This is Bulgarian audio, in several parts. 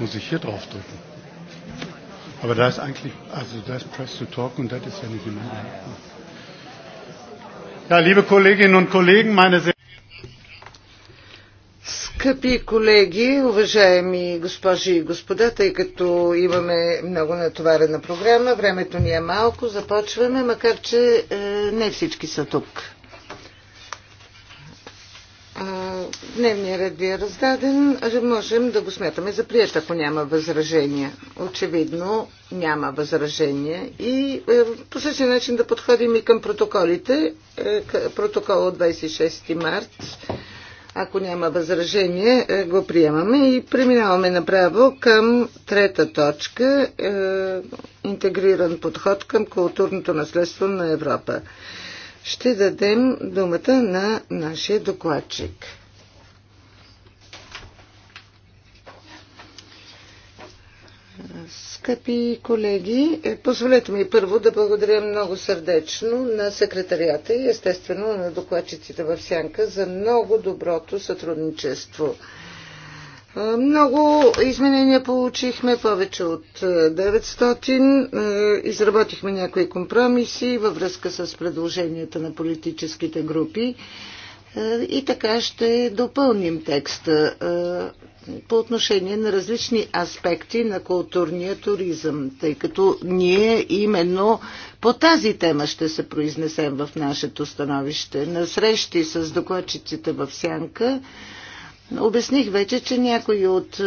Muss ich hier drauf drücken? Aber da ist eigentlich, also da ist Press to Talk und das ist ja nicht immer. Ja, liebe Kolleginnen und Kollegen, meine sehr Скъпи колеги, уважаеми госпожи и господа, тъй като имаме много натоварена програма, времето ни е малко, започваме, макар че е, не всички са тук. Дневният ред ви е раздаден. Можем да го смятаме за прият, ако няма възражения. Очевидно няма възражения. И е, по същия начин да подходим и към протоколите. Е, протокол от 26 март. Ако няма възражение, е, го приемаме и преминаваме направо към трета точка. Е, интегриран подход към културното наследство на Европа. Ще дадем думата на нашия докладчик. Скъпи колеги, е, позволете ми първо да благодаря много сърдечно на секретарията и естествено на докладчиците в Сянка за много доброто сътрудничество. Е, много изменения получихме, повече от 900. Е, изработихме някои компромиси във връзка с предложенията на политическите групи. И така ще допълним текста по отношение на различни аспекти на културния туризъм, тъй като ние именно по тази тема ще се произнесем в нашето становище. На срещи с докладчиците в Сянка Обясних вече, че някои от е,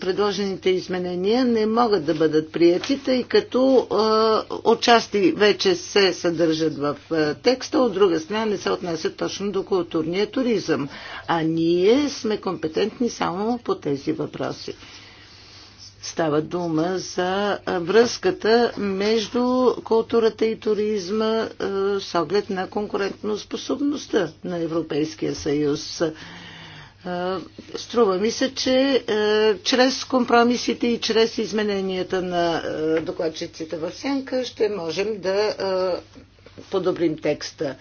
предложените изменения не могат да бъдат прияти, тъй като е, отчасти вече се съдържат в е, текста, от друга страна не се отнасят точно до културния туризъм. А ние сме компетентни само по тези въпроси. Става дума за връзката между културата и туризма с оглед на конкурентно способността на Европейския съюз. Струва ми се, че чрез компромисите и чрез измененията на докладчиците в Сянка ще можем да подобрим текста.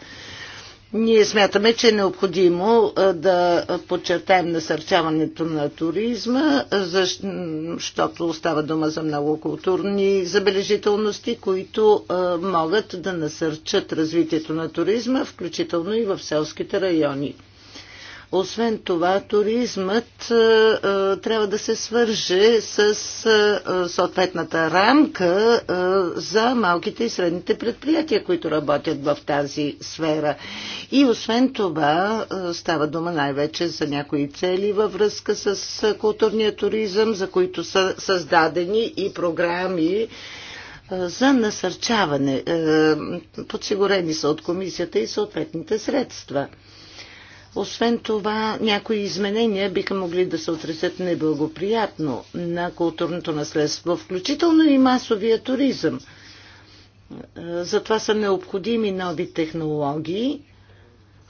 Ние смятаме, че е необходимо да подчертаем насърчаването на туризма, защото става дума за много културни забележителности, които могат да насърчат развитието на туризма, включително и в селските райони. Освен това, туризмът е, е, трябва да се свърже с е, съответната рамка за малките и средните предприятия, които работят в тази сфера. И освен това, става дума най-вече за някои цели във връзка с културния туризъм, за които са създадени и програми за насърчаване. Подсигурени са от комисията и съответните средства. Освен това, някои изменения биха могли да се отразят неблагоприятно на културното наследство, включително и масовия туризъм. Затова са необходими нови технологии,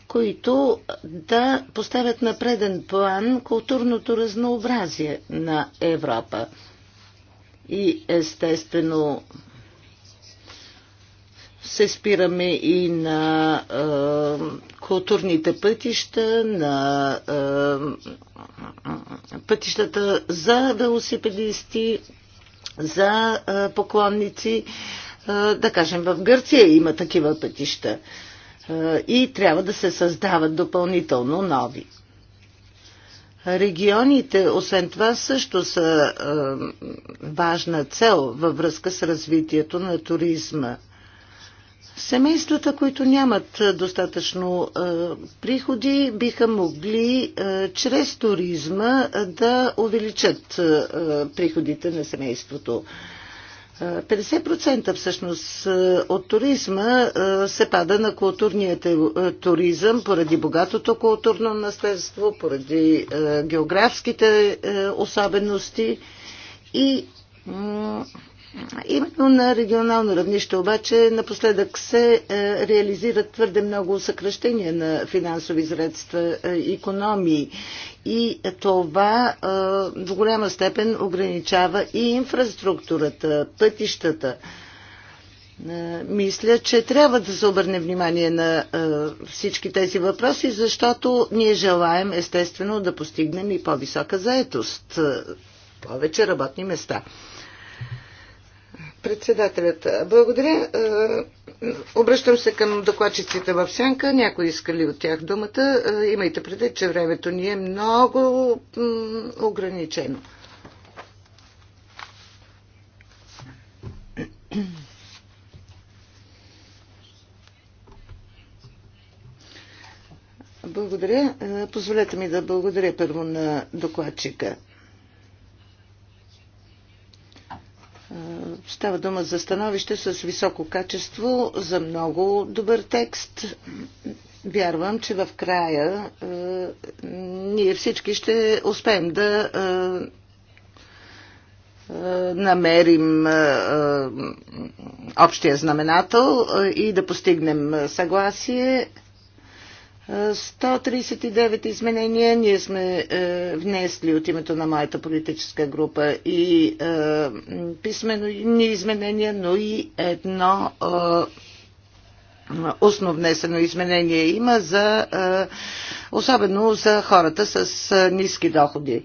които да поставят на преден план културното разнообразие на Европа. И естествено се спираме и на е, културните пътища, на е, пътищата за велосипедисти, за е, поклонници. Е, да кажем, в Гърция има такива пътища е, и трябва да се създават допълнително нови. Регионите, освен това, също са е, важна цел във връзка с развитието на туризма. Семействата, които нямат е, достатъчно е, приходи, биха могли е, чрез туризма е, да увеличат е, приходите на семейството. 50% е, всъщност от туризма се пада на културния туризъм поради богатото културно наследство, поради географските особености и Именно на регионално равнище обаче напоследък се е, реализират твърде много съкръщения на финансови средства, економии и това в е, голяма степен ограничава и инфраструктурата, пътищата. Е, мисля, че трябва да се обърне внимание на всички тези въпроси, защото ние желаем естествено да постигнем и по-висока заетост, повече работни места. Председателят, благодаря. Обръщам се към докладчиците в сянка. Някой иска ли от тях думата? Имайте предвид, че времето ни е много ограничено. Благодаря. Позволете ми да благодаря първо на докладчика. Става дума за становище с високо качество, за много добър текст. Вярвам, че в края е, ние всички ще успеем да е, е, намерим е, е общия знаменател е, и да постигнем съгласие. 139 изменения ние сме е, внесли от името на моята политическа група и е, писмено ни изменения, но и едно е, устно внесено изменение има за, е, особено за хората с е, ниски доходи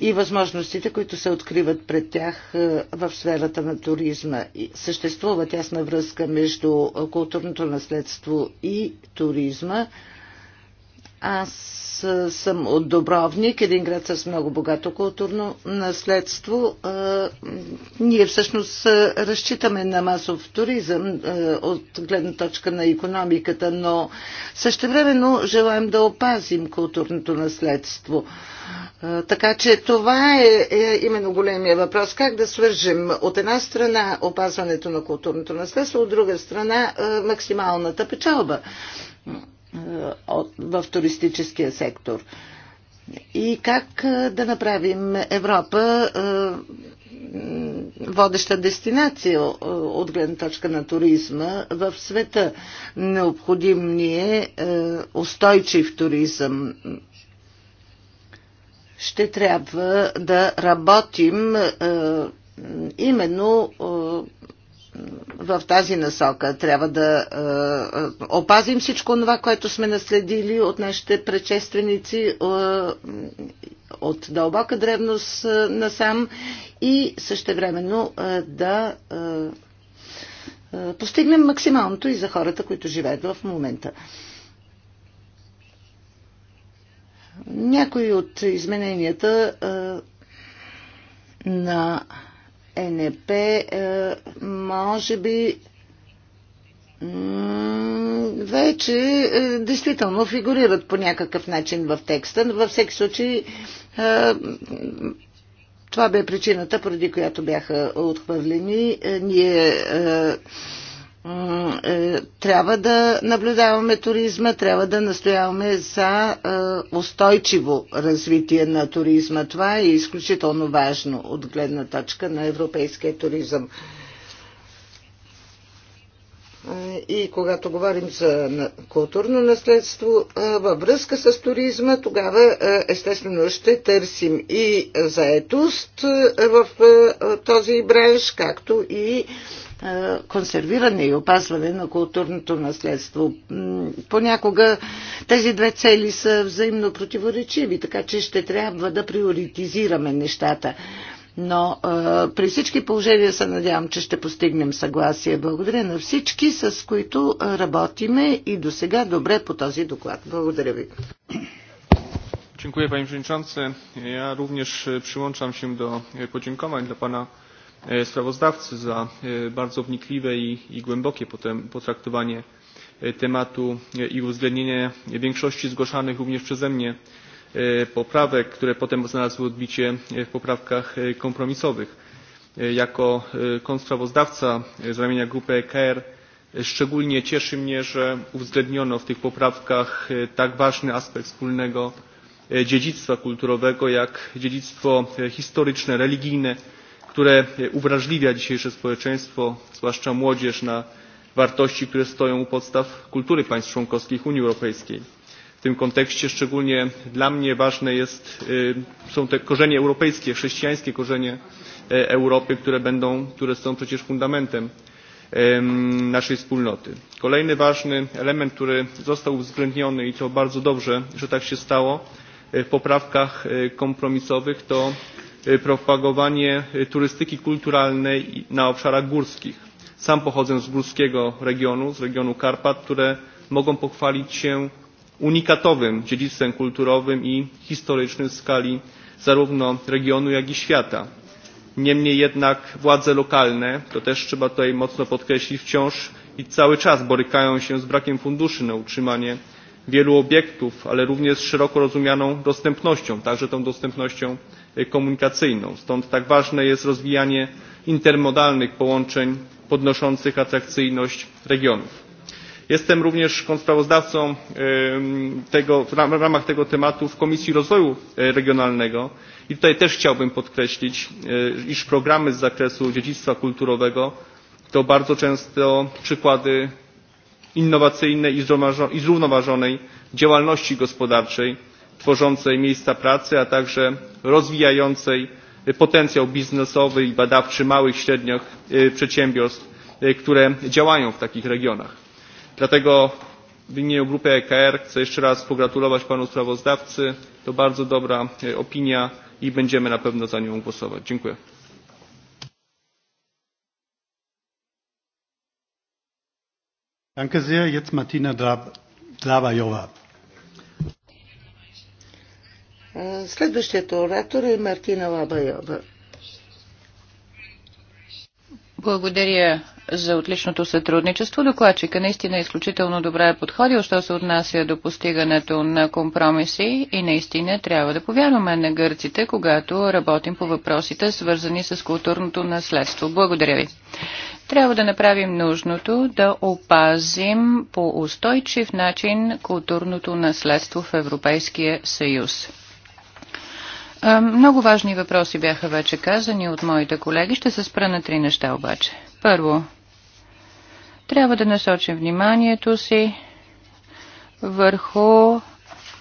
и възможностите, които се откриват пред тях е, в сферата на туризма. Съществува тясна връзка между е, културното наследство и туризма. Аз съм от Добровник, един град с много богато културно наследство. Ние всъщност разчитаме на масов туризъм от гледна точка на економиката, но същевременно желаем да опазим културното наследство. Така че това е, е именно големия въпрос. Как да свържем от една страна опазването на културното наследство, от друга страна максималната печалба е, в туристическия сектор. И как е, да направим Европа е, водеща дестинация от гледна точка на туризма в света. Необходим ни е устойчив туризъм. Ще трябва да работим именно в тази насока. Трябва да е, е, опазим всичко това, което сме наследили от нашите предшественици е, от дълбока древност е, насам и същевременно е, да е, е постигнем максималното и за хората, които живеят в момента. Някои от измененията е, на ЕНП е, може би вече е, действително фигурират по някакъв начин в текста, но във всеки случай е, това бе причината, поради която бяха отхвърлени. Ние е, трябва да наблюдаваме туризма, трябва да настояваме за е, устойчиво развитие на туризма. Това е изключително важно от гледна точка на европейския туризъм. Е, и когато говорим за културно наследство във връзка с туризма, тогава естествено ще търсим и заетост в този бранш, както и консервиране и опазване на културното наследство. Понякога тези две цели са взаимно противоречиви, така че ще трябва да приоритизираме нещата. Но а, при всички положения се надявам, че ще постигнем съгласие. Благодаря на всички, с които работиме и до сега добре по този доклад. Благодаря ви. Dziękuję Panie Przewodniczący. Ja również przyłączam się do podziękowań dla Pana sprawozdawcy za bardzo wnikliwe i, głębokie potraktowanie tematu i uwzględnienie większości zgłaszanych również przeze mnie poprawek, które potem znalazły odbicie w poprawkach kompromisowych. Jako kontrsprawozdawca z ramienia grupy ECR szczególnie cieszy mnie, że uwzględniono w tych poprawkach tak ważny aspekt wspólnego dziedzictwa kulturowego, jak dziedzictwo historyczne, religijne, które uwrażliwia dzisiejsze społeczeństwo, zwłaszcza młodzież, na wartości, które stoją u podstaw kultury państw członkowskich Unii Europejskiej. W tym kontekście szczególnie dla mnie ważne są te korzenie europejskie, chrześcijańskie korzenie Europy, które, będą, które są przecież fundamentem naszej wspólnoty. Kolejny ważny element, który został uwzględniony i to bardzo dobrze, że tak się stało w poprawkach kompromisowych, to propagowanie turystyki kulturalnej na obszarach górskich. Sam pochodzę z górskiego regionu, z regionu Karpat, które mogą pochwalić się unikatowym dziedzictwem kulturowym i historycznym w skali zarówno regionu, jak i świata. Niemniej jednak władze lokalne, to też trzeba tutaj mocno podkreślić, wciąż i cały czas borykają się z brakiem funduszy na utrzymanie wielu obiektów, ale również z szeroko rozumianą dostępnością, także tą dostępnością komunikacyjną. Stąd tak ważne jest rozwijanie intermodalnych połączeń podnoszących atrakcyjność regionów. Jestem również kontrsprawozdawcą w ramach tego tematu w Komisji Rozwoju Regionalnego i tutaj też chciałbym podkreślić, iż programy z zakresu dziedzictwa kulturowego to bardzo często przykłady innowacyjnej i zrównoważonej działalności gospodarczej tworzącej miejsca pracy, a także rozwijającej potencjał biznesowy i badawczy małych i średnich przedsiębiorstw, które działają w takich regionach. Dlatego w imieniu grupy EKR chcę jeszcze raz pogratulować panu sprawozdawcy. To bardzo dobra opinia i będziemy na pewno za nią głosować. Dziękuję. Следващият оратор е Мартина Лабайова. Благодаря за отличното сътрудничество. Докладчика наистина е изключително добре е подходил, що се отнася до постигането на компромиси и наистина трябва да повярваме на гърците, когато работим по въпросите, свързани с културното наследство. Благодаря ви. Трябва да направим нужното да опазим по устойчив начин културното наследство в Европейския съюз. Много важни въпроси бяха вече казани от моите колеги. Ще се спра на три неща обаче. Първо, трябва да насочим вниманието си върху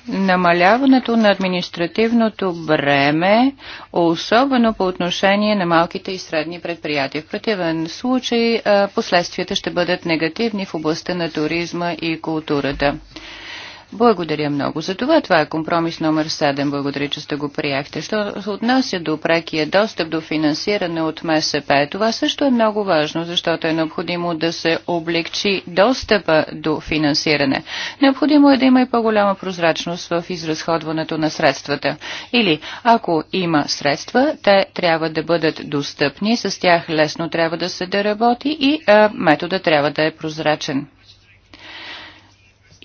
намаляването на административното бреме, особено по отношение на малките и средни предприятия. В противен случай последствията ще бъдат негативни в областта на туризма и културата. Благодаря много за това. Това е компромис номер 7. Благодаря, че сте го прияхте. Що се отнася до прекия достъп до финансиране от МСП, това също е много важно, защото е необходимо да се облегчи достъпа до финансиране. Необходимо е да има и по-голяма прозрачност в изразходването на средствата. Или, ако има средства, те трябва да бъдат достъпни, с тях лесно трябва да се да работи и а, метода трябва да е прозрачен.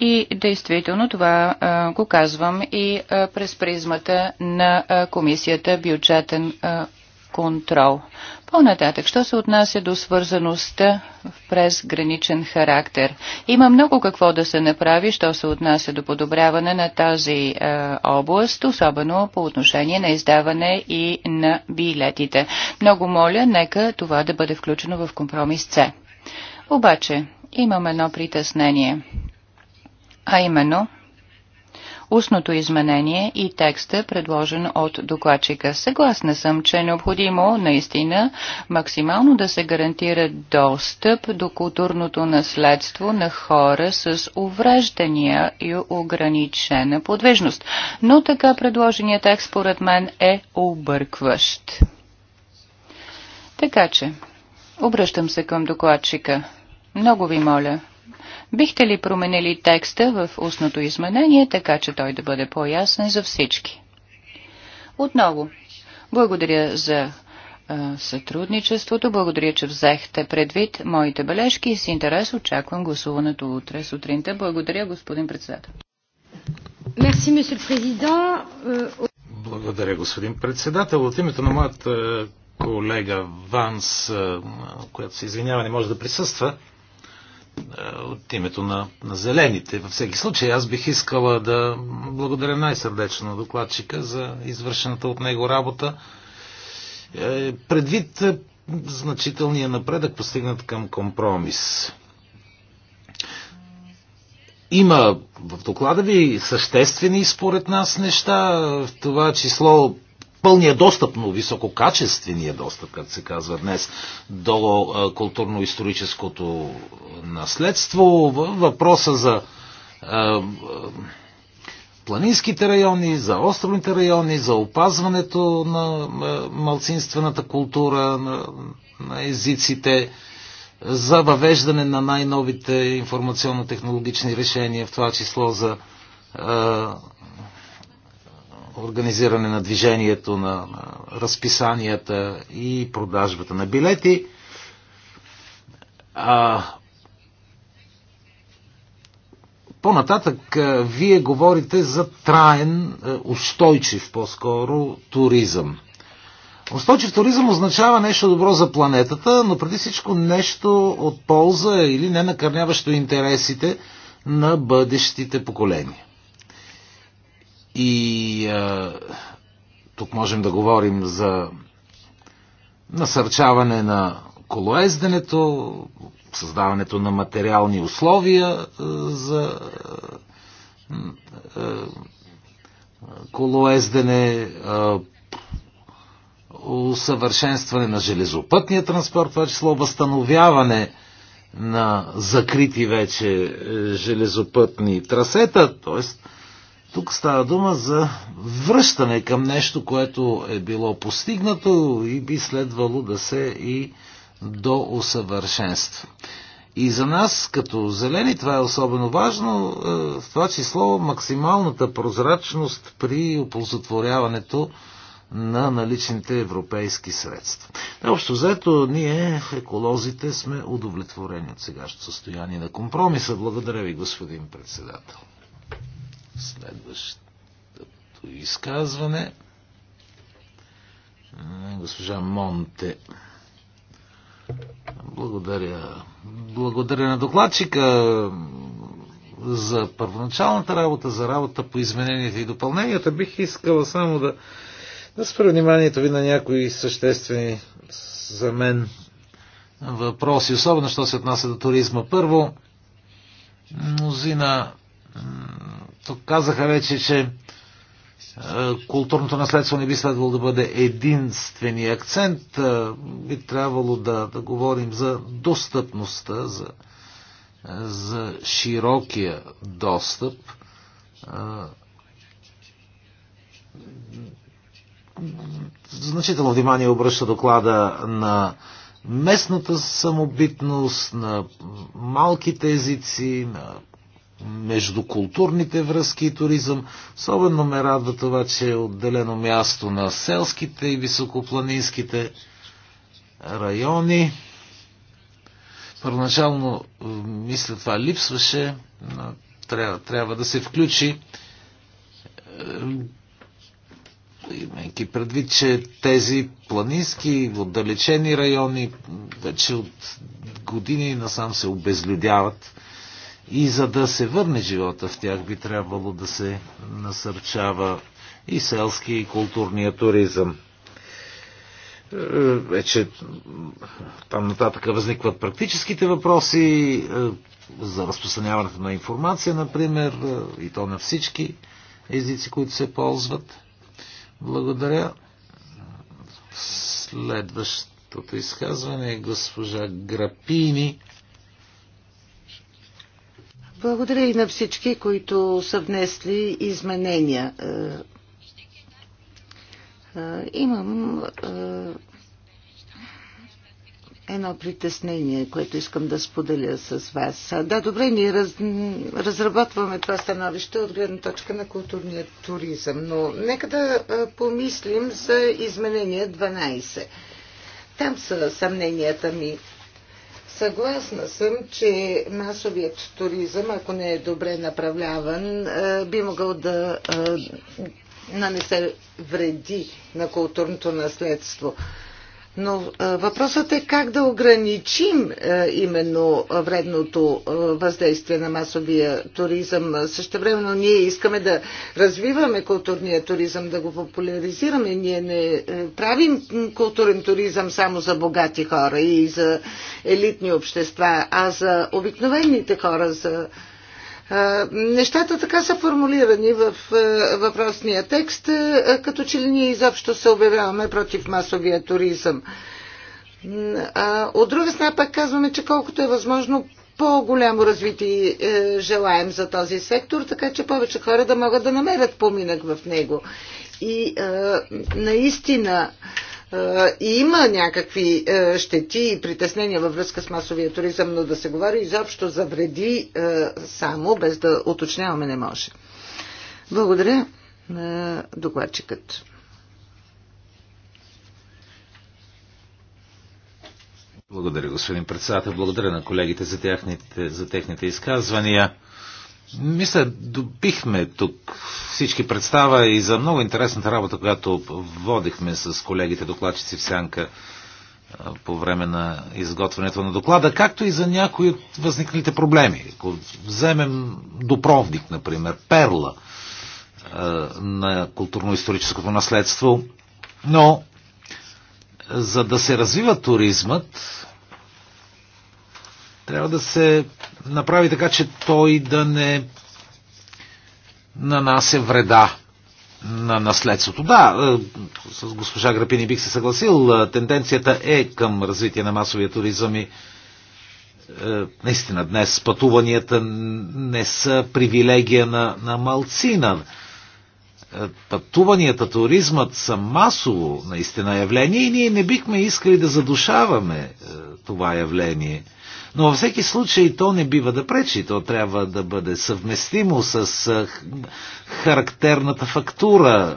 И действително това а, го казвам и а, през призмата на а, комисията бюджетен а, контрол. По-нататък, що се отнася до свързаността през граничен характер? Има много какво да се направи, що се отнася до подобряване на тази е, област, особено по отношение на издаване и на билетите. Много моля, нека това да бъде включено в компромис С. Обаче, имам едно притеснение а именно устното изменение и текста, предложен от докладчика. Съгласна съм, че е необходимо наистина максимално да се гарантира достъп до културното наследство на хора с увреждания и ограничена подвижност. Но така предложения текст, според мен, е объркващ. Така че, обръщам се към докладчика. Много ви моля, Бихте ли променили текста в устното изменение, така че той да бъде по-ясен за всички? Отново, благодаря за а, сътрудничеството, благодаря, че взехте предвид моите бележки и с интерес очаквам гласуването утре сутринта. Благодаря, господин председател. Euh, благодаря, господин председател. От името на моята колега Ванс, която се извинява, не може да присъства, е, от името на, на зелените. Във всеки случай, аз бих искала да благодаря най-сърдечно докладчика за извършената от него работа. Е, предвид е, значителния напредък, постигнат към компромис. Има в доклада ви съществени, според нас, неща, в това число пълния достъп, но висококачествения достъп, както се казва днес, до културно-историческото наследство. Въпроса за планинските райони, за островните райони, за опазването на малцинствената култура, на, на езиците, за въвеждане на най-новите информационно-технологични решения, в това число за организиране на движението, на, на разписанията и продажбата на билети. А, по-нататък вие говорите за траен, устойчив по-скоро туризъм. Устойчив туризъм означава нещо добро за планетата, но преди всичко нещо от полза или не накърняващо интересите на бъдещите поколения. И а, тук можем да говорим за насърчаване на колоезденето, създаването на материални условия за колоездене, усъвършенстване на железопътния транспорт, това число възстановяване на закрити вече е, железопътни трасета, т.е. Тук става дума за връщане към нещо, което е било постигнато и би следвало да се и до усъвършенство. И за нас, като зелени, това е особено важно, е, в това число максималната прозрачност при оползотворяването на наличните европейски средства. Е, общо заето, ние, еколозите, сме удовлетворени от сегашното състояние на компромиса. Благодаря ви, господин председател. Следващото изказване. Госпожа Монте. Благодаря. Благодаря на докладчика за първоначалната работа, за работа по измененията и допълненията. Бих искала само да, да спра вниманието ви на някои съществени за мен въпроси, особено що се отнася до туризма. Първо, мнозина тук казаха вече, че е, културното наследство не би следвало да бъде единствени акцент. Е, би трябвало да, да говорим за достъпността, за, е, за широкия достъп. Значително внимание обръща доклада на местната самобитност, на малките езици, на междукултурните връзки и туризъм. Особено ме радва това, че е отделено място на селските и високопланинските райони. Първоначално, е, мисля, това липсваше, но трябва, трябва да се включи е, имайки предвид, че тези планински, отдалечени райони вече от години насам се обезлюдяват и за да се върне живота в тях, би трябвало да се насърчава и селски, и културния туризъм. Е, вече там нататък възникват практическите въпроси е, за разпространяването на информация, например, е, и то на всички езици, които се ползват. Благодаря. Следващото изказване е госпожа Грапини благодаря и на всички, които са внесли изменения. Е, е, имам е, едно притеснение, което искам да споделя с вас. Да, добре, ние раз, разработваме това становище от гледна точка на културния туризъм, но нека да помислим за изменение 12. Там са съмненията ми. Съгласна съм, че масовият туризъм, ако не е добре направляван, е, би могъл да е, нанесе вреди на културното наследство. Но въпросът е как да ограничим именно вредното въздействие на масовия туризъм. Същевременно ние искаме да развиваме културния туризъм, да го популяризираме. Ние не е, правим културен туризъм само за богати хора и за елитни общества, а за обикновените хора, за Нещата така са формулирани в въпросния текст, като че ли ние изобщо се обявяваме против масовия туризъм. От друга страна пак казваме, че колкото е възможно по-голямо развитие е, желаем за този сектор, така че повече хора да могат да намерят поминък в него. И наистина е, и има някакви е, щети и притеснения във връзка с масовия туризъм, но да се говори изобщо за вреди е, само, без да уточняваме, не може. Благодаря на докладчикът. Благодаря, господин председател. Благодаря на колегите за техните, за техните изказвания. Мисля, добихме тук всички представа и за много интересната работа, която водихме с колегите докладчици в Сянка по време на изготвянето на доклада, както и за някои от възникналите проблеми. Ако вземем Допровник, например, перла на културно-историческото наследство, но за да се развива туризмът, трябва да се направи така, че той да не нанася вреда на наследството. Да, е, с госпожа Грапини бих се съгласил. Е, тенденцията е към развитие на масовия туризъм и е, наистина днес пътуванията не са привилегия на, на малцина. Пътуванията, туризмът са масово наистина явление и ние не бихме искали да задушаваме това явление – но във всеки случай то не бива да пречи, то трябва да бъде съвместимо с характерната фактура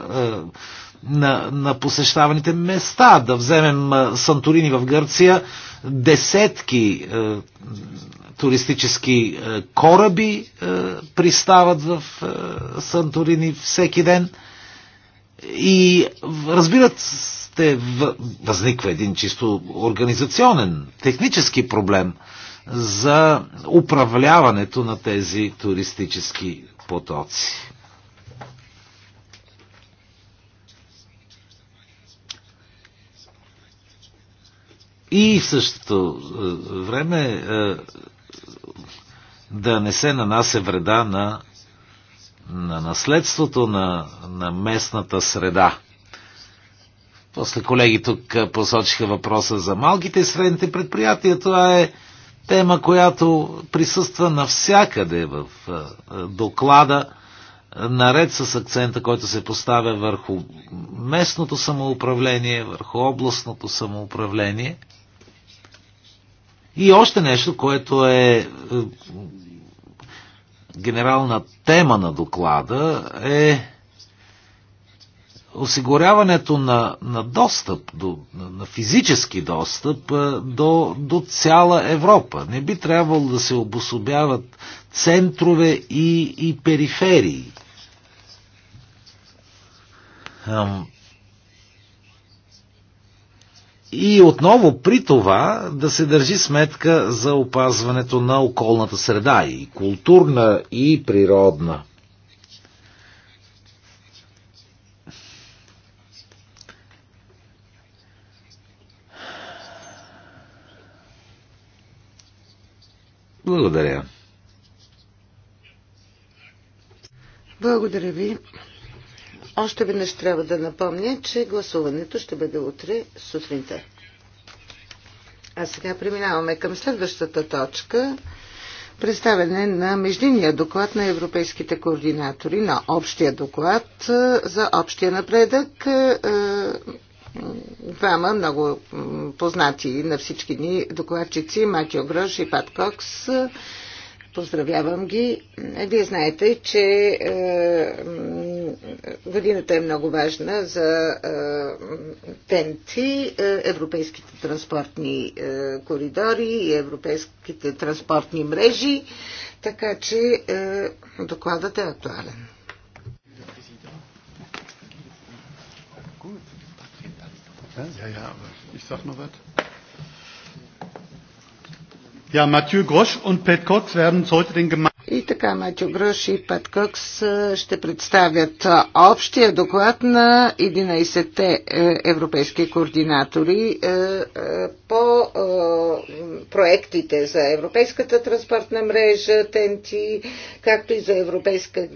на, на посещаваните места. Да вземем Санторини в Гърция, десетки туристически кораби пристават в Санторини всеки ден. И разбират сте, възниква един чисто организационен, технически проблем – за управляването на тези туристически потоци. И в същото е, време е, да не се нанася вреда на, на наследството на, на местната среда. После колеги тук е, посочиха въпроса за малките и средните предприятия. Това е Тема, която присъства навсякъде в доклада, наред с акцента, който се поставя върху местното самоуправление, върху областното самоуправление. И още нещо, което е, е генерална тема на доклада е осигуряването на, на достъп, до, на физически достъп до, до цяла Европа. Не би трябвало да се обособяват центрове и, и периферии. И отново при това да се държи сметка за опазването на околната среда и културна и природна. Благодаря. Благодаря ви. Още веднъж трябва да напомня, че гласуването ще бъде утре сутринта. А сега преминаваме към следващата точка представяне на междинния доклад на европейските координатори на общия доклад за общия напредък двама много познати на всички ни докладчици, Матио Грош и Пат Кокс. Поздравявам ги. Вие знаете, че е, годината е много важна за е, ТНТ, е, европейските транспортни е, коридори и европейските транспортни мрежи, така че е, докладът е актуален. Ja, ja, ja aber ich sag nur was. Ja, Mathieu Grosch und Pet Cox werden uns heute den gemeinsamen и така, Матю Грош и Пат Кокс ще представят общия доклад на 11-те е, европейски координатори е, е, по проектите за Европейската транспортна мрежа, ТНТ, както и за европейска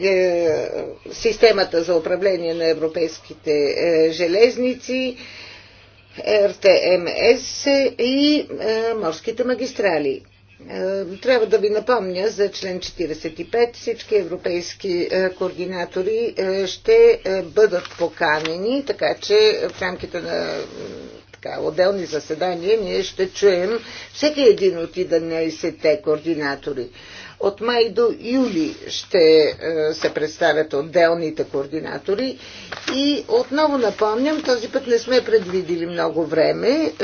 системата за управление на европейските железници РТМС и е, морските магистрали. Е, трябва да ви напомня за член 45. Всички европейски е, координатори ще бъдат поканени, така че в рамките на така, отделни заседания, ние ще чуем всеки един от 11-те координатори. От май до юли ще е, се представят отделните координатори и отново напомням, този път не сме предвидили много време. Е,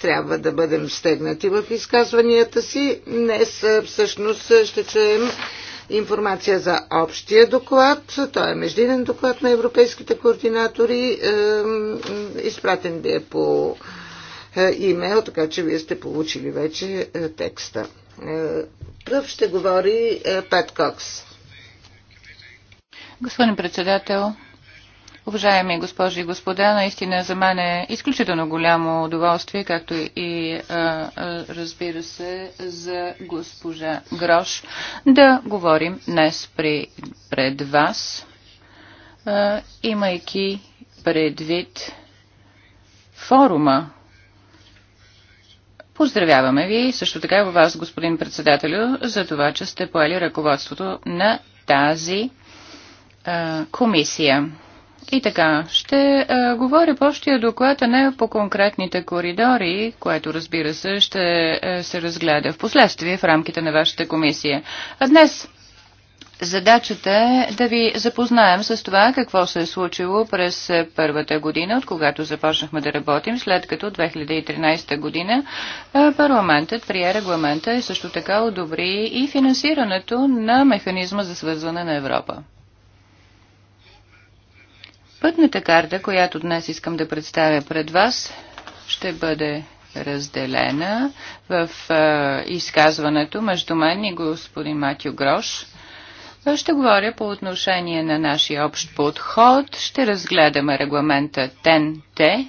трябва да бъдем стегнати в изказванията си. Днес е, всъщност ще чуем информация за общия доклад. Той е междинен доклад на европейските координатори. Изпратен ви е по е, имейл, така че вие сте получили вече е, текста. Е, пръв ще говори Пет Кокс. Господин председател, Уважаеми госпожи и господа, наистина за мен е изключително голямо удоволствие, както и разбира се за госпожа Грош, да говорим днес при, пред вас, имайки предвид форума, Поздравяваме ви също така вас, господин председателю, за това, че сте поели ръководството на тази а, комисия. И така, ще а, говоря по общия доклад, а не по конкретните коридори, което разбира се ще а, се разгледа в последствие в рамките на вашата комисия. А днес Задачата е да ви запознаем с това какво се е случило през първата година, от когато започнахме да работим, след като 2013 година парламентът прие регламента и също така одобри и финансирането на механизма за свързване на Европа. Пътната карта, която днес искам да представя пред вас, ще бъде разделена в е, изказването между мен и господин Матю Грош. Ще говоря по отношение на нашия общ подход. Ще разгледаме регламента ТЕН-Т,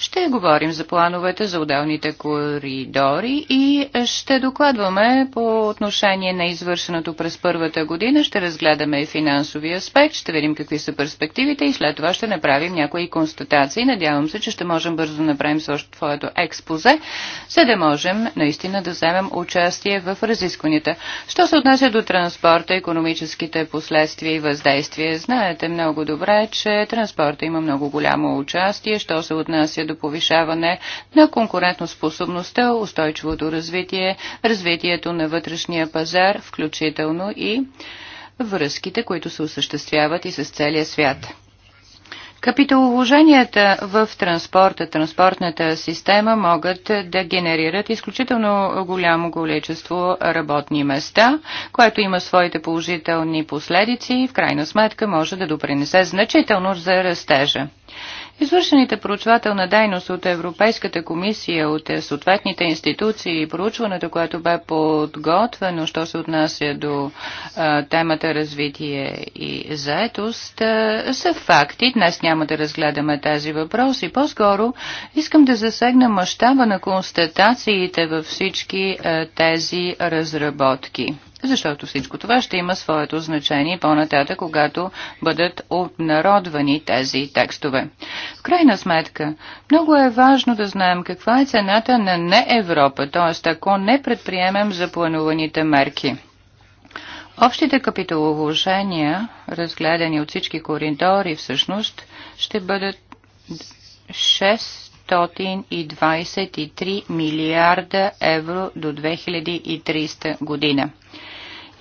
ще говорим за плановете за отделните коридори и ще докладваме по отношение на извършеното през първата година. Ще разгледаме и финансови аспект, ще видим какви са перспективите и след това ще направим някои констатации. Надявам се, че ще можем бързо да направим също твоето експозе, за да можем наистина да вземем участие в разискванията. Що се отнася до транспорта, економическите последствия и въздействия, знаете много добре, че транспорта има много голямо участие, що се отнася до повишаване на конкурентоспособността, устойчивото развитие, развитието на вътрешния пазар, включително и връзките, които се осъществяват и с целия свят. Капиталовложенията в транспорта, транспортната система могат да генерират изключително голямо количество работни места, което има своите положителни последици и в крайна сметка може да допринесе значително за растежа. Извършените проучвателна дейност от Европейската комисия, от съответните институции и проучването, което бе подготвено, що се отнася до а, темата развитие и заетост, а, са факти. Днес няма да разгледаме тези въпроси. По-скоро искам да засегна мащаба на констатациите във всички а, тези разработки. Защото всичко това ще има своето значение по-нататък, когато бъдат обнародвани тези текстове. В крайна сметка, много е важно да знаем каква е цената на не Европа, т.е. ако не предприемем заплануваните мерки. Общите капиталовложения, разгледани от всички коридори, всъщност ще бъдат 623 милиарда евро до 2300 година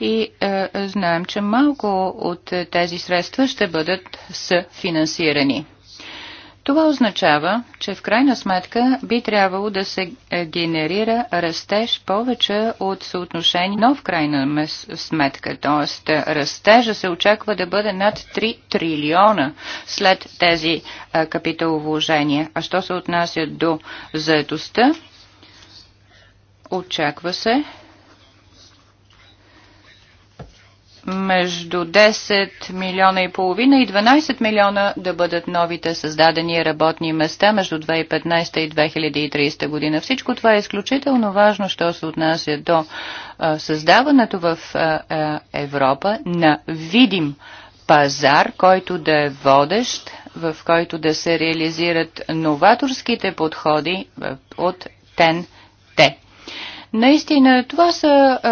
и е, знаем, че малко от тези средства ще бъдат съфинансирани. Това означава, че в крайна сметка би трябвало да се генерира растеж повече от съотношение, но в крайна сметка, т.е. растежа се очаква да бъде над 3 трилиона след тези е, капиталовложения. А що се отнася до заедостта, очаква се между 10 милиона и половина и 12 милиона да бъдат новите създадени работни места между 2015 и 2030 година. Всичко това е изключително важно, що се отнася до създаването в Европа на видим пазар, който да е водещ, в който да се реализират новаторските подходи от ТЕН-Т. Наистина, това са е,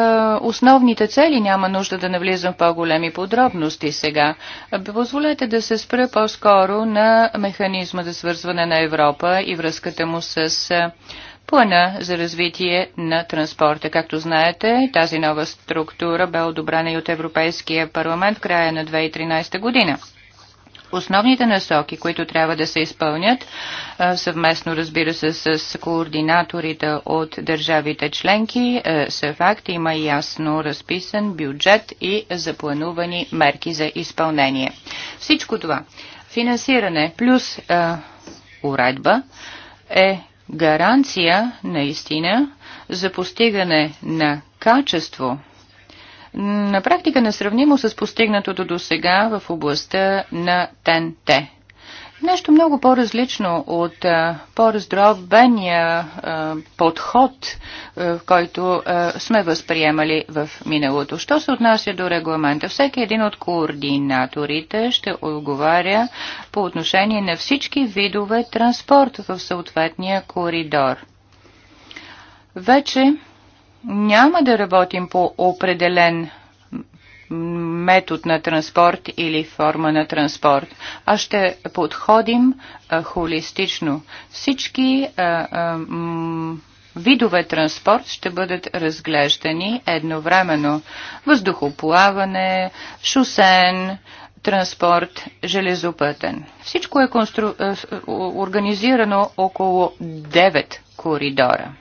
основните цели. Няма нужда да навлизам в по-големи подробности сега. Позволете да се спра по-скоро на механизма за свързване на Европа и връзката му с плана за развитие на транспорта. Както знаете, тази нова структура бе одобрена и от Европейския парламент в края на 2013 година. Основните насоки, които трябва да се изпълнят съвместно, разбира се, с координаторите от държавите членки, са факт. Има ясно разписан бюджет и запланувани мерки за изпълнение. Всичко това, финансиране плюс е, уредба, е гаранция наистина за постигане на качество – на практика несравнимо с постигнатото до сега в областта на ТНТ. Нещо много по-различно от по-раздробения подход, в който а, сме възприемали в миналото. Що се отнася до регламента? Всеки един от координаторите ще отговаря по отношение на всички видове транспорт в съответния коридор. Вече няма да работим по определен метод на транспорт или форма на транспорт, а ще подходим а, холистично. Всички а, а, видове транспорт ще бъдат разглеждани едновременно. Въздухоплаване, шосен, транспорт, железопътен. Всичко е констру... организирано около 9 коридора.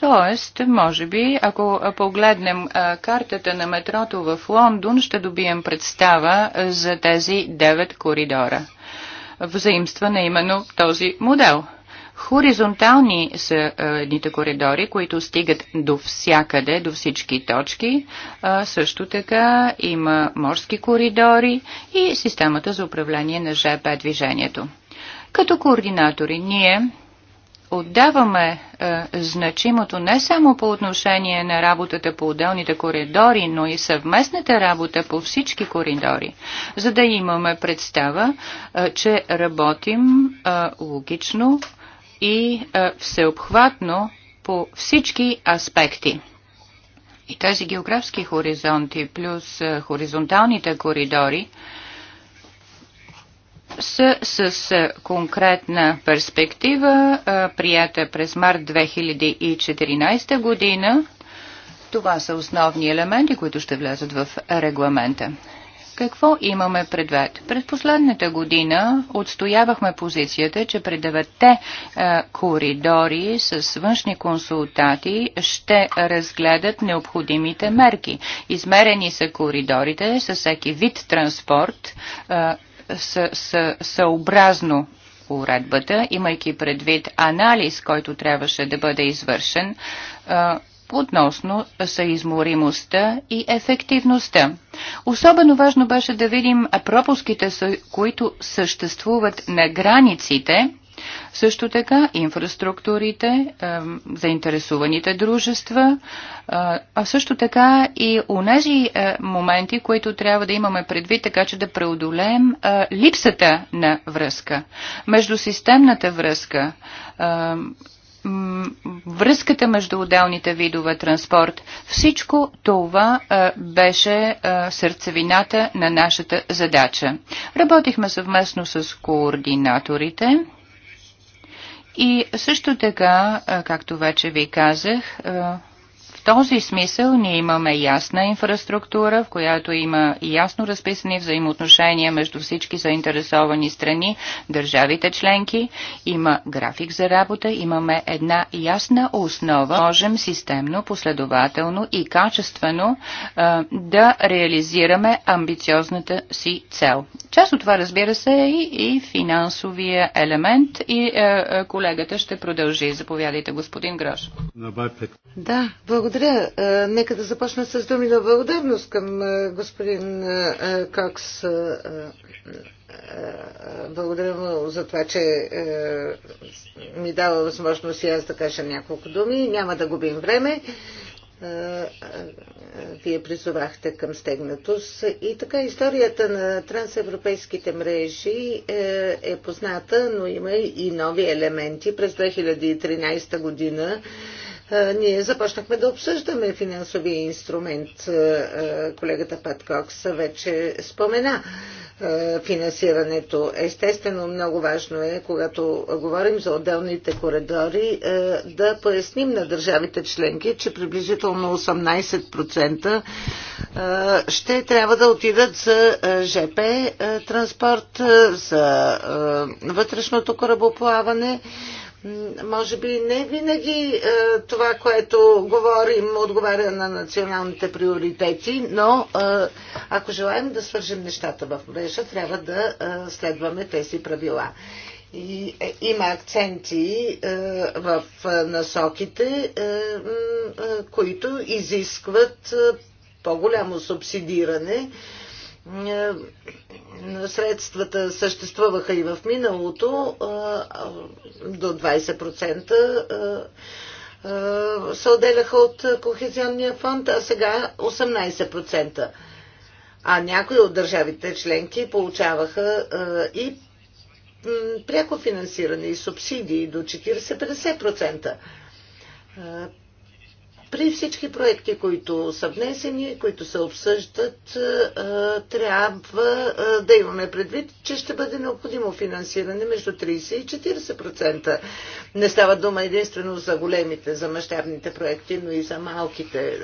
Тоест, може би, ако погледнем картата на метрото в Лондон, ще добием представа за тези 9 коридора. Взаимстване именно този модел. Хоризонтални са едните коридори, които стигат до всякъде, до всички точки. А, също така има морски коридори и системата за управление на ЖП движението. Като координатори ние отдаваме е, значимото не само по отношение на работата по отделните коридори, но и съвместната работа по всички коридори, за да имаме представа, е, че работим е, логично и е, всеобхватно по всички аспекти. И тези географски хоризонти плюс е, хоризонталните коридори е, с, с е, конкретна перспектива, е, прията през март 2014 година. Това са основни елементи, които ще влязат в регламента. Какво имаме предвид? През последната година отстоявахме позицията, че при девете е, коридори с външни консултати ще разгледат необходимите мерки. Измерени са коридорите с всеки вид транспорт, съобразно уредбата, имайки предвид анализ, който трябваше да бъде извършен а, относно съизморимостта и ефективността. Особено важно беше да видим пропуските, които съществуват на границите също така инфраструктурите, е, заинтересуваните дружества, е, а също така и унези е, моменти, които трябва да имаме предвид, така че да преодолеем липсата на връзка. Между системната връзка, връзката между отделните видове транспорт. Всичко това беше сърцевината на нашата задача. Работихме съвместно с координаторите и също така, както вече ви казах, в този смисъл ние имаме ясна инфраструктура, в която има ясно разписани взаимоотношения между всички заинтересовани страни, държавите членки, има график за работа, имаме една ясна основа, можем системно, последователно и качествено а, да реализираме амбициозната си цел. Част от това, разбира се, е и, и финансовия елемент и а, е, е, колегата ще продължи. Заповядайте, господин Грош. Да, благодаря благодаря. Е, нека да започна с думи на благодарност към е, господин е, Кокс. Благодаря му за това, че ми дава възможност и аз да кажа няколко думи. Няма да губим време. Вие призовахте към стегнатост. И така, историята на трансевропейските мрежи е, е позната, но има и нови елементи. През 2013 година ние започнахме да обсъждаме финансовия инструмент. Колегата Паткокс вече спомена финансирането. Естествено, много важно е, когато говорим за отделните коридори, да поясним на държавите членки, че приблизително 18% ще трябва да отидат за ЖП транспорт, за вътрешното корабоплаване, може би не винаги е, това, което говорим, отговаря на националните приоритети, но е, ако желаем да свържем нещата в мрежа, трябва да е, следваме тези правила. И, е, има акценти е, в насоките, е, които изискват по-голямо субсидиране е, средствата съществуваха и в миналото до 20% се отделяха от Кохезионния фонд, а сега 18%. А някои от държавите членки получаваха и пряко финансиране и субсидии до 40-50%. При всички проекти, които са внесени, които се обсъждат, е, е, трябва е, да имаме предвид, че ще бъде необходимо финансиране между 30 и 40%. Не става дума единствено за големите, за мащабните проекти, но и за малките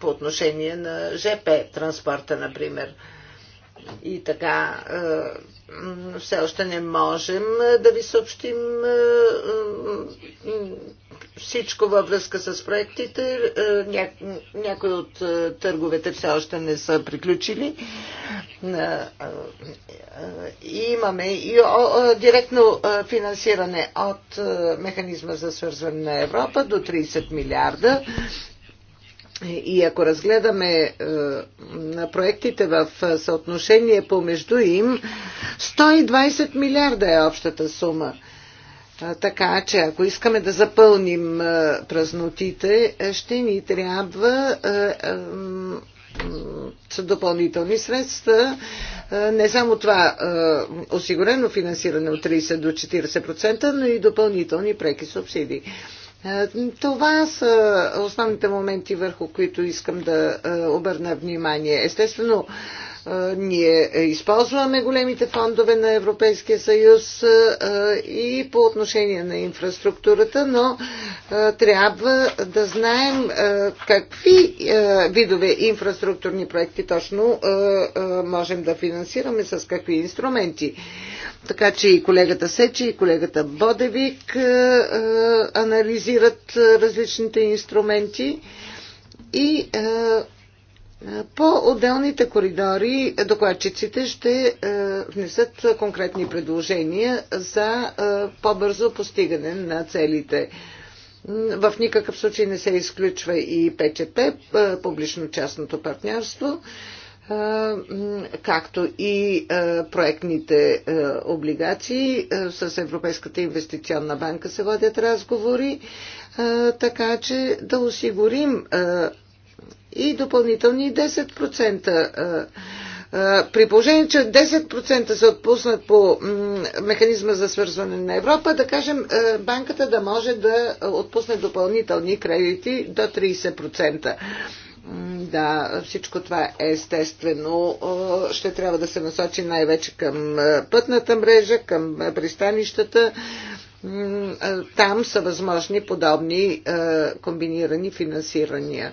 по отношение на ЖП транспорта, например. И така, все още не можем да ви съобщим всичко във връзка с проектите. Е, ня... Някои от е, търговете все още не са приключили. И е, имаме и директно финансиране от механизма за свързване на Европа до 30 милиарда. И ако разгледаме е, проектите в съотношение помежду им, 120 милиарда е общата сума. Така че ако искаме да запълним празнотите, ще ни трябва допълнителни средства. Не само това осигурено финансиране от 30 до 40%, но и допълнителни преки субсидии. Това са основните моменти, върху които искам да обърна внимание. Естествено, ние използваме големите фондове на Европейския съюз и по отношение на инфраструктурата, но трябва да знаем какви видове инфраструктурни проекти точно можем да финансираме, с какви инструменти. Така че и колегата Сечи, и колегата Бодевик анализират различните инструменти и по отделните коридори докладчиците ще е, внесат конкретни предложения за е, по-бързо постигане на целите. В никакъв случай не се изключва и ПЧП, е, публично-частното партньорство, както и проектните облигации. С Европейската инвестиционна банка се водят разговори, така че да осигурим и допълнителни 10%. Е, е, при положение, че 10% се отпуснат по механизма за свързване на Европа, да кажем, е, банката да може да отпусне допълнителни кредити до 30%. Да, всичко това е естествено. Ще трябва да се насочи най-вече към пътната мрежа, към пристанищата. Там са възможни подобни комбинирани финансирания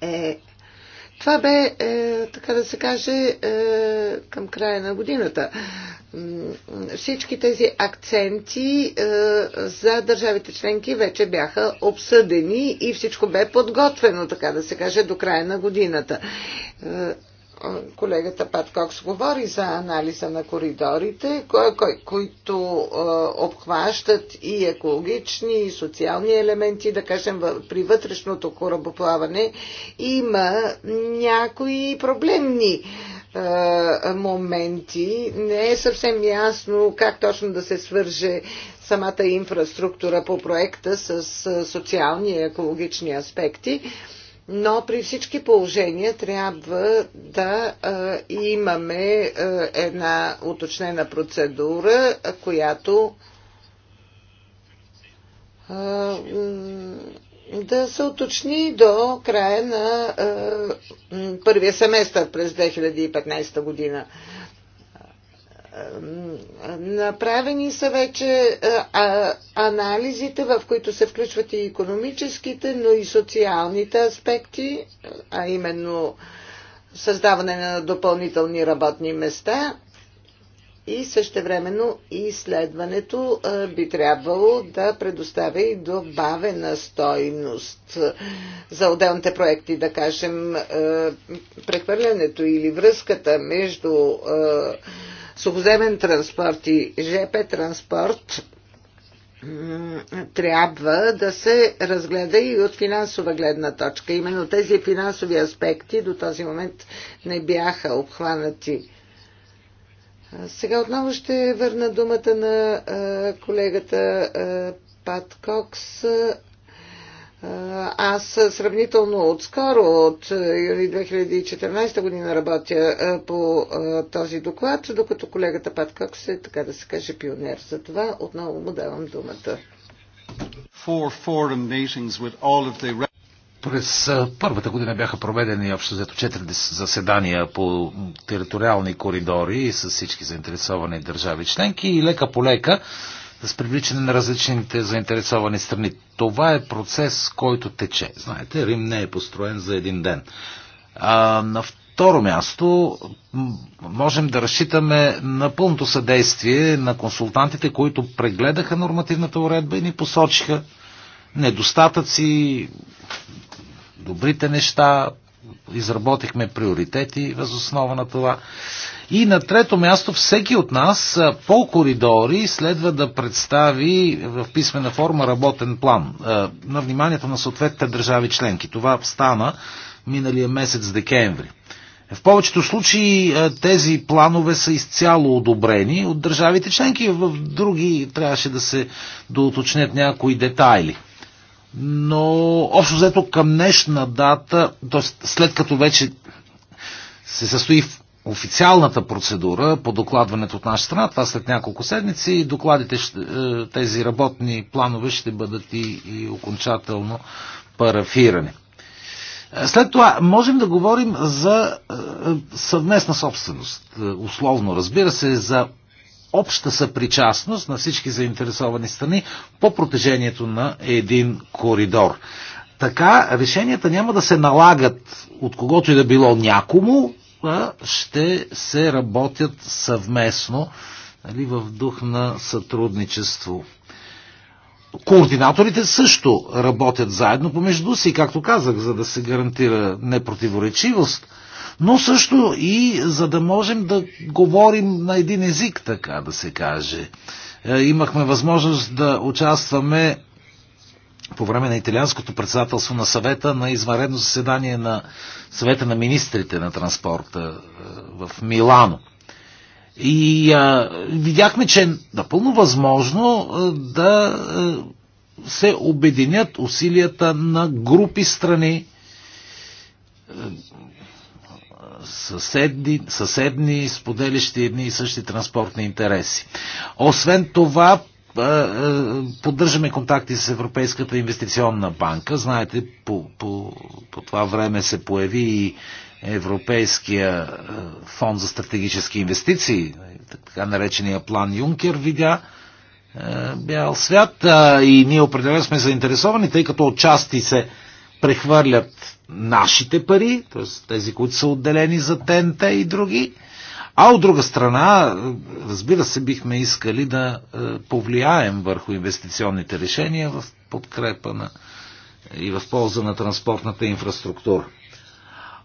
е това бе, е, така да се каже, е, към края на годината. Всички тези акценти е, за държавите членки вече бяха обсъдени и всичко бе подготвено, така да се каже, до края на годината. Е, колегата Пат Кокс говори за анализа на коридорите, кои, кои, които е, обхващат и екологични, и социални елементи, да кажем, при вътрешното корабоплаване има някои проблемни е, моменти. Не е съвсем ясно как точно да се свърже самата инфраструктура по проекта с социални и екологични аспекти. Е, но при всички положения трябва да а, имаме а, една уточнена процедура, а, която а, да се уточни до края на а, първия семестър през 2015 година. Направени са вече анализите, в които се включват и економическите, но и социалните аспекти, а именно създаване на допълнителни работни места и същевременно изследването би трябвало да предоставя и добавена стойност за отделните проекти, да кажем прехвърлянето или връзката между сухоземен транспорт и ЖП транспорт трябва да се разгледа и от финансова гледна точка. Именно тези финансови аспекти до този момент не бяха обхванати сега отново ще върна думата на колегата Пат Кокс. Аз сравнително отскоро, от юли 2014 година работя по този доклад, докато колегата Пат Кокс е, така да се каже, пионер. За това отново му давам думата. Four през първата година бяха проведени общо взето 4 заседания по териториални коридори с всички заинтересовани държави членки и лека по лека с привличане на различните заинтересовани страни. Това е процес, който тече. Знаете, Рим не е построен за един ден. А, на второ място, можем да разчитаме на пълното съдействие на консултантите, които прегледаха нормативната уредба и ни посочиха недостатъци, добрите неща, изработихме приоритети възоснова на това. И на трето място, всеки от нас по коридори следва да представи в писмена форма работен план на вниманието на съответните държави членки. Това стана миналия месец декември. В повечето случаи тези планове са изцяло одобрени от държавите членки, в други трябваше да се доуточнят някои детайли но общо взето към днешна дата, т.е. след като вече се състои в официалната процедура по докладването от наша страна, това след няколко седмици, докладите, е, тези работни планове ще бъдат и, и окончателно парафирани. След това можем да говорим за е, е, съвместна собственост. Условно, разбира се, за обща съпричастност на всички заинтересовани страни по протежението на един коридор. Така решенията няма да се налагат от когото и да било някому, а ще се работят съвместно нали, в дух на сътрудничество. Координаторите също работят заедно помежду си, както казах, за да се гарантира непротиворечивост – но също и за да можем да говорим на един език, така да се каже. Е, имахме възможност да участваме по време на италианското председателство на съвета на извънредно заседание на съвета на министрите на транспорта е, в Милано. И а, е, видяхме, че е напълно възможно да се обединят усилията на групи страни, съседни, съседни споделящи едни и същи транспортни интереси. Освен това, е, е, поддържаме контакти с Европейската инвестиционна банка. Знаете, по, по, по това време се появи и Европейския е, фонд за стратегически инвестиции, така наречения план Юнкер, видя бял свят и ние определено сме заинтересовани, тъй като отчасти се прехвърлят нашите пари, т.е. тези, които са отделени за ТНТ и други, а от друга страна, разбира се, бихме искали да е, повлияем върху инвестиционните решения в подкрепа на и в полза на транспортната инфраструктура.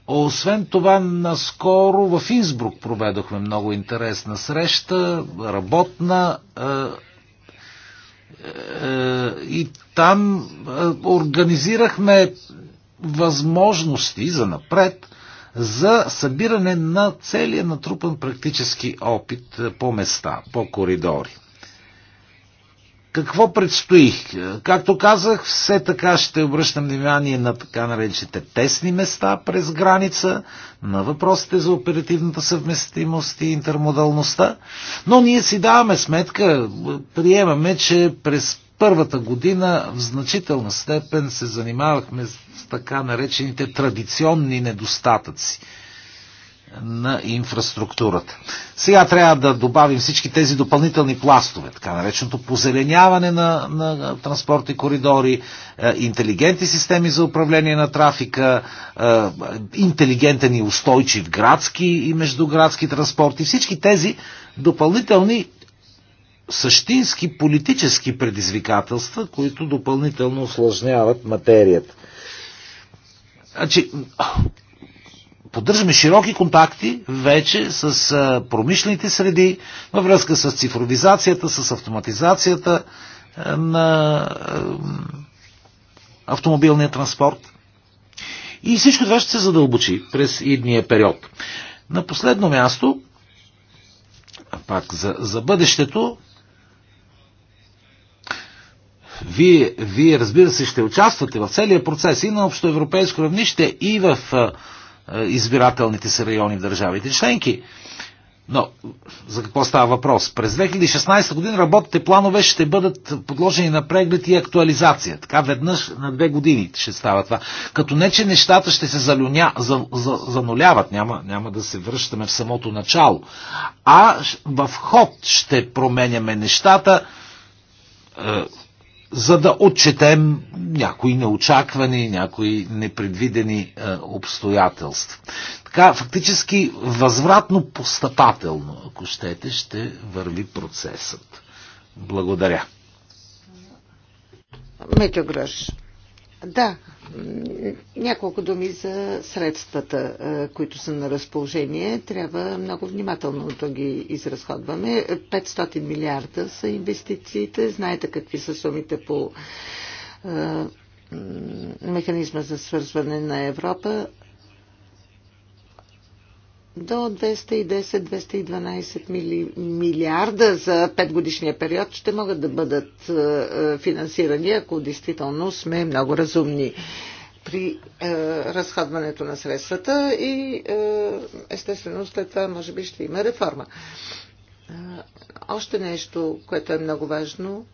Освен това, наскоро в Инсбрук проведохме много интересна среща, работна, е, е, и там е, организирахме възможности за напред за събиране на целия натрупан практически опит е, по места, по коридори. Какво предстои? Както казах, все така ще обръщам внимание на така наречените тесни места през граница, на въпросите за оперативната съвместимост и интермодалността, но ние си даваме сметка, приемаме, че през първата година в значителна степен се занимавахме с така наречените традиционни недостатъци – на инфраструктурата. Сега трябва да добавим всички тези допълнителни пластове, така нареченото позеленяване на, на транспортни коридори, е, интелигентни системи за управление на трафика, е, интелигентен и устойчив градски и междуградски транспорт и всички тези допълнителни същински политически предизвикателства, които допълнително осложняват материята. Значи, поддържаме широки контакти вече с промишлените среди във връзка с цифровизацията, с автоматизацията на автомобилния транспорт. И всичко това ще се задълбочи през идния период. На последно място, пак за, за бъдещето, вие, вие, разбира се, ще участвате в целия процес и на общоевропейско равнище, и в е, избирателните си райони в държавите членки. Но за какво става въпрос? През 2016 година работните планове ще бъдат подложени на преглед и актуализация. Така веднъж на две години ще става това. Като не, че нещата ще се залюня, за, за, зануляват, няма, няма да се връщаме в самото начало, а в ход ще променяме нещата. Е, за да отчетем някои неочаквани, някои непредвидени е, обстоятелства. Така, фактически, възвратно постъпателно, ако щете, ще върви процесът. Благодаря. Митю Гръш, Да, няколко думи за средствата, е, които са на разположение. Трябва много внимателно да ги изразходваме. 500 милиарда са инвестициите. Знаете какви са сумите по е, механизма за свързване на Европа до 210-212 мили, милиарда за 5 годишния период ще могат да бъдат е, е, финансирани, ако действително сме много разумни при е, разходването на средствата и е, естествено след това може би ще има реформа. Е, още нещо, което е много важно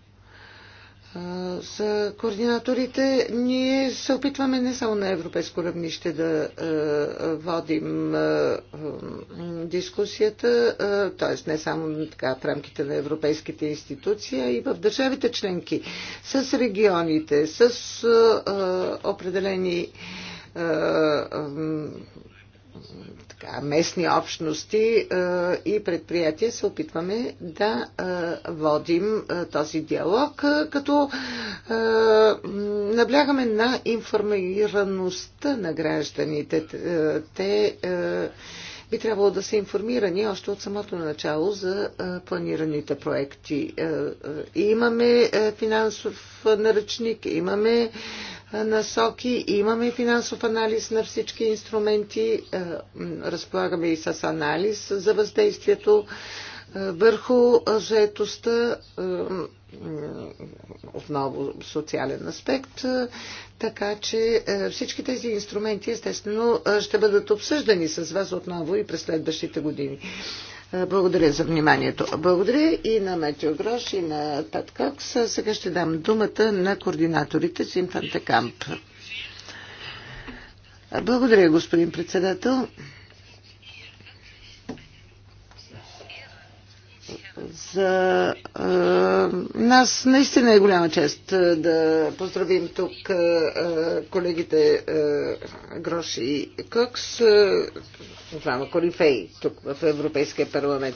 с координаторите ние се опитваме не само на европейско равнище да е, водим е, дискусията, т.е. не само така, в рамките на европейските институции, а и в държавите членки, с регионите, с е, определени така, местни общности и предприятия се опитваме да водим този диалог, като наблягаме на информираността на гражданите. Те би трябвало да са информирани още от самото начало за планираните проекти. Имаме финансов наръчник, имаме насоки. Имаме финансов анализ на всички инструменти. Е, разполагаме и с анализ за въздействието е, върху заетостта е, отново социален аспект, така че всички тези инструменти естествено ще бъдат обсъждани с вас отново и през следващите години. Благодаря за вниманието. Благодаря и на Метео Грош, и на Тат Кокс. Сега ще дам думата на координаторите с Инфанте Камп. Благодаря, господин председател. За а, нас наистина е голяма чест да поздравим тук а, колегите а, Грош и Кокс, двама корифеи тук в Европейския парламент.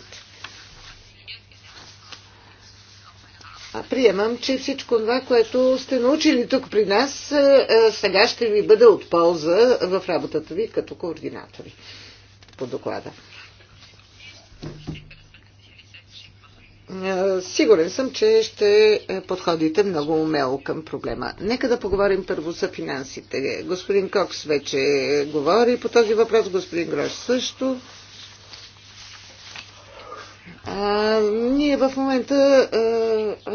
А приемам, че всичко това, което сте научили тук при нас, сега ще ви бъде от полза в работата ви като координатори по доклада. Е, сигурен съм, че ще подходите много умело към проблема. Нека да поговорим първо за финансите. Господин Кокс вече говори по този въпрос, господин Грош също. А, ние в момента а,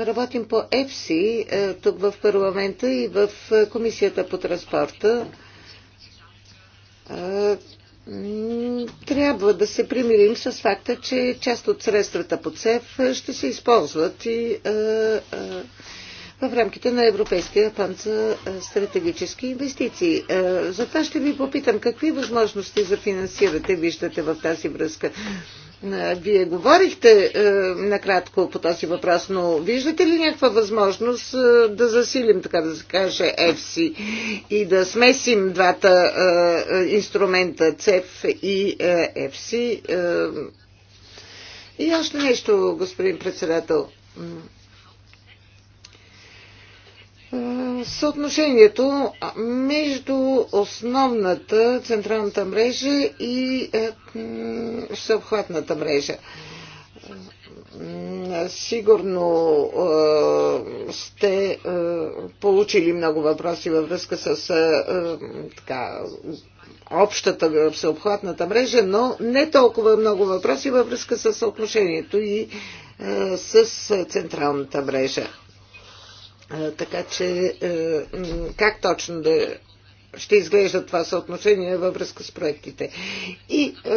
е, работим по ЕФСИ а, е, тук в парламента и в Комисията по транспорта. А, трябва да се примирим с факта, че част от средствата по ЦЕФ ще се използват и а, а, в рамките на Европейския фонд за стратегически инвестиции. Затова ще ви попитам какви възможности за финансирате виждате в тази връзка. Вие говорихте е, накратко по този въпрос, но виждате ли някаква възможност е, да засилим, така да се каже, FC и да смесим двата е, е инструмента ЦЕФ и е, FC? Е, и още нещо, господин председател. съотношението между основната централната мрежа и е, всеобхватната мрежа. Сигурно е, сте е, получили много въпроси във връзка с така, общата всеобхватната мрежа, но не толкова много въпроси във връзка с съотношението и с централната мрежа. Така че е, как точно да ще изглежда това съотношение във връзка с проектите. И е,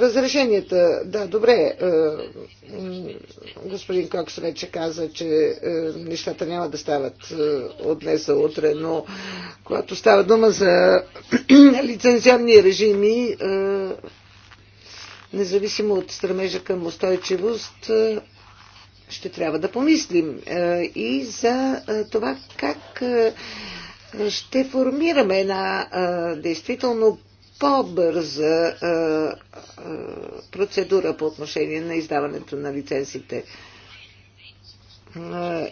разрешенията, да, добре, е, господин Кокс вече каза, че е, нещата няма да стават е, от днес за утре, но когато става дума за лицензионни режими, е, независимо от стремежа към устойчивост, е, ще трябва да помислим е, и за е, това как е, ще формираме една действително по-бърза процедура по отношение на издаването на лицензите.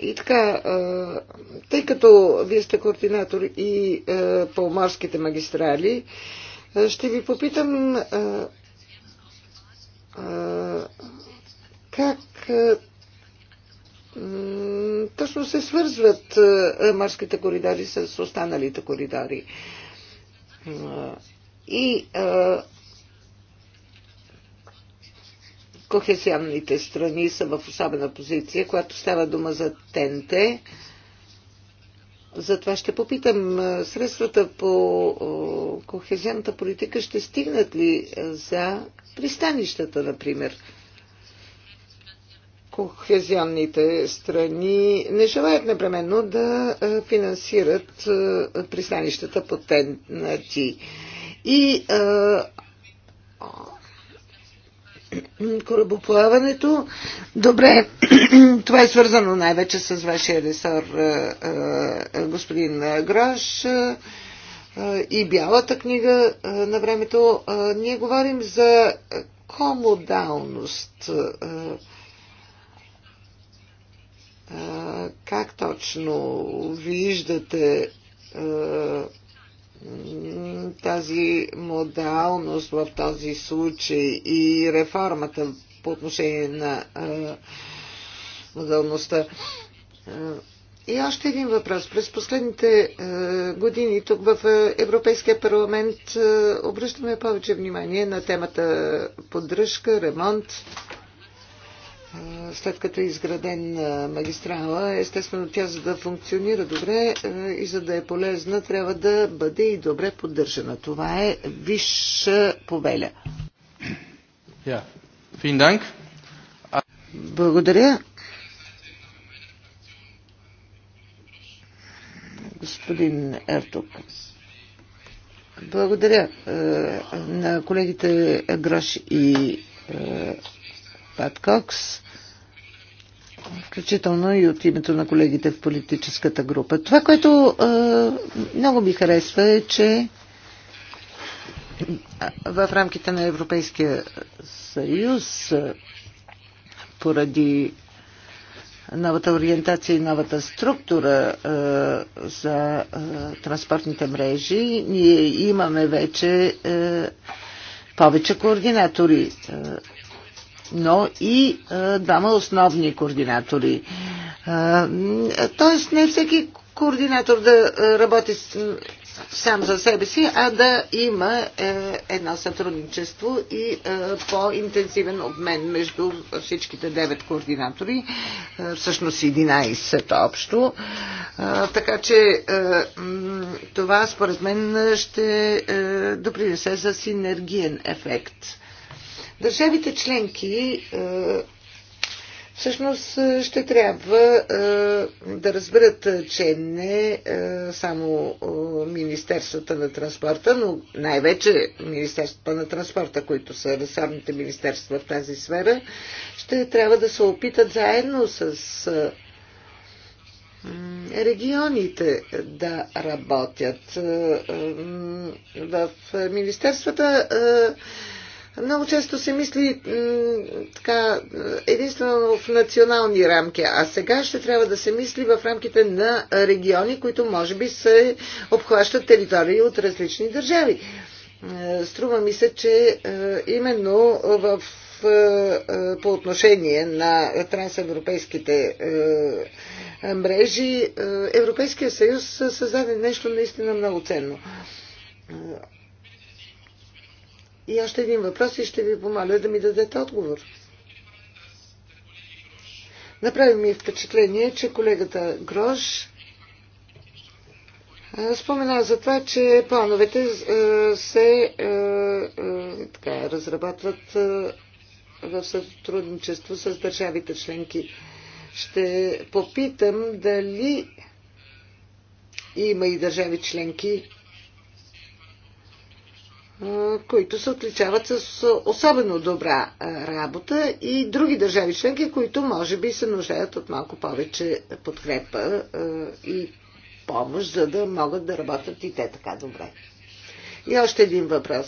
И така, тъй като вие сте координатор и по морските магистрали, ще ви попитам как точно се свързват е, е, морските коридори с останалите коридори. Е, и кохесионните страни са в особена позиция, когато става дума за тенте. Затова ще попитам, средствата по кохезионната политика ще стигнат ли за пристанищата, например? кохезионните страни не желаят непременно да финансират пристанищата по ТНТ. И корабоплаването. Добре, това е свързано най-вече с вашия ресор, господин Грош и бялата книга на времето. Ние говорим за комодалност. Как точно виждате тази модалност в този случай и реформата по отношение на модалността? И още един въпрос. През последните е, години тук в Европейския парламент е, обръщаме повече внимание на темата поддръжка, ремонт след като е изграден магистрала, естествено тя за да функционира добре и за да е полезна, трябва да бъде и добре поддържана. Това е висша повеля. Yeah. Благодаря. Господин Ертук. Благодаря на колегите Грош и Пат Кокс, включително и от името на колегите в политическата група. Това, което е, много ми харесва е, че в рамките на Европейския съюз поради новата ориентация и новата структура е, за е, транспортните мрежи, ние имаме вече е, повече координатори. А, но и е, двама основни координатори. Е, тоест не всеки координатор да е, работи сам за себе си, а да има е, едно сътрудничество и е, по-интензивен обмен между всичките 9 координатори, е, всъщност 11 общо. Е, така че е, това според мен ще е, допринесе за синергиен ефект. Държавите членки е, всъщност е, ще трябва е, да разберат, че не само Министерствата на транспорта, но най-вече Министерствата на транспорта, които са ресорните министерства в тази сфера, ще трябва да се опитат заедно с регионите да работят. В Министерствата много често се мисли така, единствено в национални рамки, а сега ще трябва да се мисли в рамките на региони, които може би се обхващат територии от различни държави. Е, струва ми се, че е, именно в, е, по отношение на трансевропейските мрежи Европейския съюз създаде нещо наистина много ценно. И още един въпрос и ще ви помоля да ми дадете отговор. Направи ми впечатление, че колегата Грош спомена за това, че плановете се така, разработват в сътрудничество с държавите членки. Ще попитам дали има и държави членки, които се отличават с особено добра работа и други държави членки, които може би се нуждаят от малко повече подкрепа и помощ, за да могат да работят и те така добре. И още един въпрос.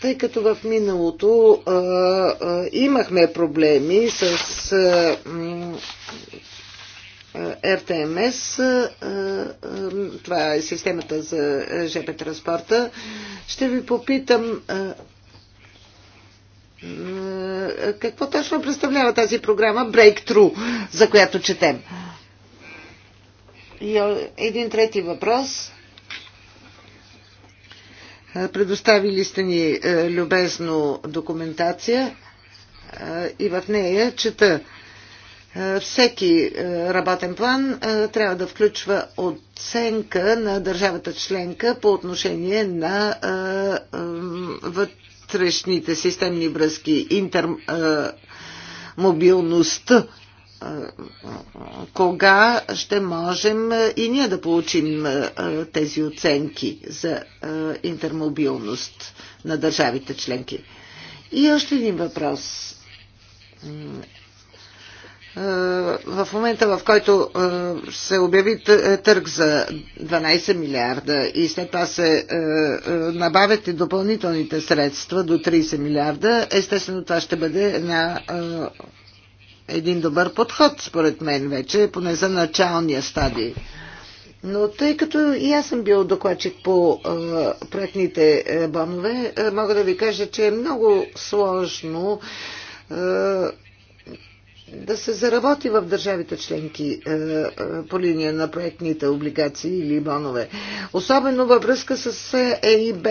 Тъй като в миналото имахме проблеми с РТМС, това е системата за ЖП транспорта, ще ви попитам какво точно представлява тази програма Breakthrough, за която четем. И един трети въпрос. Предоставили сте ни любезно документация и в нея чета е, всеки е, работен план е, трябва да включва оценка на държавата членка по отношение на вътрешните системни връзки, интермобилност. кога ще можем и ние да получим тези оценки за интермобилност на държавите членки. И още един въпрос. Е, в момента, в който е, се обяви е, търг за 12 милиарда и след това се набавят и допълнителните средства до 30 милиарда, естествено това ще бъде една, един добър подход, според мен вече, поне за началния стадий. Но тъй като и аз съм бил докладчик по а, проектните бонове, мога да ви кажа, че е много сложно да се заработи в държавите членки е, е, по линия на проектните облигации или бонове. Особено във връзка с ЕИБ.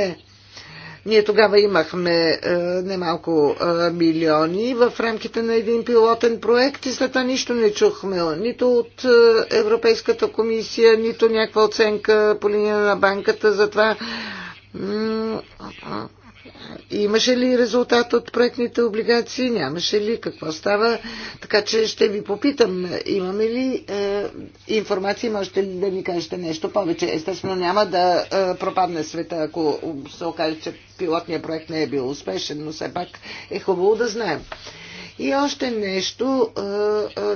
Ние тогава имахме е, немалко е, милиони в рамките на един пилотен проект и след това нищо не чухме. Нито от е, Европейската комисия, нито някаква оценка по линия на банката за това Имаше ли резултат от проектните облигации? Нямаше ли? Какво става? Така че ще ви попитам, имаме ли е, информация, можете ли да ни кажете нещо повече? Естествено няма да е, пропадне света, ако се окаже, че пилотният проект не е бил успешен, но все пак е хубаво да знаем. И още нещо. Е, е,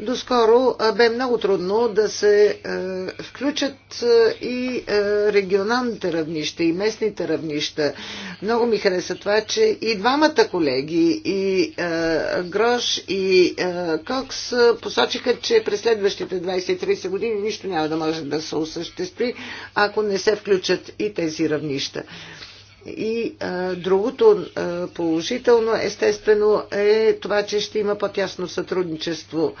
Доскоро бе много трудно да се включат и регионалните равнища, и местните равнища. Много ми хареса това, че и двамата колеги, и Грош, и Кокс посочиха, че през следващите 20-30 години нищо няма да може да се осъществи, ако не се включат и тези равнища. И а, другото а, положително, естествено, е това, че ще има по-тясно сътрудничество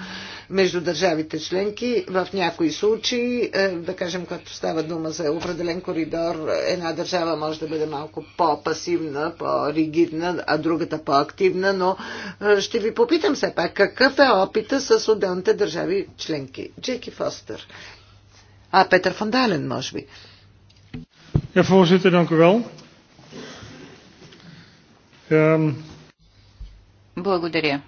между държавите членки. В някои случаи, а, да кажем, когато става дума за определен коридор, една държава може да бъде малко по-пасивна, по-ригидна, а другата по-активна, но а, ще ви попитам все пак какъв е опита с отделните държави членки. Джеки Фостер. А, Петър Фондален, може би. Ja, voorzitter, dank u wel. Благодаря.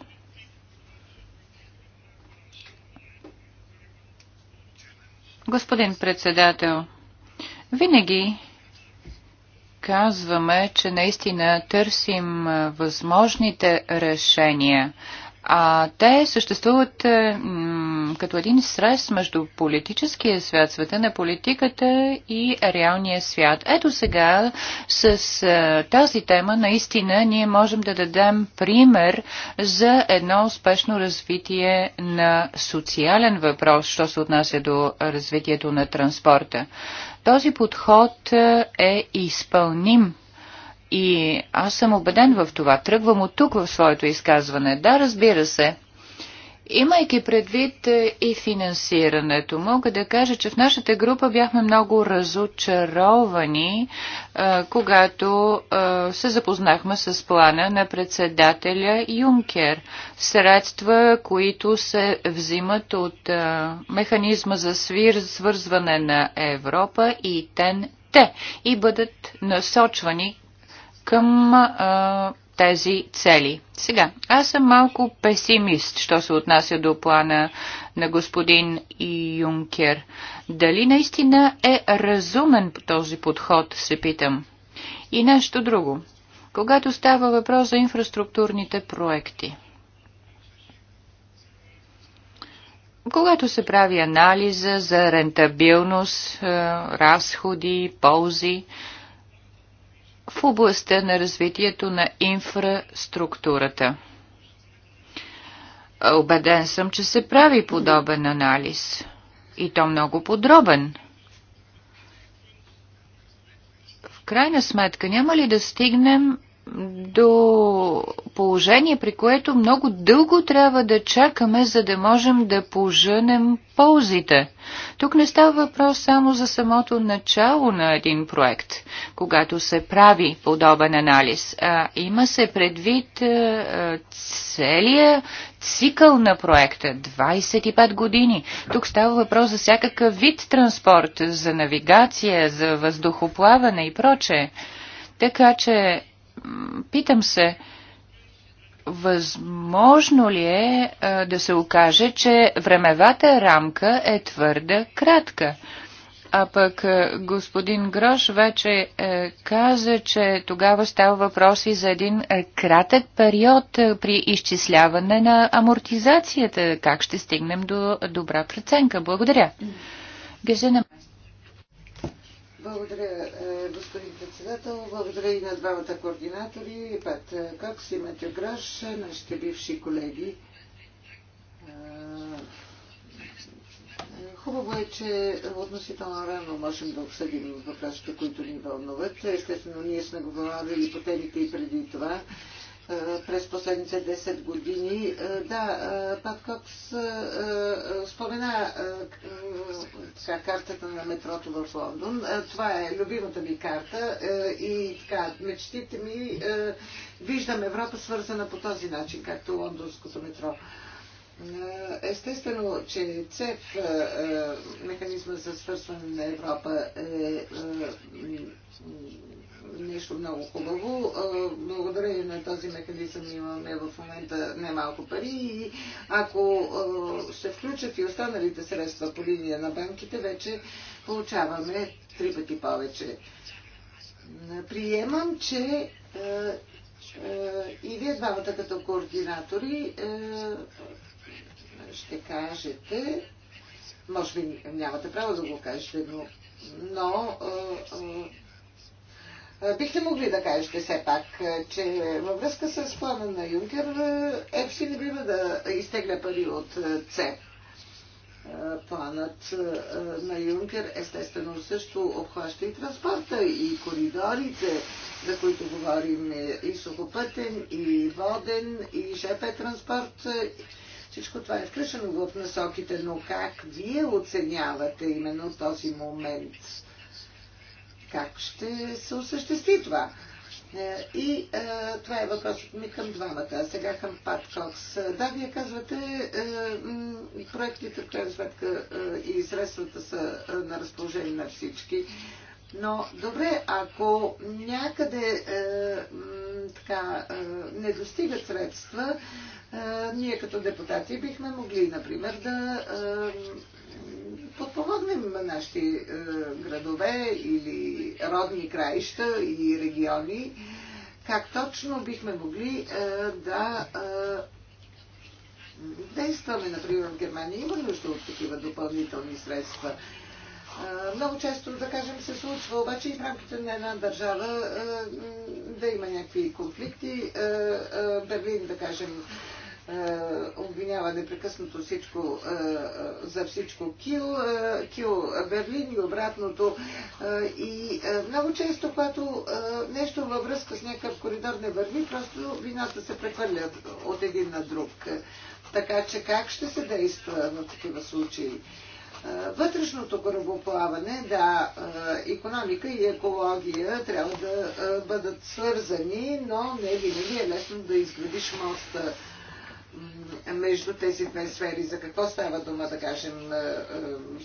Господин председател, винаги казваме, че наистина търсим възможните решения, а те съществуват като един срез между политическия свят, света на политиката и реалния свят. Ето сега с тази тема наистина ние можем да дадем пример за едно успешно развитие на социален въпрос, що се отнася до развитието на транспорта. Този подход е изпълним и аз съм убеден в това. Тръгвам от тук в своето изказване. Да, разбира се, Имайки предвид е, и финансирането, мога да кажа, че в нашата група бяхме много разочаровани, е, когато е, се запознахме с плана на председателя Юнкер. Средства, които се взимат от механизма за свир, свързване на Европа и ТЕН-Т и бъдат насочвани към а, тези цели. Сега, аз съм малко песимист, що се отнася до плана на господин Юнкер. Дали наистина е разумен този подход, се питам. И нещо друго. Когато става въпрос за инфраструктурните проекти. Когато се прави анализа за рентабилност, е, разходи, ползи, в областта на развитието на инфраструктурата. Обеден съм, че се прави подобен анализ. И то много подробен. В крайна сметка, няма ли да стигнем до положение, при което много дълго трябва да чакаме, за да можем да поженем ползите. Тук не става въпрос само за самото начало на един проект, когато се прави подобен анализ. А, има се предвид целия цикъл на проекта 25 години. Тук става въпрос за всякакъв вид транспорт, за навигация, за въздухоплаване и прочее. Така че питам се, възможно ли е а, да се окаже, че времевата рамка е твърде кратка? А пък господин Грош вече е, каза, че тогава става въпрос и за един е, кратък период е, при изчисляване на амортизацията. Как ще стигнем до добра преценка? Благодаря. Гезина благодаря, е, господин председател. Благодаря и на двамата координатори, Пат е, как си имате Грош, е, нашите бивши колеги. Хубаво е, че относително рано можем да обсъдим въпросите, които ни вълнуват. Естествено, ние сме говорили по темите и преди това през последните 10 години. Да, Пат Кокс спомена така, картата на метрото в Лондон. Това е любимата ми карта и така, мечтите ми виждам Европа свързана по този начин, както лондонското метро. Естествено, че ЦЕФ, механизма за свързване на Европа е нещо много хубаво. Благодарение на този механизъм имаме в момента немалко пари и ако се включат и останалите средства по линия на банките, вече получаваме три пъти повече. Приемам, че и вие двамата като координатори ще кажете, може би нямате право да го кажете, но, но Бихте могли да кажете все пак, че във връзка с плана на Юнкер ЕФСИ не бива да изтегля пари от ЦЕП. Планът на Юнкер естествено също обхваща и транспорта, и коридорите, за които говорим, е, и сухопътен, и воден, и ЖП транспорт. Всичко това е включено в насоките, но как вие оценявате именно този момент? Как ще се осъществи това? Е, и а, е, това е въпросът ми към двамата, а сега към Пат Кокс. Да, вие казвате, а, е, проектите в крайна сметка а, и средствата са а, на разположение на всички. Но добре, ако някъде а, така, а, не достигат средства, а, ние като депутати бихме могли, например, да а, подпомогнем нашите е, градове или родни краища и региони, как точно бихме могли е, да е, действаме, например, в Германия. Има нужда от такива допълнителни средства. Много често, да кажем, се случва обаче и в рамките на една държава да има някакви конфликти. Берлин, да кажем, е, обвинява непрекъснато всичко, е, е, за всичко Кил, Кил Берлин и обратното. И много често, когато нещо във връзка с някакъв коридор не върви, просто вината се прехвърля от един на друг. Така че как ще се действа в такива случаи? Вътрешното корабоплаване, да, економика и екология трябва да бъдат свързани, но не винаги е лесно да изградиш моста между тези две сфери. За какво става дума, да кажем, е, е,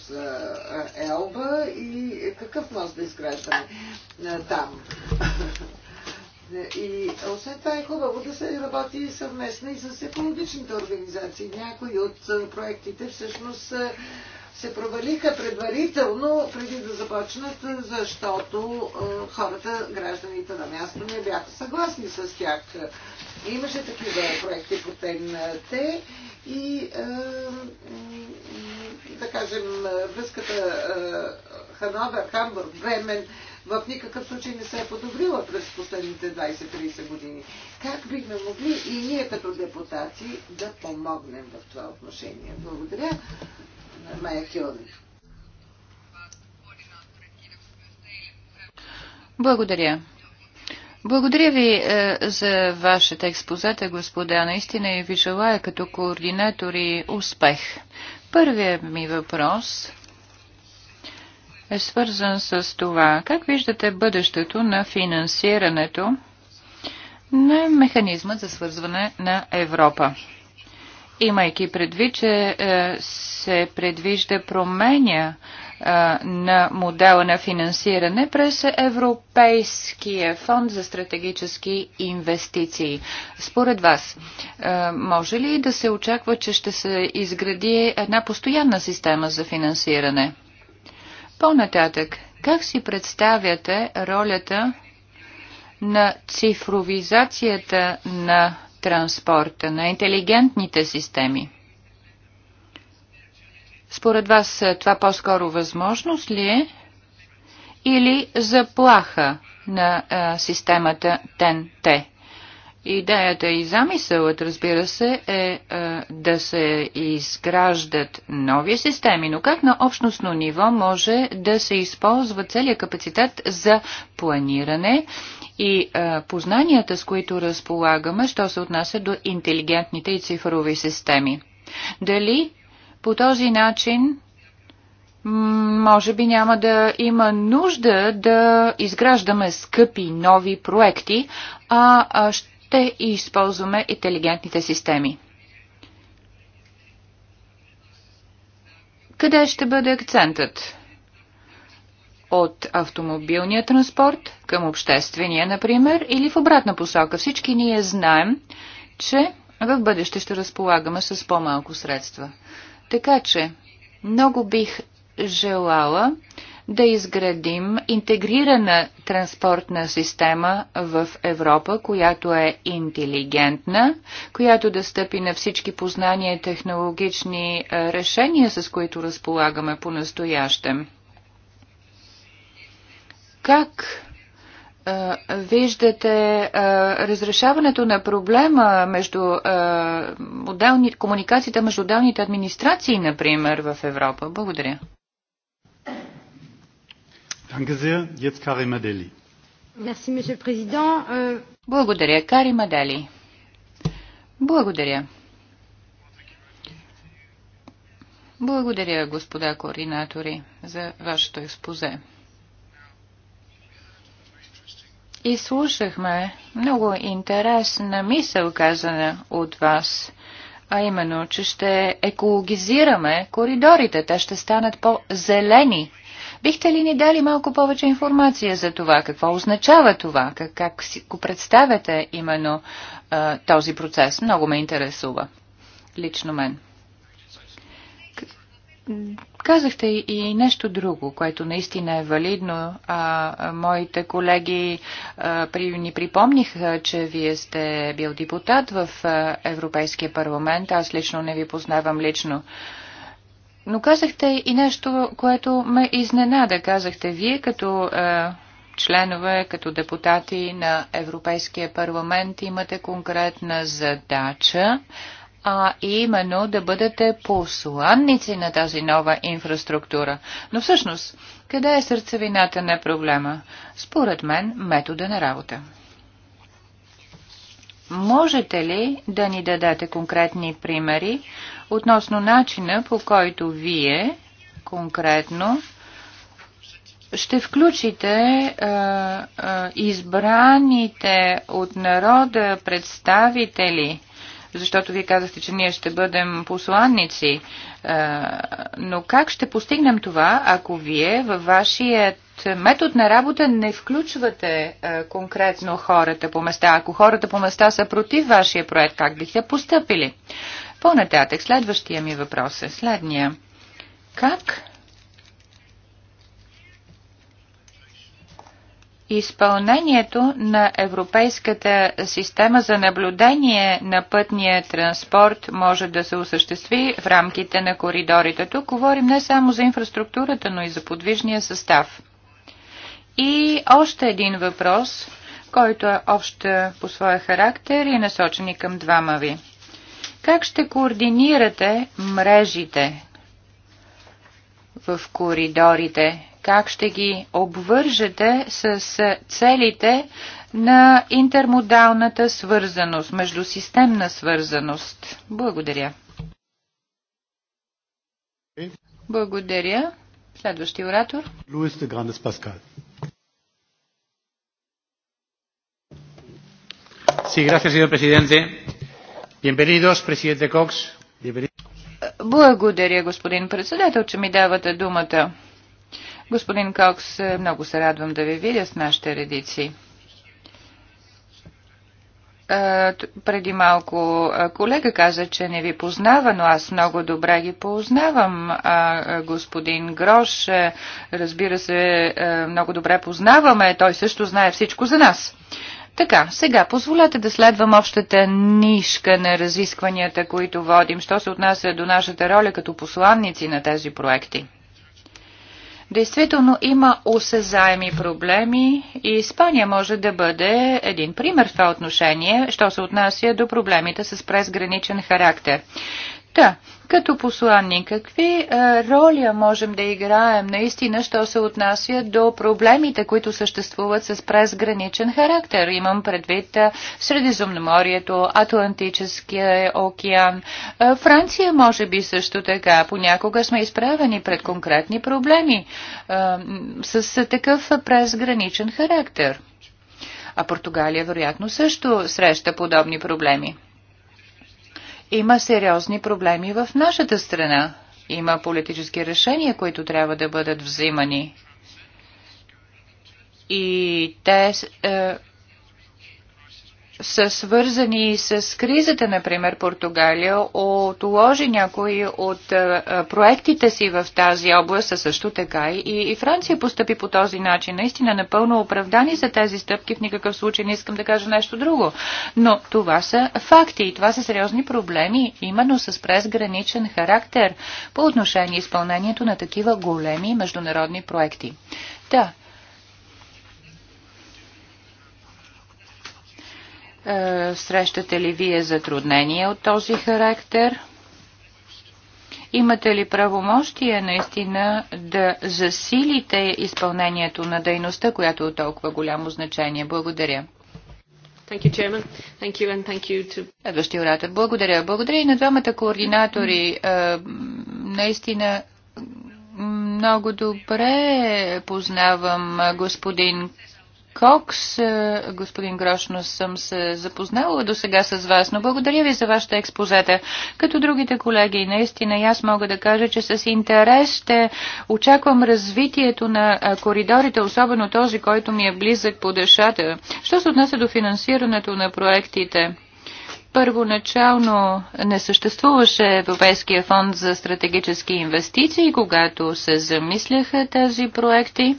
за Елба и какъв мост да изграждаме е, там? И освен това е хубаво да се работи съвместно и с екологичните организации. Някои от проектите всъщност се провалиха предварително, преди да започнат, защото хората, гражданите на място не бяха съгласни с тях. Имаше такива проекти по ТНТ и, да кажем, връзката Хановер, Хамбург, Бремен в никакъв случай не се е подобрила през последните 20-30 години. Как бихме могли и ние като депутати да помогнем в това отношение? Благодаря. Благодаря. Благодаря ви е, за вашата експозата, господа. Наистина и ви желая като координатори успех. Първият ми въпрос е свързан с това. Как виждате бъдещето на финансирането на механизма за свързване на Европа? имайки предвид, че е, се предвижда променя е, на модела на финансиране през Европейския фонд за стратегически инвестиции. Според вас, е, може ли да се очаква, че ще се изгради една постоянна система за финансиране? По-нататък, как си представяте ролята на цифровизацията на транспорта, на интелигентните системи. Според вас е, това по-скоро възможност ли е или заплаха на а, е, системата ТЕН-Т? Идеята и замисълът, разбира се, е, е да се изграждат нови системи, но как на общностно ниво може да се използва целият капацитет за планиране и е, познанията, с които разполагаме, що се отнася до интелигентните и цифрови системи. Дали по този начин може би няма да има нужда да изграждаме скъпи нови проекти, а ще ще използваме интелигентните системи. Къде ще бъде акцентът? От автомобилния транспорт към обществения, например, или в обратна посока. Всички ние знаем, че в бъдеще ще разполагаме с по-малко средства. Така че много бих желала да изградим интегрирана транспортна система в Европа, която е интелигентна, която да стъпи на всички познания и технологични решения, с които разполагаме по-настоящем. Как виждате разрешаването на проблема между комуникацията между отделните администрации, например, в Европа? Благодаря. Euh, Благодаря, Кари Мадели. Благодаря. Благодаря, господа координатори, за вашето експозе. И слушахме много интересна мисъл, казана от вас, а именно, че ще екологизираме коридорите. Те ще станат по-зелени, Бихте ли ни дали малко повече информация за това? Какво означава това? Как, как си го представяте именно а, този процес? Много ме интересува. Лично мен. Казахте и нещо друго, което наистина е валидно. А, моите колеги а, при, ни припомниха, че вие сте бил депутат в а, Европейския парламент. Аз лично не ви познавам лично. А, но казахте и нещо, което ме изненада. Казахте вие като е, членове, като депутати на Европейския парламент имате конкретна задача, а именно да бъдете посланници на тази нова инфраструктура. Но всъщност, къде е сърцевината на проблема? Според мен, метода на работа. Можете ли да ни дадете конкретни примери относно начина по който вие конкретно ще включите а, а, избраните от народа представители защото вие казахте, че ние ще бъдем посланници. Е, но как ще постигнем това, ако вие във вашият метод на работа не включвате е, конкретно хората по места? Ако хората по места са против вашия проект, как бихте постъпили? По-нататък, следващия ми въпрос е следния. Как Изпълнението на Европейската система за наблюдение на пътния транспорт може да се осъществи в рамките на коридорите. Тук говорим не само за инфраструктурата, но и за подвижния състав. И още един въпрос, който е общ по своя характер и насочен към двама ви. Как ще координирате мрежите в коридорите как ще ги обвържете с целите на интермодалната свързаност, междусистемна свързаност. Благодаря. Благодаря. Следващи оратор. Луис де Грандес Паскал. Sí, gracias, señor presidente. Bienvenidos, presidente Cox. Bienvenidos. Благодаря, господин председател, че ми давате думата. Господин Кокс, много се радвам да ви видя с нашите редици преди малко колега каза, че не ви познава, но аз много добре ги познавам. Господин Грош, разбира се, много добре познаваме. Той също знае всичко за нас. Така, сега позволете да следвам общата нишка на разискванията, които водим, що се отнася до нашата роля като посланници на тези проекти. Действително има осезаеми проблеми и Испания може да бъде един пример в това отношение, що се отнася до проблемите с презграничен характер. Та, да, като посланник, какви е, роля можем да играем наистина, що се отнася до проблемите, които съществуват с презграничен характер? Имам предвид е, Средиземноморието, Атлантическия океан. Е, Франция може би също така. Понякога сме изправени пред конкретни проблеми с такъв презграничен характер. А Португалия вероятно също среща подобни проблеми. Има сериозни проблеми в нашата страна. Има политически решения, които трябва да бъдат взимани. И те е, са свързани с кризата, например Португалия, отложи някои от проектите си в тази област, а също така и, и Франция постъпи по този начин. Наистина напълно оправдани са тези стъпки, в никакъв случай не искам да кажа нещо друго. Но това са факти и това са сериозни проблеми, именно с презграничен характер по отношение изпълнението на такива големи международни проекти. Да, Е, срещате ли вие затруднения от този характер? Имате ли правомощие наистина да засилите изпълнението на дейността, която е толкова голямо значение? Благодаря. Следващия оратор. Благодаря. Благодаря и на двамата координатори. Е, наистина много добре познавам господин Кокс. Е, господин Грошно съм се запознала до сега с вас, но благодаря ви за вашата експозета. Като другите колеги, наистина и аз мога да кажа, че с интерес ще очаквам развитието на е, коридорите, особено този, който ми е близък по дъшата. Що се отнася до финансирането на проектите? първоначално не съществуваше Европейския фонд за стратегически инвестиции, когато се замисляха тези проекти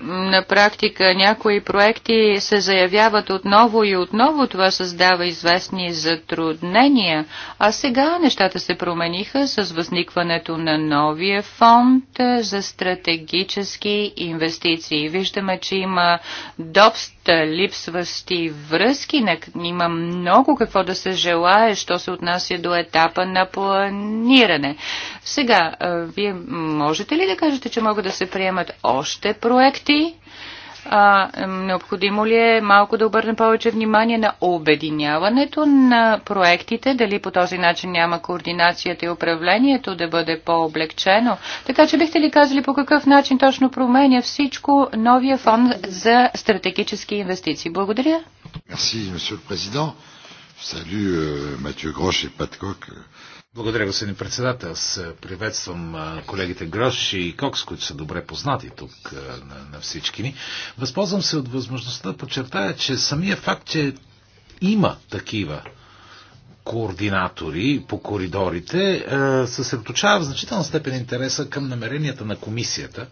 на практика някои проекти се заявяват отново и отново, това създава известни затруднения. А сега нещата се промениха с възникването на новия фонд за стратегически инвестиции. Виждаме, че има доста липсващи връзки. Има много какво да се желае, що се отнася до етапа на планиране. Сега, вие можете ли да кажете, че могат да се приемат още проекти? а, необходимо ли е малко да обърнем повече внимание на обединяването на проектите, дали по този начин няма координацията и управлението да бъде по-облегчено. Така че бихте ли казали по какъв начин точно променя всичко новия фонд за стратегически инвестиции? Благодаря. Merci, monsieur le président. Salut euh, Mathieu Grosch et благодаря, господин председател. Аз е, приветствам е, колегите Грош и Кокс, които са добре познати тук е, на, на всички ни. Възползвам се от възможността да подчертая, че самия факт, че има такива координатори по коридорите, съсредоточава в значителна степен интереса към намеренията на комисията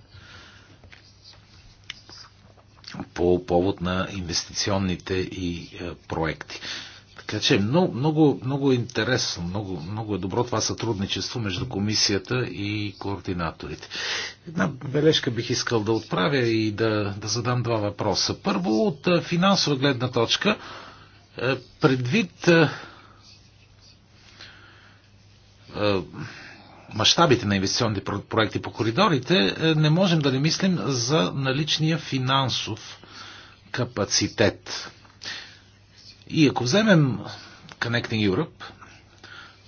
по повод на инвестиционните и проекти. Така че много, много, много интересно, много, много е добро това сътрудничество между комисията и координаторите. Една бележка бих искал да отправя и да, да задам два въпроса. Първо, от финансова гледна точка, предвид мащабите на инвестиционните проекти по коридорите, не можем да не мислим за наличния финансов капацитет и ако вземем Connecting Europe,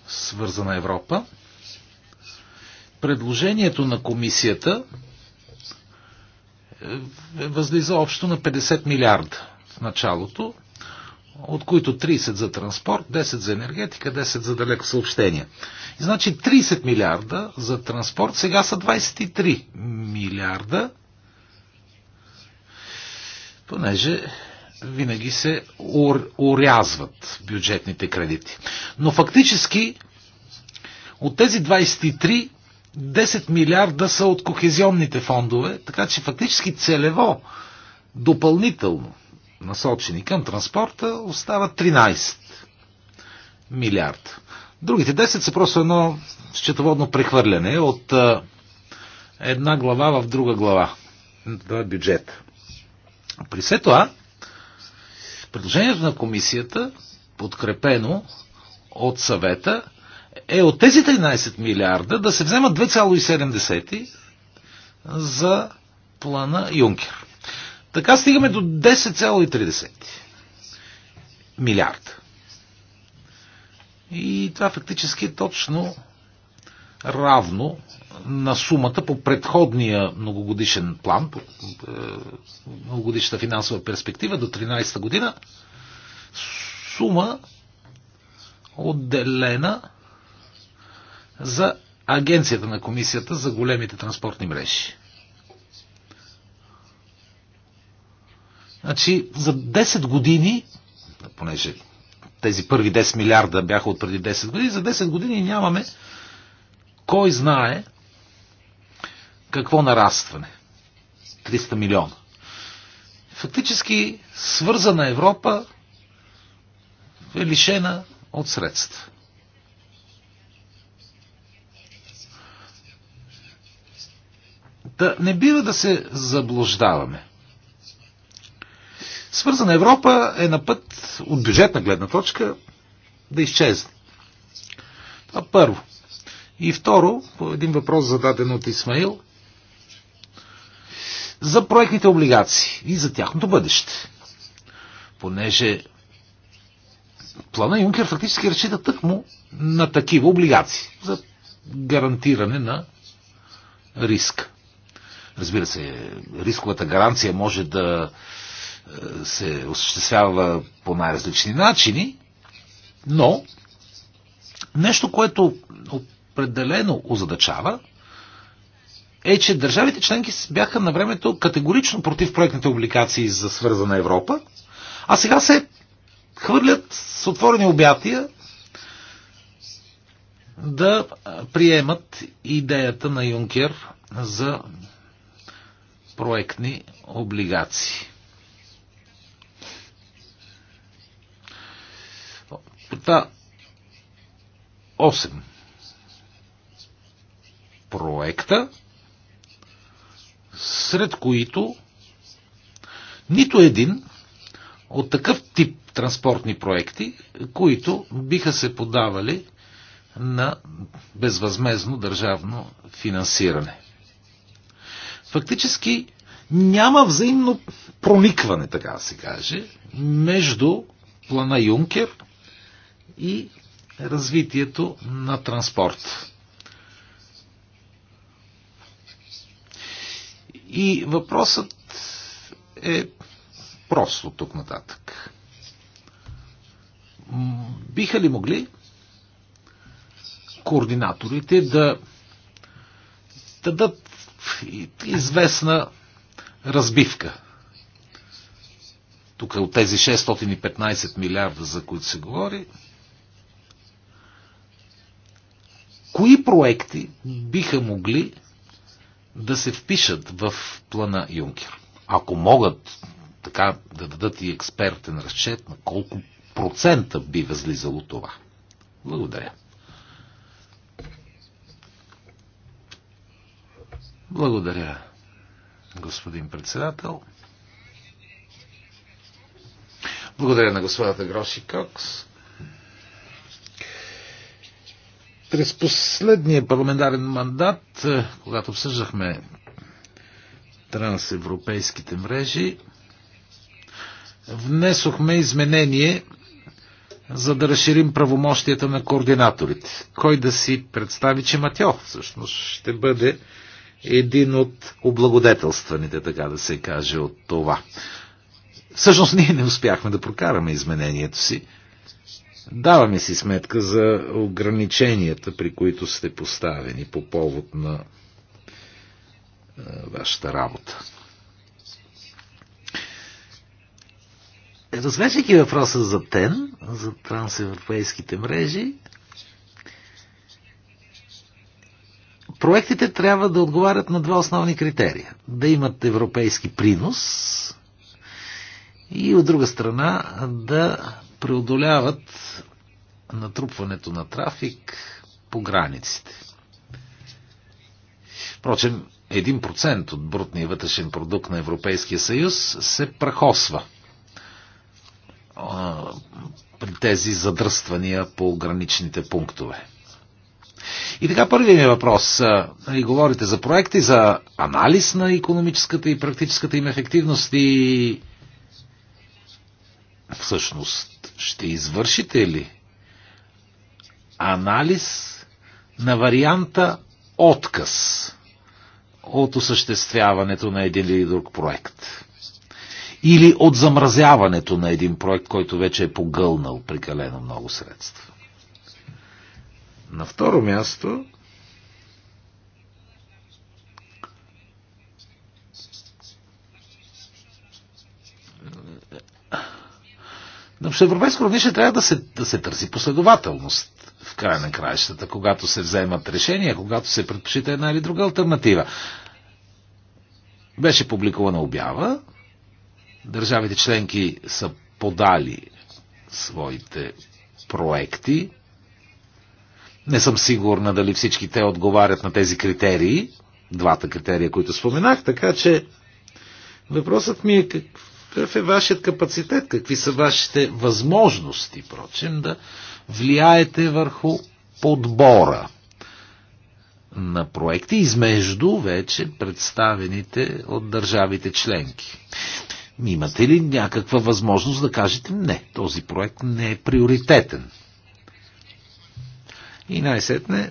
свързана Европа, предложението на комисията е, е, възлиза общо на 50 милиарда в началото, от които 30 за транспорт, 10 за енергетика, 10 за далеко съобщения. И значи 30 милиарда за транспорт, сега са 23 милиарда, понеже винаги се урязват бюджетните кредити. Но фактически от тези 23 10 милиарда са от кохезионните фондове, така че фактически целево, допълнително насочени към транспорта, остават 13 милиарда. Другите 10 са просто едно счетоводно прехвърляне от една глава в друга глава. Това е бюджет. При все това, Предложението на комисията, подкрепено от съвета, е от тези 13 милиарда да се вземат 2,7 за плана Юнкер. Така стигаме до 10,3 милиарда. И това фактически е точно равно на сумата по предходния многогодишен план, по е, многогодишната финансова перспектива до 13-та година, сума отделена за агенцията на комисията за големите транспортни мрежи. Значи за 10 години, понеже тези първи 10 милиарда бяха от преди 10 години, за 10 години нямаме кой знае какво нарастване? 300 милиона. Фактически свързана Европа е лишена от средства. Да не бива да се заблуждаваме. Свързана Европа е на път от бюджетна гледна точка да изчезне. Това първо. И второ, по един въпрос зададен от Исмаил, за проектните облигации и за тяхното бъдеще. Понеже плана Юнкер фактически разчита тъкмо на такива облигации за гарантиране на риск. Разбира се, рисковата гаранция може да е, се осъществява по най-различни начини, но нещо, което определено озадачава, е, че държавите членки бяха на времето категорично против проектните обликации за свързана Европа, а сега се хвърлят с отворени обятия да приемат идеята на Юнкер за проектни облигации. Та, 8 проекта сред които нито един от такъв тип транспортни проекти, които биха се подавали на безвъзмезно държавно финансиране. Фактически няма взаимно проникване, така да се каже, между плана Юнкер и развитието на транспорт. И въпросът е просто тук нататък. Биха ли могли координаторите да дадат известна разбивка тук от тези 615 милиарда, за които се говори, кои проекти биха могли да се впишат в плана Юнкер. Ако могат така да дадат и експертен разчет на колко процента би възлизало това. Благодаря. Благодаря, господин председател. Благодаря на господата Гроши Кокс. През последния парламентарен мандат, е, когато обсъждахме трансевропейските мрежи, внесохме изменение, за да разширим правомощията на координаторите. Кой да си представи, че Матьо всъщност ще бъде един от облагодетелстваните, така да се каже, от това. Всъщност ние не успяхме да прокараме изменението си, Даваме си сметка за ограниченията, при които сте поставени по повод на е, вашата работа. Е, Разглеждайки въпроса за ТЕН, за трансевропейските мрежи, проектите трябва да отговарят на два основни критерия. Да имат европейски принос и от друга страна да преодоляват натрупването на трафик по границите. Впрочем, 1% от брутния вътрешен продукт на Европейския съюз се прахосва при тези задръствания по граничните пунктове. И така първият ми въпрос. Нали, говорите за проекти, за анализ на економическата и практическата им ефективност и всъщност ще извършите ли анализ на варианта отказ от осъществяването на един или друг проект? Или от замразяването на един проект, който вече е погълнал прекалено много средства? На второ място, Но в европейско равнище трябва да се, да се търси последователност в края на краищата, когато се вземат решения, когато се предпочита една или друга альтернатива. Беше публикувана обява, държавите членки са подали своите проекти. Не съм сигурна дали всички те отговарят на тези критерии, двата критерия, които споменах, така че въпросът ми е как, какъв е вашият капацитет? Какви са вашите възможности, прочим, да влияете върху подбора на проекти измежду вече представените от държавите членки? Имате ли някаква възможност да кажете не, този проект не е приоритетен? И най-сетне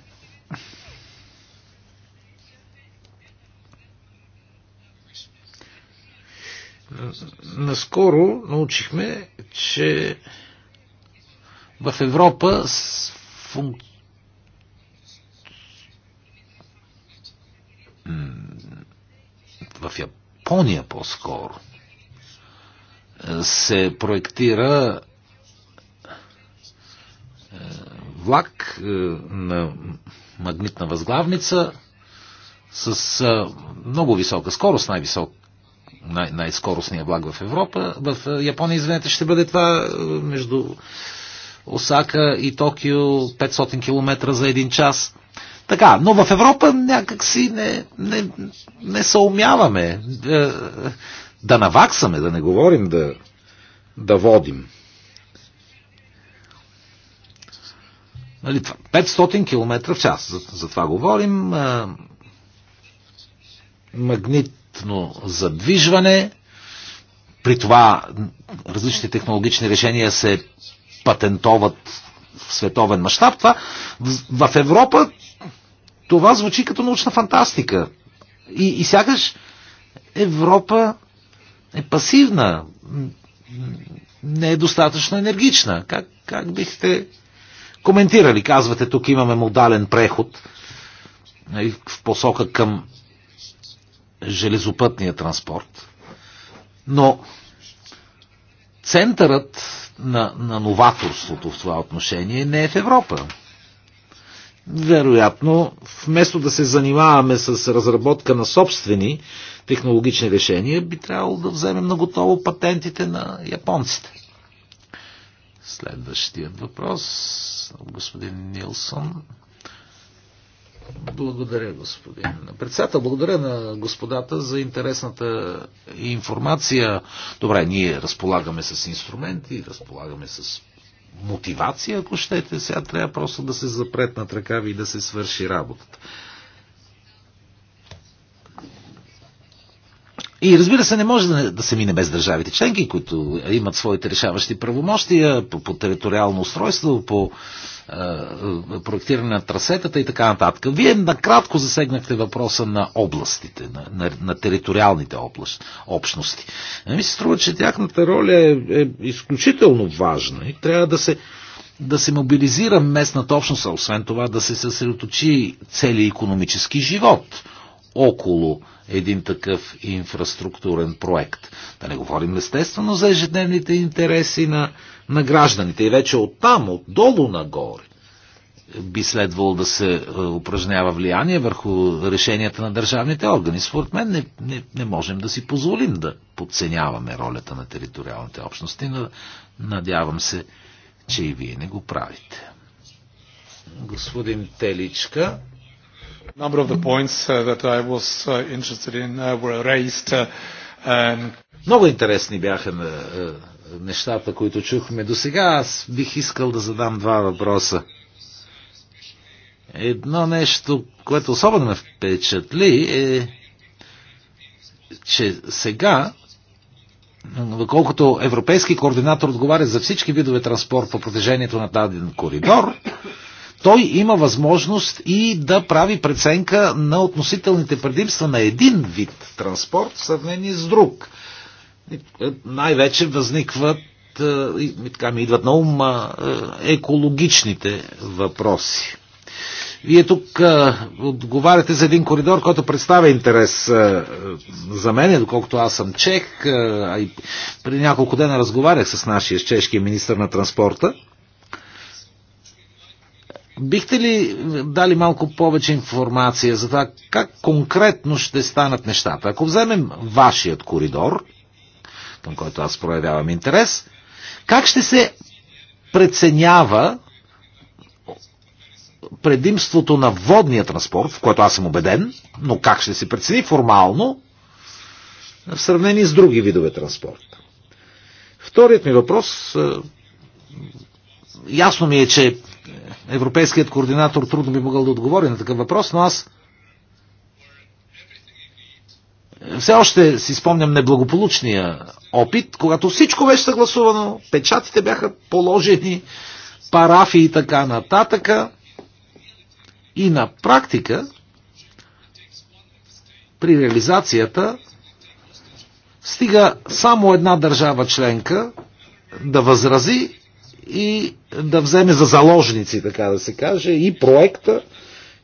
Наскоро научихме, че в Европа функ... в Япония по-скоро се проектира е, влак е, на магнитна възглавница с е, много висока скорост, най-висок най- най-скоростния влак в Европа. В е, Япония, извинете, ще бъде това е, между Осака и Токио 500 км за един час. Така, но в Европа някакси не, не, не съумяваме да, е, да наваксаме, да не говорим да, да водим. 500 нали, км в час, за, за това говорим. Магнит интелигентно задвижване. При това различни технологични решения се патентоват в световен мащаб. Това в Европа това звучи като научна фантастика. И, и сякаш Европа е пасивна, не е достатъчно енергична. Как, как бихте коментирали? Казвате, тук имаме модален преход нали, в посока към железопътния транспорт. Но центърът на, на новаторството в това отношение не е в Европа. Вероятно, вместо да се занимаваме с разработка на собствени технологични решения, би трябвало да вземем на готово патентите на японците. Следващият въпрос от господин Нилсон. Благодаря, господин председател. Благодаря на господата за интересната информация. Добре, ние разполагаме с инструменти, разполагаме с мотивация, ако щете. Сега трябва просто да се запретнат ръкави и да се свърши работата. И разбира се, не може да се мине без държавите членки, които имат своите решаващи правомощия по, по териториално устройство, по е, проектиране на трасетата и така нататък. Вие накратко засегнахте въпроса на областите, на, на, на териториалните област, общности. Ми се струва, че тяхната роля е, е изключително важна и трябва да се, да се мобилизира местната общност, а освен това да се съсредоточи целият економически живот около един такъв инфраструктурен проект. Да не говорим естествено за ежедневните интереси на, на гражданите и вече оттам, отдолу нагоре би следвало да се е, упражнява влияние върху решенията на държавните органи. Според мен не, не, не можем да си позволим да подценяваме ролята на териториалните общности, но надявам се, че и вие не го правите. Господин Теличка. Number of the points uh, that I was uh, interested in uh, were raised. And... Много интересни бяха на, е, е, нещата, които чухме до сега. Аз бих искал да задам два въпроса. Едно нещо, което особено ме впечатли е, че сега доколкото европейски координатор отговаря за всички видове транспорт по протежението на даден коридор, той има възможност и да прави преценка на относителните предимства на един вид транспорт в сравнение с друг. Е, най-вече възникват е, и така ми идват на ум е, екологичните въпроси. Вие тук а, отговаряте за един коридор, който представя интерес а, за мен, доколкото аз съм чех, а, и преди няколко дена разговарях с нашия чешкия министр на транспорта. Бихте ли дали малко повече информация за това как конкретно ще станат нещата? Ако вземем вашият коридор, към който аз проявявам интерес, как ще се преценява предимството на водния транспорт, в което аз съм убеден, но как ще се прецени формално в сравнение с други видове транспорт? Вторият ми въпрос е, ясно ми е, че европейският координатор трудно би могъл да отговори на такъв въпрос, но аз все още си спомням неблагополучния опит, когато всичко беше съгласувано, печатите бяха положени, парафи и така нататък. И на практика, при реализацията, стига само една държава членка да възрази и да вземе за заложници, така да се каже, и проекта,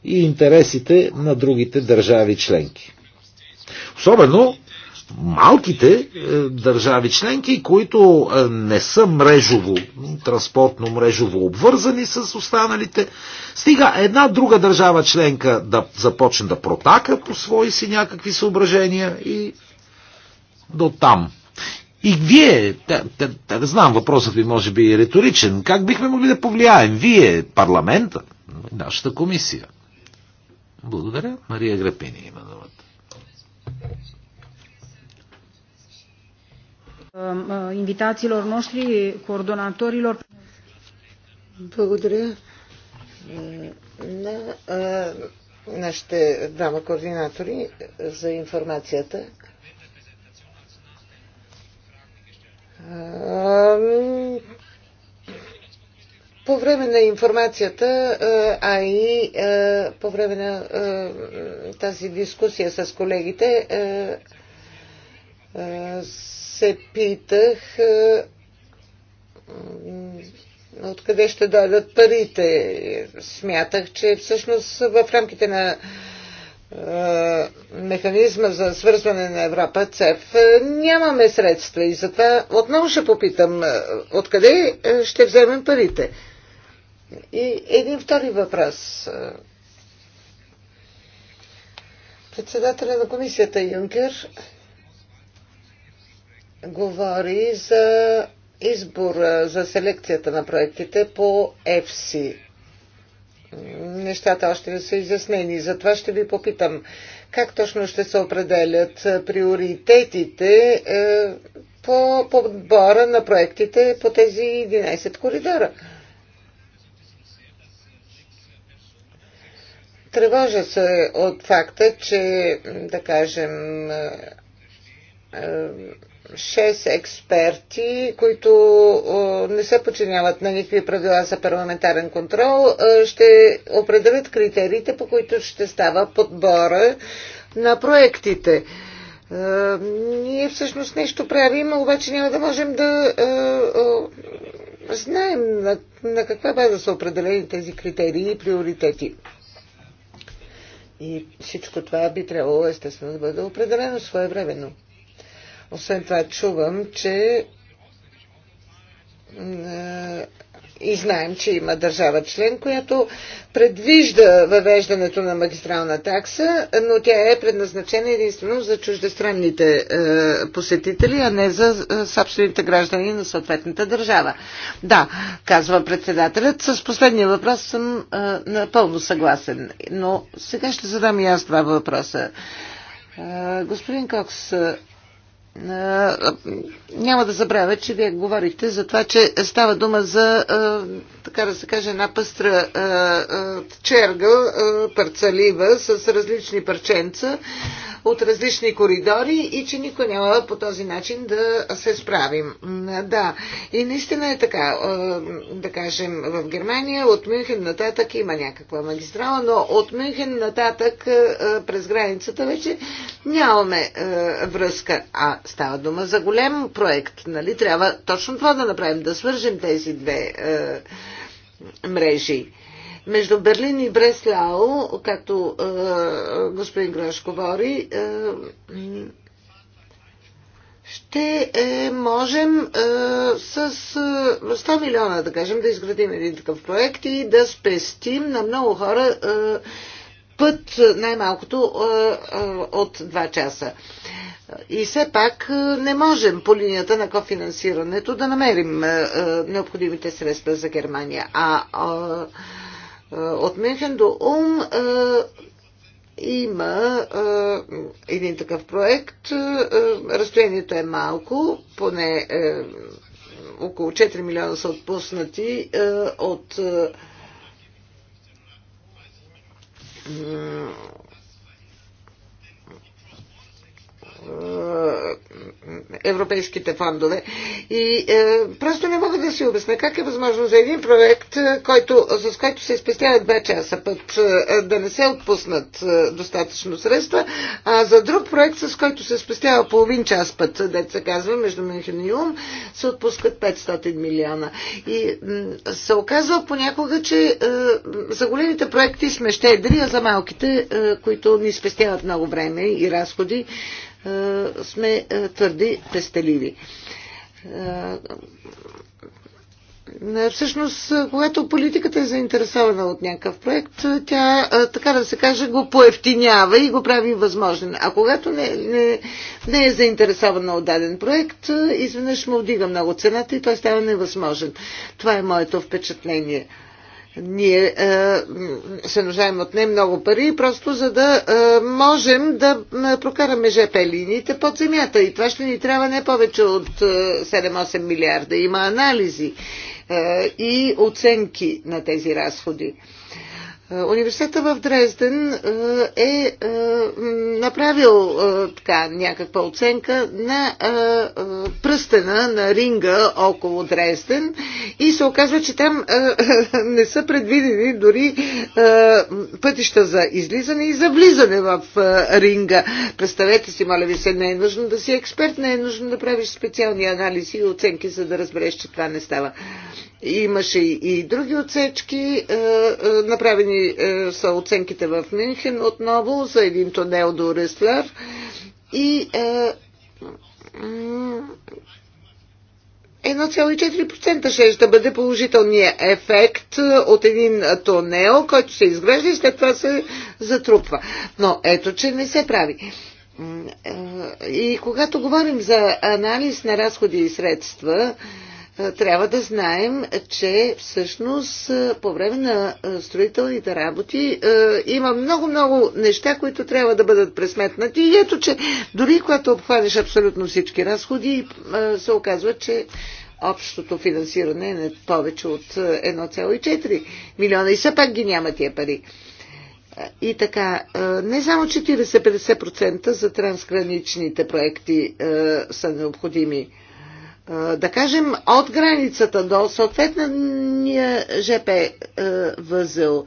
и интересите на другите държави членки. Особено малките е, държави членки, които е, не са мрежово, транспортно мрежово обвързани с останалите, стига една друга държава членка да започне да протака по свои си някакви съображения и до там. И вие, да, да, да, знам, въпросът ви може би е риторичен, как бихме могли да повлияем? Вие, парламента, нашата комисия. Благодаря. Мария Грапини има думата. Инвитациилor noștri, coordonatorilor. Благодаря на нашите двама координатори за информацията. по време на информацията, а и по време на тази дискусия с колегите, се питах откъде ще дойдат парите. Смятах, че всъщност в рамките на е, механизма за свързване на Европа, ЦЕФ, е, нямаме средства и затова отново ще попитам е, откъде ще вземем парите. И един втори въпрос. Председателя на комисията Юнкер говори за избор за селекцията на проектите по ЕФСИ нещата още не са изяснени. Затова ще ви попитам как точно ще се определят приоритетите е, по подбора на проектите по тези 11 коридора. Тревожа се от факта, че, да кажем, е, е, шест експерти, които не се подчиняват на никакви правила за парламентарен контрол, ще определят критериите, по които ще става подбора на проектите. Ние всъщност нещо правим, обаче няма да можем да знаем на, на каква база са определени тези критерии и приоритети. И всичко това би трябвало естествено да бъде определено своевременно. Освен това чувам, че е, и знаем, че има държава член, която предвижда въвеждането на магистрална такса, но тя е предназначена единствено за чуждестранните е, посетители, а не за е, собствените граждани на съответната държава. Да, казва председателят. С последния въпрос съм напълно съгласен. Но сега ще задам и аз два въпроса. Господин Кокс, няма да забравя, че вие говорихте за това, че става дума за, така да се каже, една пъстра чергъл, парцалива с различни парченца, от различни коридори и че никой няма по този начин да се справим. Да, и наистина е така. Да кажем, в Германия от Мюнхен нататък има някаква магистрала, но от Мюнхен нататък през границата вече нямаме връзка. А става дума за голям проект, нали? Трябва точно това да направим, да свържем тези две мрежи. Между Берлин и Бреслау, както е, господин Грош говори, е, ще е, можем е, с е, 100 милиона, да кажем, да изградим един такъв проект и да спестим на много хора е, път най-малкото е, е, от 2 часа. И все пак е, не можем по линията на кофинансирането да намерим е, е, необходимите средства за Германия. А е, от Мюнхен до Ум е, има а, е, един такъв проект. А, разстоянието е малко, поне а, около 4 милиона са отпуснати а, от А, Е, европейските фондове. И е, просто не мога да си обясня как е възможно за един проект, е, който, с който се изпестяват 2 часа път е, да не се отпуснат е, достатъчно средства, а за друг проект, с който се спестява половин час път, деца се казва, между Мюнхен и Юм, се отпускат 500 милиона. И се оказва понякога, че е, за големите проекти сме щедри, а за малките, е, които ни спестяват много време и разходи, е, сме е, твърди пестеливи. Е, всъщност, когато политиката е заинтересована от някакъв проект, тя, така да се каже, го поевтинява и го прави възможен. А когато не, не, не е заинтересована от даден проект, изведнъж му вдига много цената и той става невъзможен. Това е моето впечатление. Ние е, се нуждаем от не много пари, просто за да е, можем да прокараме ЖП линиите под земята. И това ще ни трябва не повече от 7-8 е, милиарда. Има анализи и оценки на тези разходи. Университета в Дрезден е, е направил е, така някаква оценка на е, пръстена на ринга около Дрезден и се оказва, че там не са предвидени дори пътища за излизане и за влизане в ринга. Представете си, моля ви се, не е нужно да си експерт, не е нужно да правиш специални анализи и оценки, за да разбереш, че това не става. Имаше и други отсечки, е, е, направени е, са оценките в Мюнхен отново за един тунел до Реслер. и 1,4% ще да бъде положителният ефект от един тунел, който се изгражда и след това се затрупва. Но ето, че не се прави. И когато говорим за анализ на разходи и средства, е, трябва да знаем, че всъщност е, по време на е, строителните работи има много-много неща, които трябва да бъдат пресметнати. И ето, че дори когато обхванеш абсолютно всички разходи, се оказва, че общото финансиране е не повече от 1,4 милиона и все пак ги няма тия пари. И така, не само 40-50% за трансграничните проекти са необходими да кажем, от границата до съответния ЖП възел.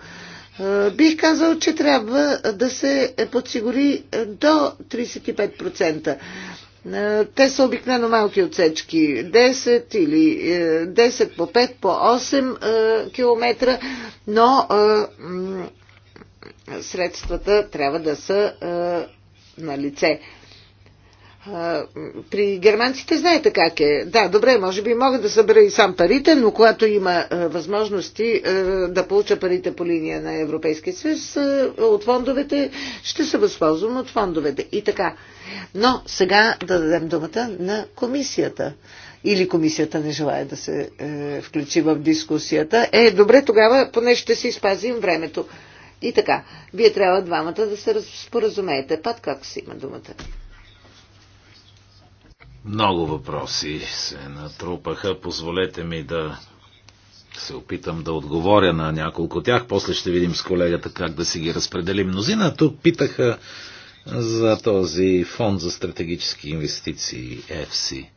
Бих казал, че трябва да се подсигури до 35%. Те са обикновено малки отсечки, 10 или 10 е, по 5, по 8 е, км, но е, средствата трябва да са на лице при германците знаете как е. Да, добре, може би мога да събера и сам парите, но когато има възможности да получа парите по линия на Европейския съюз, от фондовете ще се възползвам от фондовете. И така. Но сега да дадем думата на комисията. Или комисията не желая да се е, включи в дискусията. Е, добре, тогава поне ще си спазим времето. И така, вие трябва двамата да се споразумеете. Пат как си има думата? Много въпроси се натрупаха. Позволете ми да се опитам да отговоря на няколко тях. После ще видим с колегата как да си ги разпределим. Мнозина тук питаха за този фонд за стратегически инвестиции EFSI.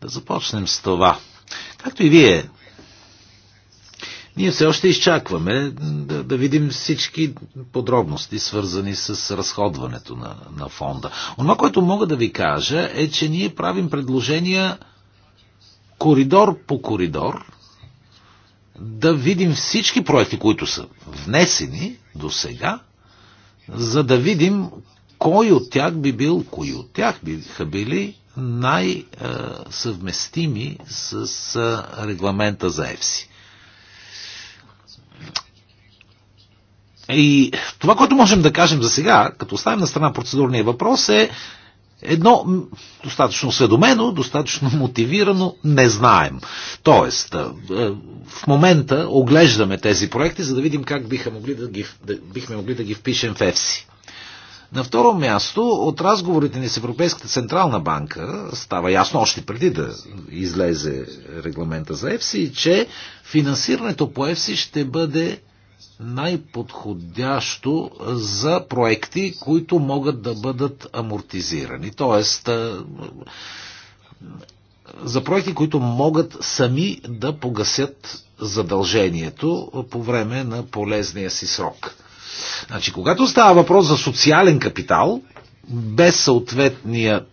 Да започнем с това. Както и вие ние все още изчакваме да, да видим всички подробности, свързани с разходването на, на фонда. Онова, което мога да ви кажа е, че ние правим предложения коридор по коридор, да видим всички проекти, които са внесени до сега, за да видим кой от тях би бил, кои от тях биха били най-съвместими с регламента за ЕФСИ. И това, което можем да кажем за сега, като оставим на страна процедурния въпрос, е едно достатъчно осведомено, достатъчно мотивирано не знаем. Тоест, в момента оглеждаме тези проекти, за да видим как биха могли да ги, да, бихме могли да ги впишем в ЕФСИ. На второ място, от разговорите ни с Европейската централна банка става ясно още преди да излезе регламента за ЕФСИ, че финансирането по ЕФСИ ще бъде най-подходящо за проекти, които могат да бъдат амортизирани. Тоест, за проекти, които могат сами да погасят задължението по време на полезния си срок. Значи, когато става въпрос за социален капитал, без съответния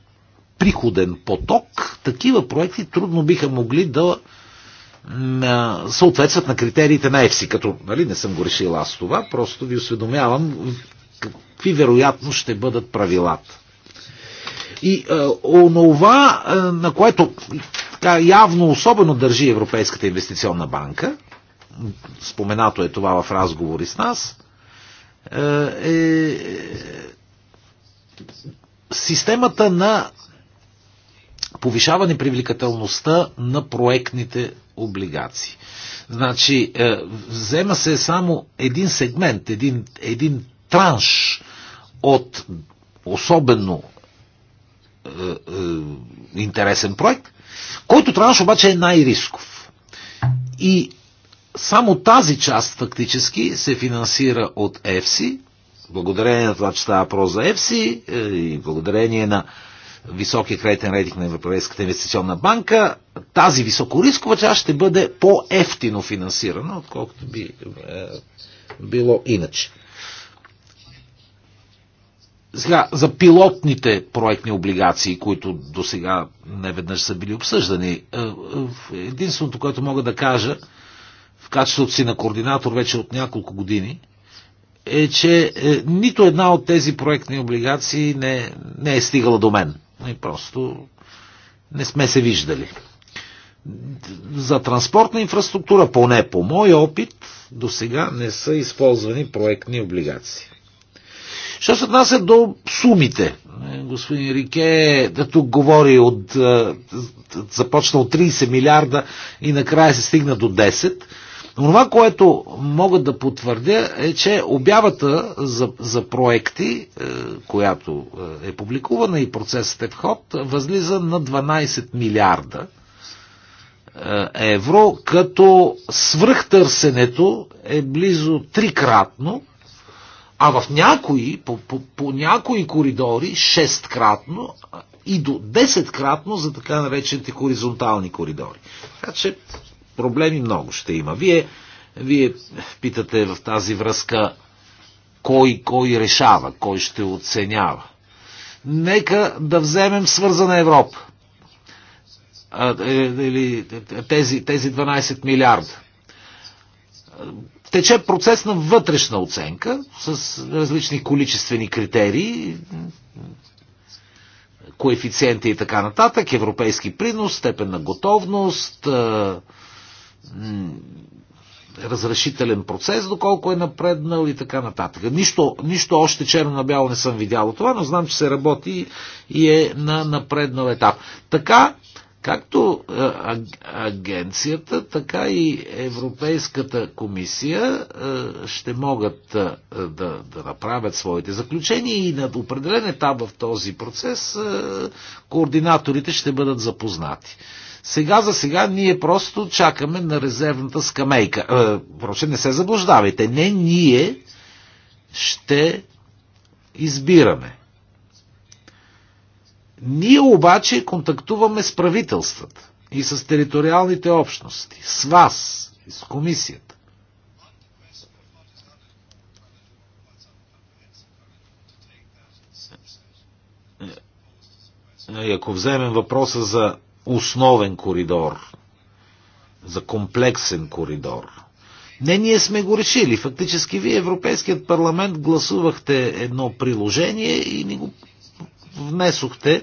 приходен поток, такива проекти трудно биха могли да съответстват на критериите на ЕФСИ, като нали, не съм го решил аз това, просто ви осведомявам какви вероятно ще бъдат правилата. И е, онова, е, на което така, явно особено държи Европейската инвестиционна банка, споменато е това в разговори с нас, е, е, е системата на повишаване привлекателността на проектните облигации. Значи, е, взема се само един сегмент, един, един транш от особено е, е, интересен проект, който транш обаче е най-рисков. И само тази част фактически се финансира от EFSI, благодарение на това, че става про за EFSI е, и благодарение на високия кредитен рейтинг на Европейската инвестиционна банка, тази високорискова част ще бъде по-ефтино финансирана, отколкото би е, било иначе. Сега, за пилотните проектни облигации, които до сега неведнъж са били обсъждани, е, е, единственото, което мога да кажа в качеството си на координатор вече от няколко години, е, че е, нито една от тези проектни облигации не, не е стигала до мен. И просто не сме се виждали. За транспортна инфраструктура, поне по мой опит, до сега не са използвани проектни облигации. Що се отнася до сумите, господин Рике, да тук говори от, е, започна от 30 милиарда и накрая се стигна до 10, но това, което мога да потвърдя е, че обявата за, за проекти, е, която е, е публикувана и процесът е в ход, възлиза на 12 милиарда е, евро, като свръхтърсенето е близо трикратно, а в някои, по, по, по някои коридори, шесткратно и до десеткратно за така наречените хоризонтални коридори. Така че проблеми много ще има. Вие, вие питате в тази връзка кой, кой решава, кой ще оценява. Нека да вземем свързана Европа. Е, или, е, тези, тези 12 милиарда. Тече процес на вътрешна оценка с различни количествени критерии, коефициенти и така нататък, европейски принос, степен на готовност, е, разрешителен процес, доколко е напреднал и така нататък. Нищо, нищо още черно на бяло не съм видял това, но знам, че се работи и е на напреднал етап. Така, както е, а, агенцията, така и Европейската комисия а, е, ще могат а, е, да, да направят своите заключения и на определен етап в този процес а, координаторите ще бъдат запознати. Сега за сега ние просто чакаме на резервната скамейка. Е, Проче, не се заблуждавайте. Не ние ще избираме. Ние обаче контактуваме с правителствата и с териториалните общности, с вас, с комисията. И е, е, ако вземем въпроса за основен коридор, за комплексен коридор. Не, ние сме го решили. Фактически, вие, Европейският парламент, гласувахте едно приложение и ни го внесохте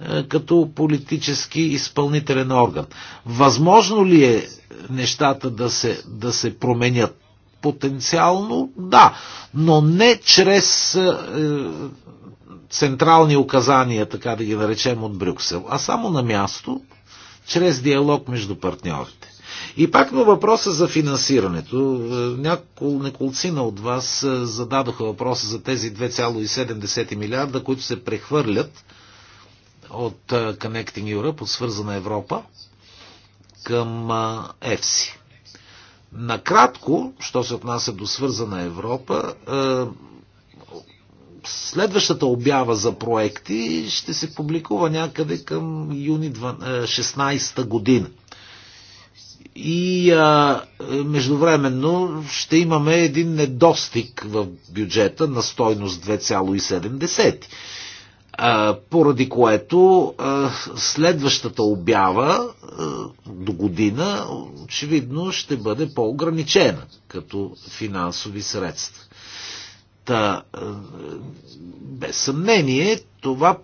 е, като политически изпълнителен орган. Възможно ли е нещата да се, да се променят? Потенциално да, но не чрез е, централни указания, така да ги наречем от Брюксел, а само на място, чрез диалог между партньорите. И пак на въпроса за финансирането. Няколко неколцина от вас е, зададоха въпроса за тези 2,7 милиарда, които се прехвърлят от е, Connecting Europe, от свързана Европа, към е, ЕФСИ. Накратко, що се отнася до свързана Европа, следващата обява за проекти ще се публикува някъде към юни 16 е, та година. И а, е, междувременно ще имаме един недостиг в бюджета на стойност 2,7 поради което следващата обява до година очевидно ще бъде по-ограничена като финансови средства. Та, е, без съмнение, това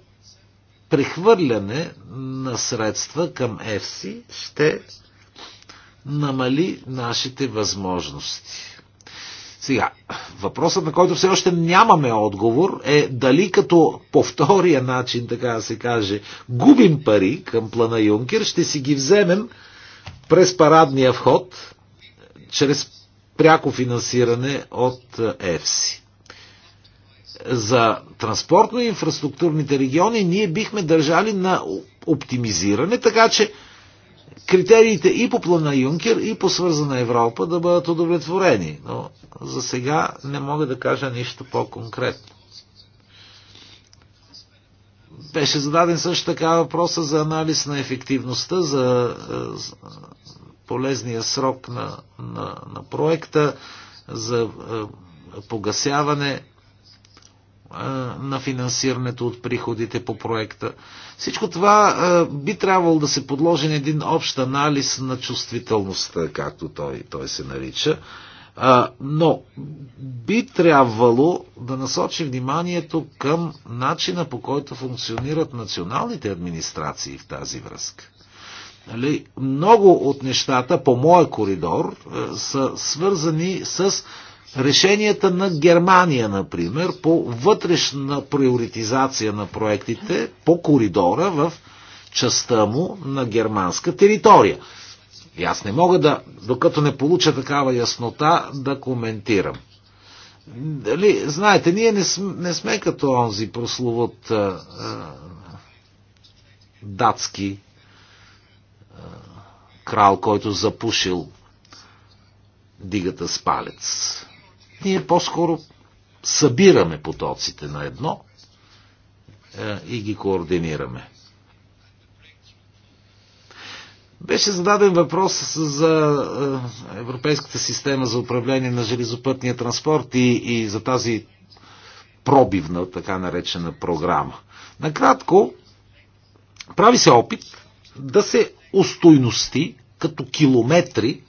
прехвърляне на средства към ЕФСИ ще намали нашите възможности. Сега, въпросът, на който все още нямаме отговор, е дали като по втория начин, така да се каже, губим пари към плана Юнкер, ще си ги вземем през парадния вход, чрез пряко финансиране от ЕФСИ за транспортно и инфраструктурните региони ние бихме държали на оптимизиране, така че критериите и по плана Юнкер, и по свързана Европа да бъдат удовлетворени. Но за сега не мога да кажа нищо по-конкретно. Беше зададен също така въпроса за анализ на ефективността, за е, полезния срок на, на, на проекта, за е, погасяване на финансирането от приходите по проекта. Всичко това би трябвало да се подложи на един общ анализ на чувствителността, както той, той се нарича. Но би трябвало да насочи вниманието към начина по който функционират националните администрации в тази връзка. Нали, много от нещата по моя коридор са свързани с решенията на Германия, например, по вътрешна приоритизация на проектите по коридора в частта му на германска територия. И аз не мога да, докато не получа такава яснота, да коментирам. Дали, знаете, ние не сме, не сме като онзи прословут а, а, датски а, крал, който запушил дигата с палец. Ние по-скоро събираме потоците на едно е, и ги координираме. Беше зададен въпрос за е, Европейската система за управление на железопътния транспорт и, и за тази пробивна, така наречена програма. Накратко, прави се опит да се устойности като километри,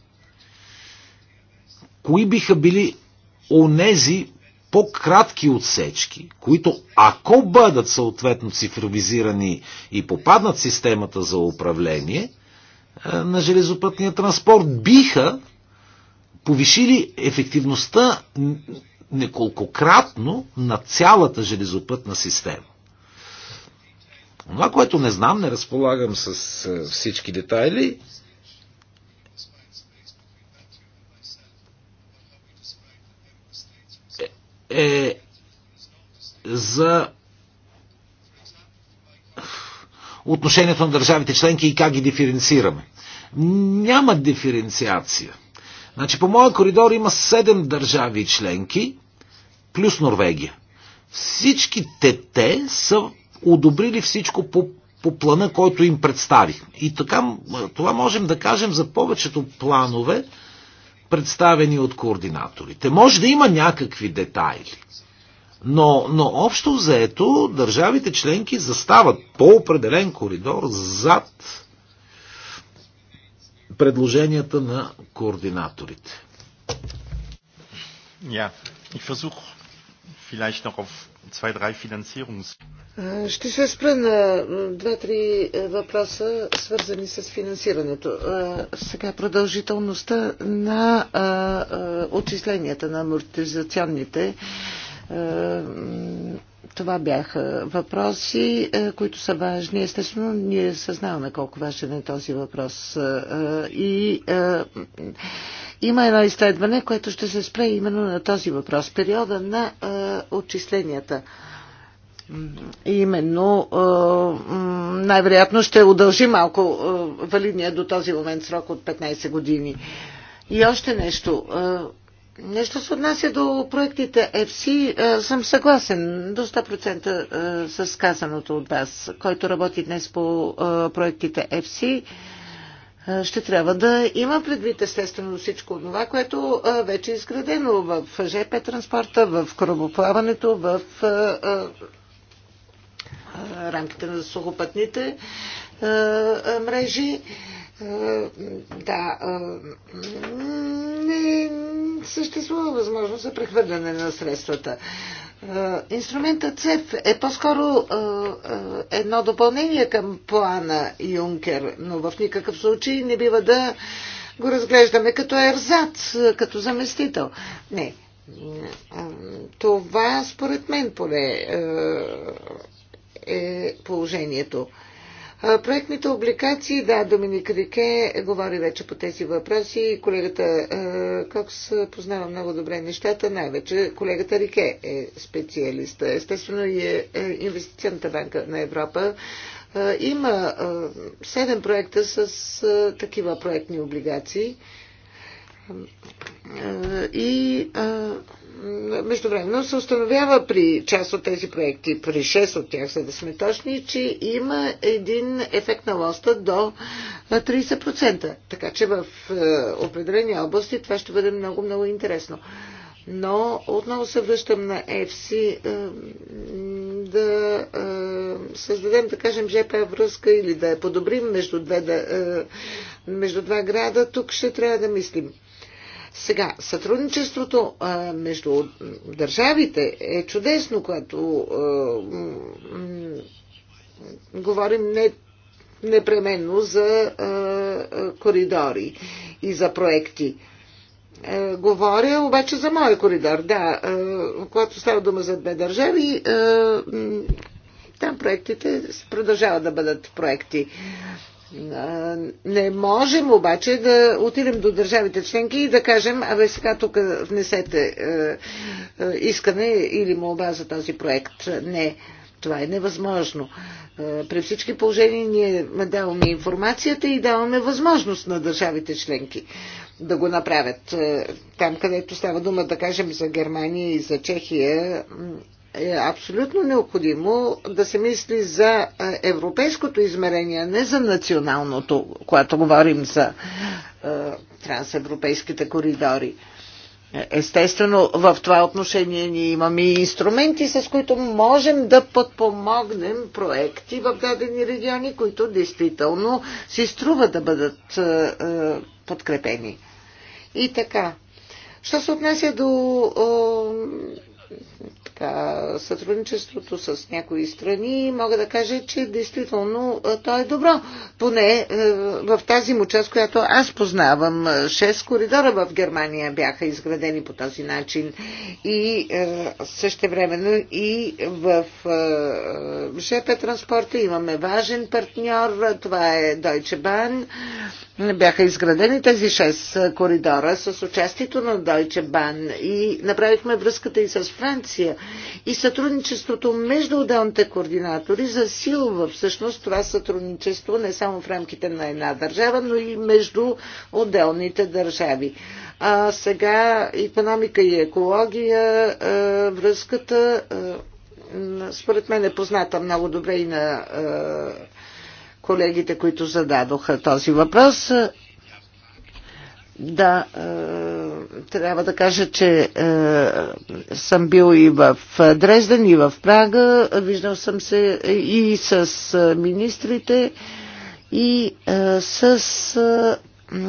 кои биха били онези по-кратки отсечки, които ако бъдат съответно цифровизирани и попаднат в системата за управление на железопътния транспорт, биха повишили ефективността неколкократно на цялата железопътна система. Това, което не знам, не разполагам с всички детайли, е за отношението на държавите членки и как ги диференцираме. Няма диференциация. Значи по моя коридор има 7 държави членки, плюс Норвегия. Всичките те са одобрили всичко по, по плана, който им представих. И така, това можем да кажем за повечето планове, представени от координаторите. Може да има някакви детайли, но, но общо заето държавите членки застават по определен коридор зад предложенията на координаторите. Ja, ich versuche vielleicht noch auf ще се спра на два-три е, въпроса, свързани с финансирането. Сега продължителността на отчисленията на амортизационните. Е, това бяха въпроси, е, които са важни. Естествено, ние съзнаваме колко важен е този въпрос. И има едно изследване, което ще се спре именно на този въпрос. Периода на е, отчисленията. Именно е, най-вероятно ще удължи малко е, валидния до този момент срок от 15 години. И още нещо. Е, нещо се отнася до проектите FC. Е, съм съгласен до 100% е, с казаното от вас, който работи днес по е, проектите FC ще трябва да има предвид естествено всичко това, което вече е изградено в ЖП транспорта, в корабоплаването, в рамките на сухопътните мрежи. Да, не съществува възможност за прехвърляне на средствата. Е, инструментът ЦЕФ е по-скоро е, е, едно допълнение към плана Юнкер, но в никакъв случай не бива да го разглеждаме като ерзац, като заместител. Не. Това според мен поне е положението. Проектните обликации, да, Доминик Рике говори вече по тези въпроси. Колегата Кокс познава много добре нещата, най-вече колегата Рике е специалист. Естествено и е, е Инвестиционната банка на Европа. Има седем проекта с такива проектни облигации. И Междувременно се установява при част от тези проекти, при 6 от тях, за да сме точни, че има един ефект на лоста до 30%. Така че в определени области това ще бъде много-много интересно. Но отново се връщам на Ефси да създадем, да кажем, ЖП връзка или да я подобрим между, две, да, между два града. Тук ще трябва да мислим. Сега, сътрудничеството а, между държавите е чудесно, когато а, говорим не непременно за а, коридори и за проекти. А, говоря обаче за моя коридор. Да, а, когато става дума за две държави, а, там проектите продължават да бъдат проекти. Не можем обаче да отидем до държавите членки и да кажем, абе сега тук внесете е, е, искане или молба за този проект. Не, това е невъзможно. Е, при всички положения ние даваме информацията и даваме възможност на държавите членки да го направят. Там, където става дума, да кажем, за Германия и за Чехия, е абсолютно необходимо да се мисли за е, европейското измерение, не за националното, когато говорим за е, трансевропейските коридори. Естествено, в това отношение ние имаме и инструменти, с които можем да подпомогнем проекти в дадени региони, които действително си струва да бъдат е, е, подкрепени. И така. Що се отнася до е, така, сътрудничеството с някои страни, мога да кажа, че действително то е добро. Поне е, в тази му част, която аз познавам, е, шест коридора в Германия бяха изградени по този начин и е, също времено и в ЖП транспорта имаме важен партньор, това е Deutsche Bahn. Бяха изградени тези 6 коридора с участието на Deutsche Bahn и направихме връзката и с Франция и сътрудничеството между отделните координатори засилва всъщност това сътрудничество не само в рамките на една държава, но и между отделните държави. А сега економика и екология, връзката според мен е позната много добре и на колегите, които зададоха този въпрос. Да, е, трябва да кажа, че е, съм бил и в Дрезден, и в Прага. Виждал съм се и с е, министрите, и е, с. Е,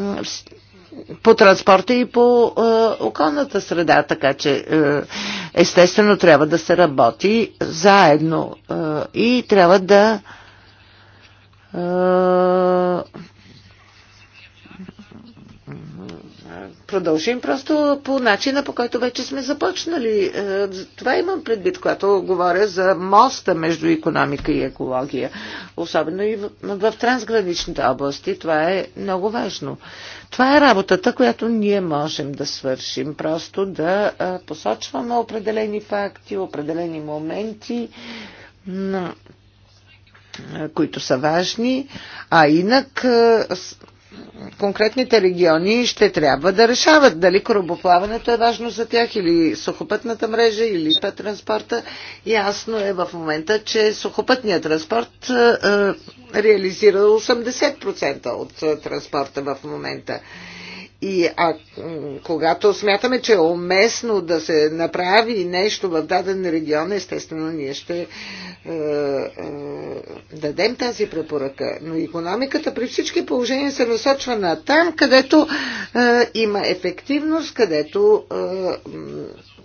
по транспорта и по е, околната среда, така че е, естествено трябва да се работи заедно е, и трябва да е, продължим просто по начина, по който вече сме започнали. Е, това имам предвид, когато говоря за моста между економика и екология. Особено и в, в трансграничните области. Това е много важно. Това е работата, която ние можем да свършим. Просто да е, посочваме определени факти, определени моменти, е, които са важни, а инак конкретните региони ще трябва да решават дали корабоплаването е важно за тях или сухопътната мрежа или транспорта. Ясно е в момента, че сухопътният транспорт е, е, реализира 80% от е, транспорта в момента. И а, когато смятаме, че е уместно да се направи нещо в даден регион, естествено ние ще е, е, дадем тази препоръка. Но економиката при всички положения се насочва на там, където е, има ефективност, където е,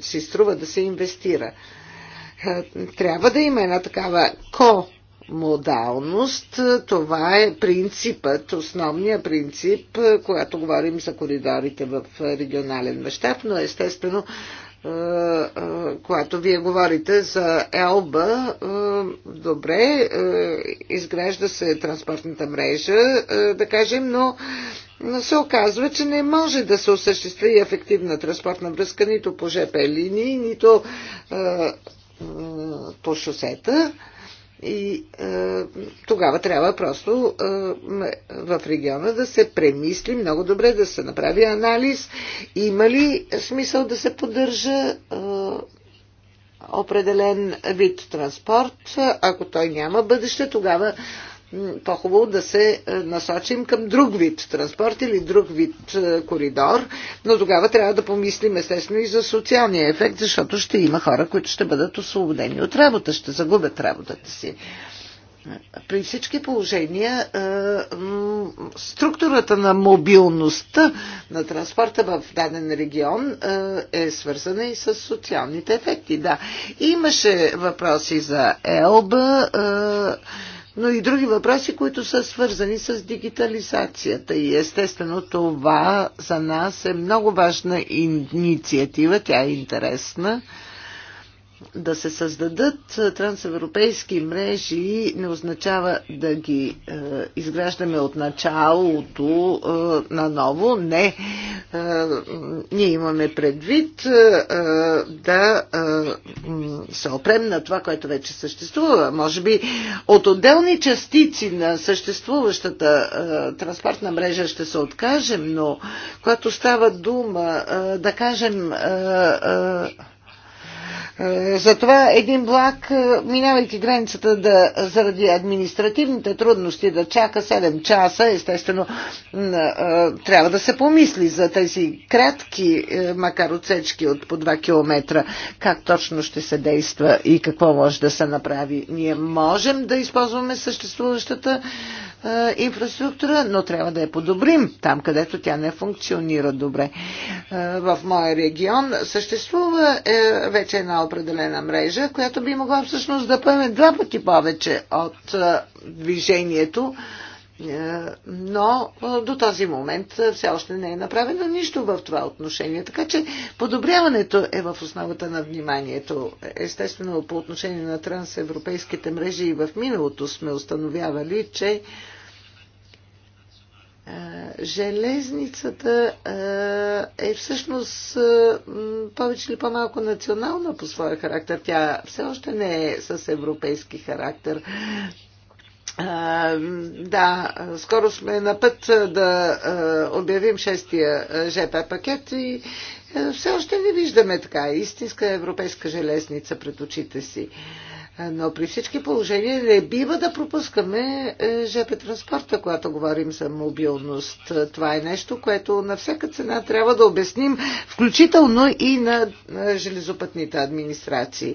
си струва да се инвестира. Е, трябва да има една такава ко модалност. Това е принципът, основният принцип, е, когато говорим за коридорите в регионален мащаб, но естествено, е, е, когато вие говорите за Елба, добре, изгражда се транспортната мрежа, да кажем, но се оказва, че не може да се осъществи ефективна транспортна връзка нито по ЖП линии, нито по шосета. И е, тогава трябва просто е, в региона да се премисли много добре, да се направи анализ. Има ли смисъл да се поддържа е, определен вид транспорт? Ако той няма бъдеще, тогава по-хубаво да се е, насочим към друг вид транспорт или друг вид е, коридор, но тогава трябва да помислим естествено и за социалния ефект, защото ще има хора, които ще бъдат освободени от работа, ще загубят работата си. При всички положения е, структурата на мобилността на транспорта в даден регион е свързана и с социалните ефекти. Да. Имаше въпроси за Елба но и други въпроси, които са свързани с дигитализацията. И естествено това за нас е много важна инициатива, тя е интересна да се създадат трансевропейски мрежи не означава да ги е, изграждаме от началото е, наново. Не. Е, ние имаме предвид е, да е, се опрем на това, което вече съществува. Може би от отделни частици на съществуващата е, транспортна мрежа ще се откажем, но когато става дума, е, да кажем. Е, е, е, затова един влак, е, минавайки границата да, заради административните трудности да чака 7 часа, естествено е, трябва да се помисли за тези кратки, макар отсечки от по 2 км, как точно ще се действа и какво може да се направи. Ние можем да използваме съществуващата е, инфраструктура, но трябва да я подобрим там, където тя не функционира добре. Е, в моя регион съществува е, вече една определена мрежа, която би могла всъщност да поеме два пъти повече от движението, но до този момент все още не е направено нищо в това отношение. Така че подобряването е в основата на вниманието. Естествено, по отношение на трансевропейските мрежи и в миналото сме установявали, че Железницата е всъщност повече или по-малко национална по своя характер. Тя все още не е с европейски характер. Да, скоро сме на път да обявим шестия ЖП пакет и все още не виждаме така истинска европейска железница пред очите си. Но при всички положения не бива да пропускаме е, ЖП транспорта, когато говорим за мобилност. Е, това е нещо, което на всяка цена трябва да обясним, включително и на железопътните администрации.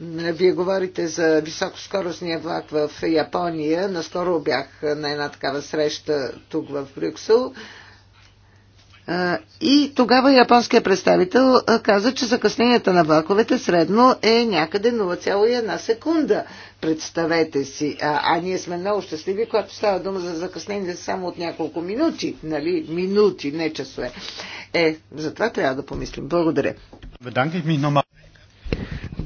Е, вие говорите за високоскоростния влак в Япония. Наскоро бях на една такава среща тук в Брюксел. И тогава японският представител каза, че закъсненията на влаковете средно е някъде 0,1 секунда. Представете си. А, а ние сме много щастливи, когато става дума за закъснение само от няколко минути. Нали? Минути, не часове. Е, затова трябва да помислим. Благодаря.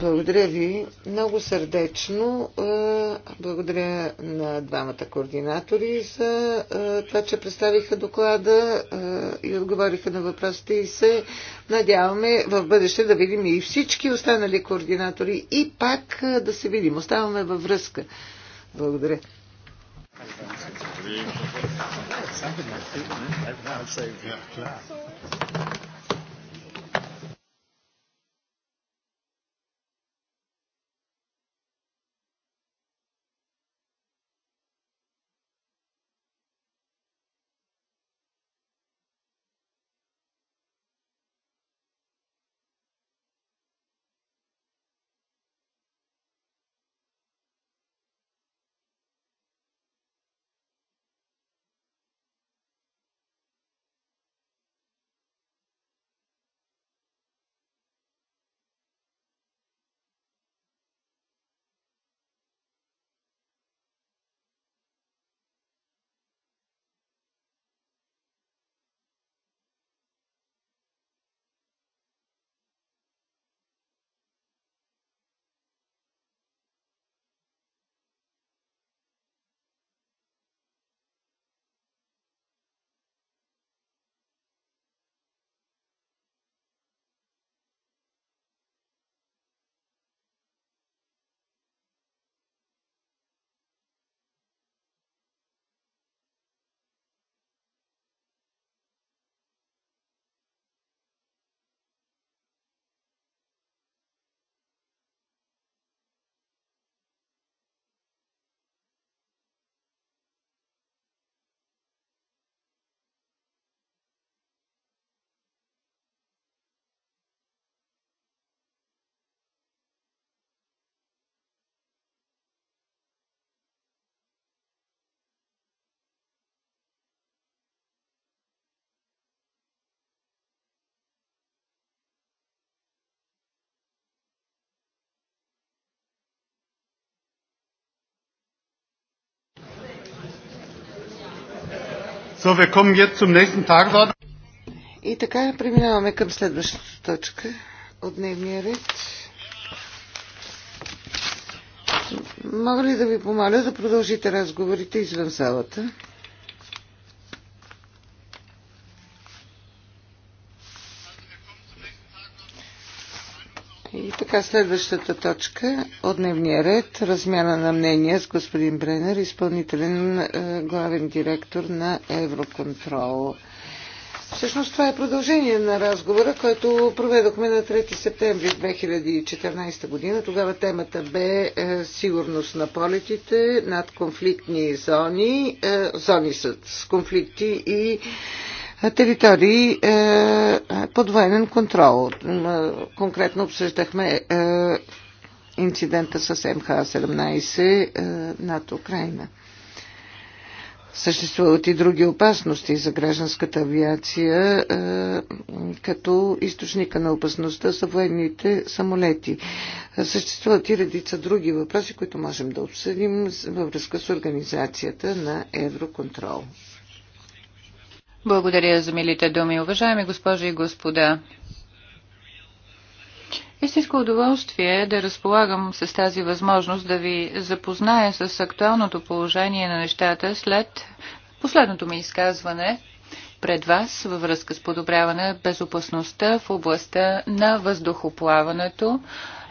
Благодаря ви много сърдечно. Е, благодаря на двамата координатори за е, това, че представиха доклада е, и отговориха на въпросите и се надяваме в бъдеще да видим и всички останали координатори и пак да се видим. Оставаме във връзка. Благодаря. So, wir kommen jetzt zum nächsten Tagesordnung. И така преминаваме към следващата точка от дневния ред. Мога ли да ви помоля да продължите разговорите извън залата? така, следващата точка от дневния ред размяна на мнения с господин Бренер, изпълнителен е, главен директор на Евроконтрол. Всъщност това е продължение на разговора, който проведохме на 3 септември 2014 година. Тогава темата бе е, сигурност на полетите над конфликтни зони, е, зони с конфликти и територии е, под военен контрол. Конкретно обсъждахме е, инцидента с МХ-17 е, над Украина. Съществуват и други опасности за гражданската авиация, като източника на опасността са военните самолети. Съществуват и редица други въпроси, които можем да обсъдим във връзка с организацията на Евроконтрол. Благодаря за милите думи. Уважаеми госпожи и господа, Истинско удоволствие е да разполагам с тази възможност да ви запозная с актуалното положение на нещата след последното ми изказване пред вас във връзка с подобряване на безопасността в областта на въздухоплаването,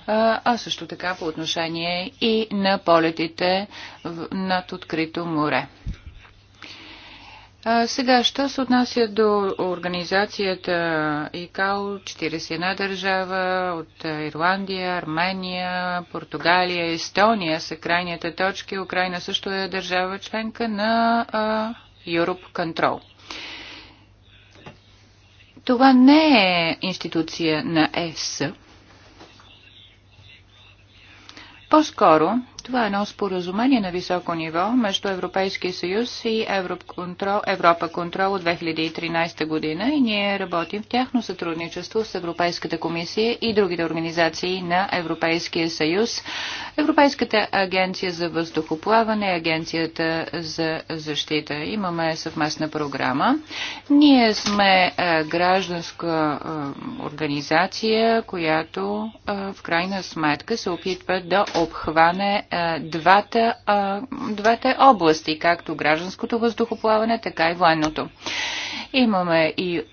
а също така по отношение и на полетите над открито море. А, сега, що се отнася до организацията ИКАО, 41 държава от Ирландия, Армения, Португалия, Естония са крайните точки. Украина също е държава членка на а, Europe Control. Това не е институция на ЕС. По-скоро това е едно споразумение на високо ниво между Европейския съюз и Европа-контрол Европа контрол от 2013 година и ние работим в тяхно сътрудничество с Европейската комисия и другите организации на Европейския съюз, Европейската агенция за въздухоплаване, Агенцията за защита. Имаме съвместна програма. Ние сме е, гражданска е, организация, която е, в крайна сметка се опитва да обхване е, двата, е, двата области, както гражданското въздухоплаване, така и военното. Имаме и е,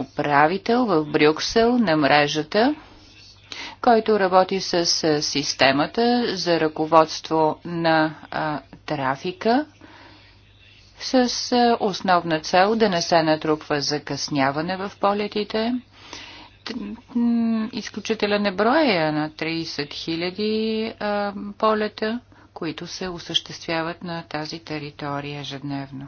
управител в Брюксел на мрежата, който работи с системата за ръководство на трафика с основна цел да не се натрупва закъсняване в полетите, изключителен е броя на 30 хиляди полета, които се осъществяват на тази територия ежедневно.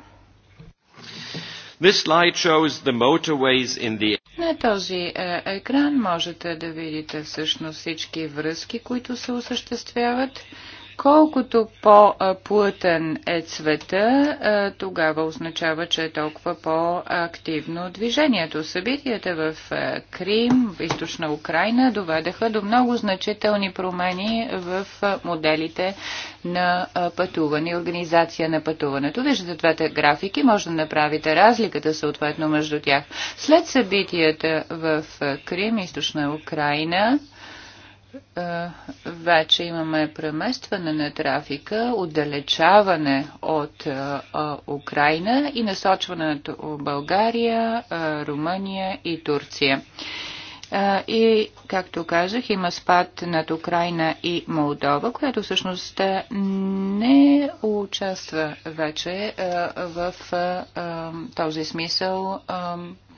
This slide shows the motorways in the... На този екран можете да видите всъщност всички връзки, които се осъществяват Колкото по-плътен е цвета, тогава означава, че е толкова по-активно движението. Събитията в Крим, в източна Украина, доведаха до много значителни промени в моделите на пътуване и организация на пътуването. Виждате двете графики, може да направите разликата съответно между тях. След събитията в Крим, източна Украина, е, вече имаме преместване на трафика, отдалечаване от е, е, Украина и насочване на България, Румъния и Турция. И, както казах, има спад над Украина и Молдова, която всъщност не участва вече в този смисъл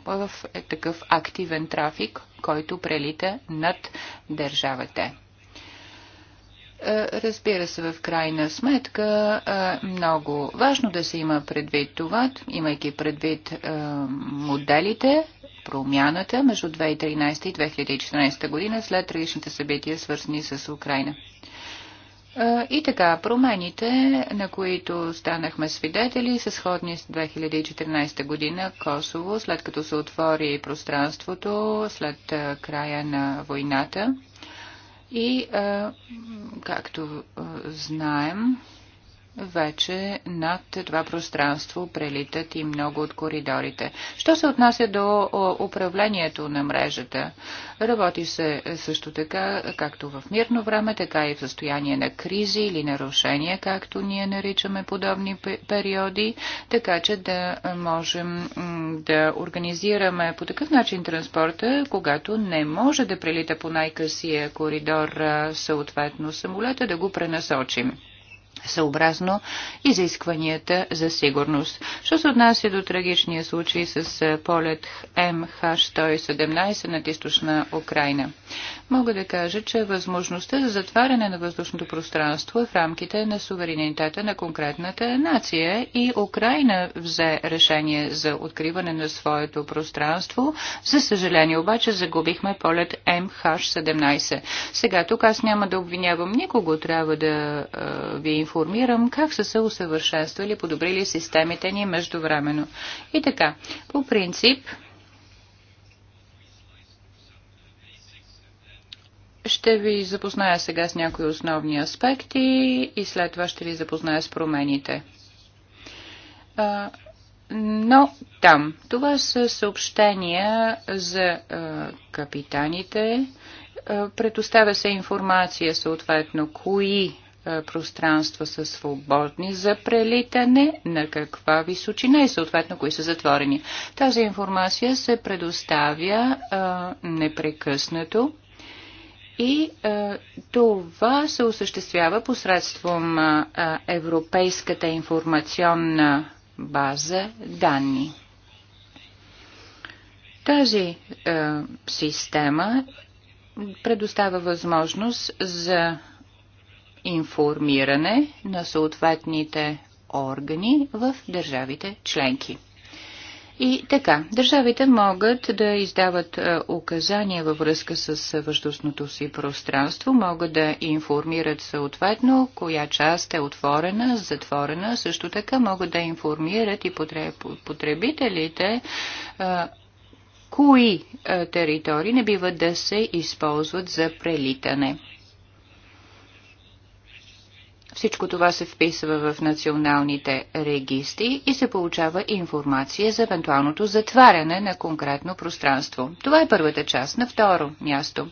в такъв активен трафик, който прелита над държавата. Е, разбира се, в крайна сметка е, много важно да се има предвид това, имайки предвид е, моделите, промяната между 2013 и 2014 година след трагичните събития, свързани с Украина. И така, промените, на които станахме свидетели, са сходни с 2014 година Косово, след като се отвори пространството след края на войната. И, както знаем, вече над това пространство прелитат и много от коридорите. Що се отнася до управлението на мрежата? Работи се е, също така, както в мирно време, така и в състояние на кризи или нарушения, както ние наричаме подобни периоди, така че да можем да организираме по такъв начин транспорта, когато не може да прелита по най-късия коридор съответно самолета, да го пренасочим съобразно изискванията за сигурност. Що се отнася до трагичния случай с полет МХ-117 над източна Украина? Мога да кажа, че възможността за затваряне на въздушното пространство е в рамките на суверенитета на конкретната нация и Украина взе решение за откриване на своето пространство. За съжаление обаче загубихме полет МХ-17. Сега тук аз няма да обвинявам никого, трябва да ви информирам информирам как са се усъвършенствали, подобрили системите ни междувременно. И така, по принцип, Ще ви запозная сега с някои основни аспекти и след това ще ви запозная с промените. но там, това са съобщения за капитаните. предоставя се информация съответно, кои е, пространства са свободни за прелитане, на каква височина и съответно кои са затворени. Тази информация се предоставя а, е, непрекъснато и а, е, това се осъществява посредством а, Европейската информационна база данни. Тази а, система предоставя възможност за информиране на съответните органи в държавите членки. И така, държавите могат да издават е, указания във връзка с е, въздушното си пространство, могат да информират съответно коя част е отворена, затворена, също така могат да информират и потребителите е, кои територии не биват да се използват за прелитане. Всичко това се вписва в националните регистри и се получава информация за евентуалното затваряне на конкретно пространство. Това е първата част. На второ място.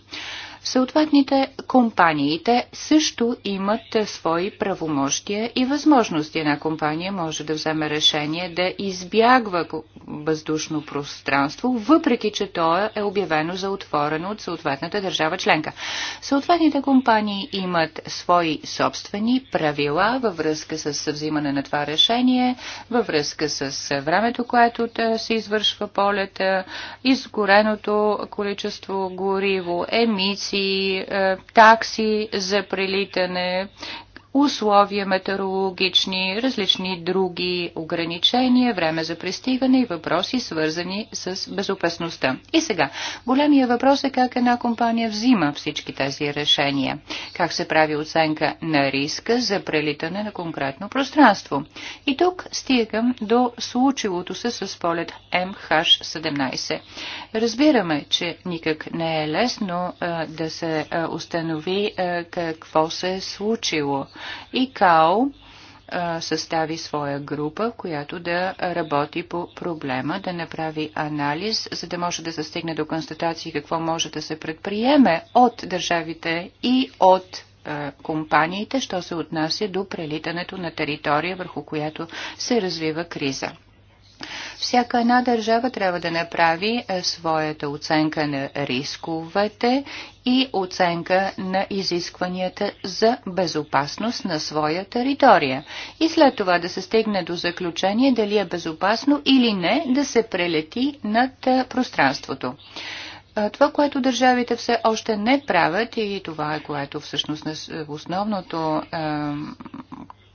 Съответните компаниите също имат свои правомощия и възможности. Една компания може да вземе решение да избягва въздушно пространство, въпреки че то е обявено за отворено от съответната държава членка. Съответните компании имат свои собствени правила във връзка с взимане на това решение, във връзка с времето, което се извършва полета, изгореното количество гориво, емисии, и е, такси за прилитане условия метеорологични, различни други ограничения, време за пристигане и въпроси свързани с безопасността. И сега, големия въпрос е как една компания взима всички тези решения, как се прави оценка на риска за прелитане на конкретно пространство. И тук стигам до случилото се с полет MH17. Разбираме, че никак не е лесно а, да се а, установи а, какво се е случило и КАО състави своя група, която да работи по проблема, да направи анализ, за да може да се стигне до констатации какво може да се предприеме от държавите и от компаниите, що се отнася до прелитането на територия, върху която се развива криза. Всяка една държава трябва да направи е, своята оценка на рисковете и оценка на изискванията за безопасност на своя територия. И след това да се стигне до заключение дали е безопасно или не да се прелети над е, пространството. Е, това, което държавите все още не правят и това е което всъщност основното,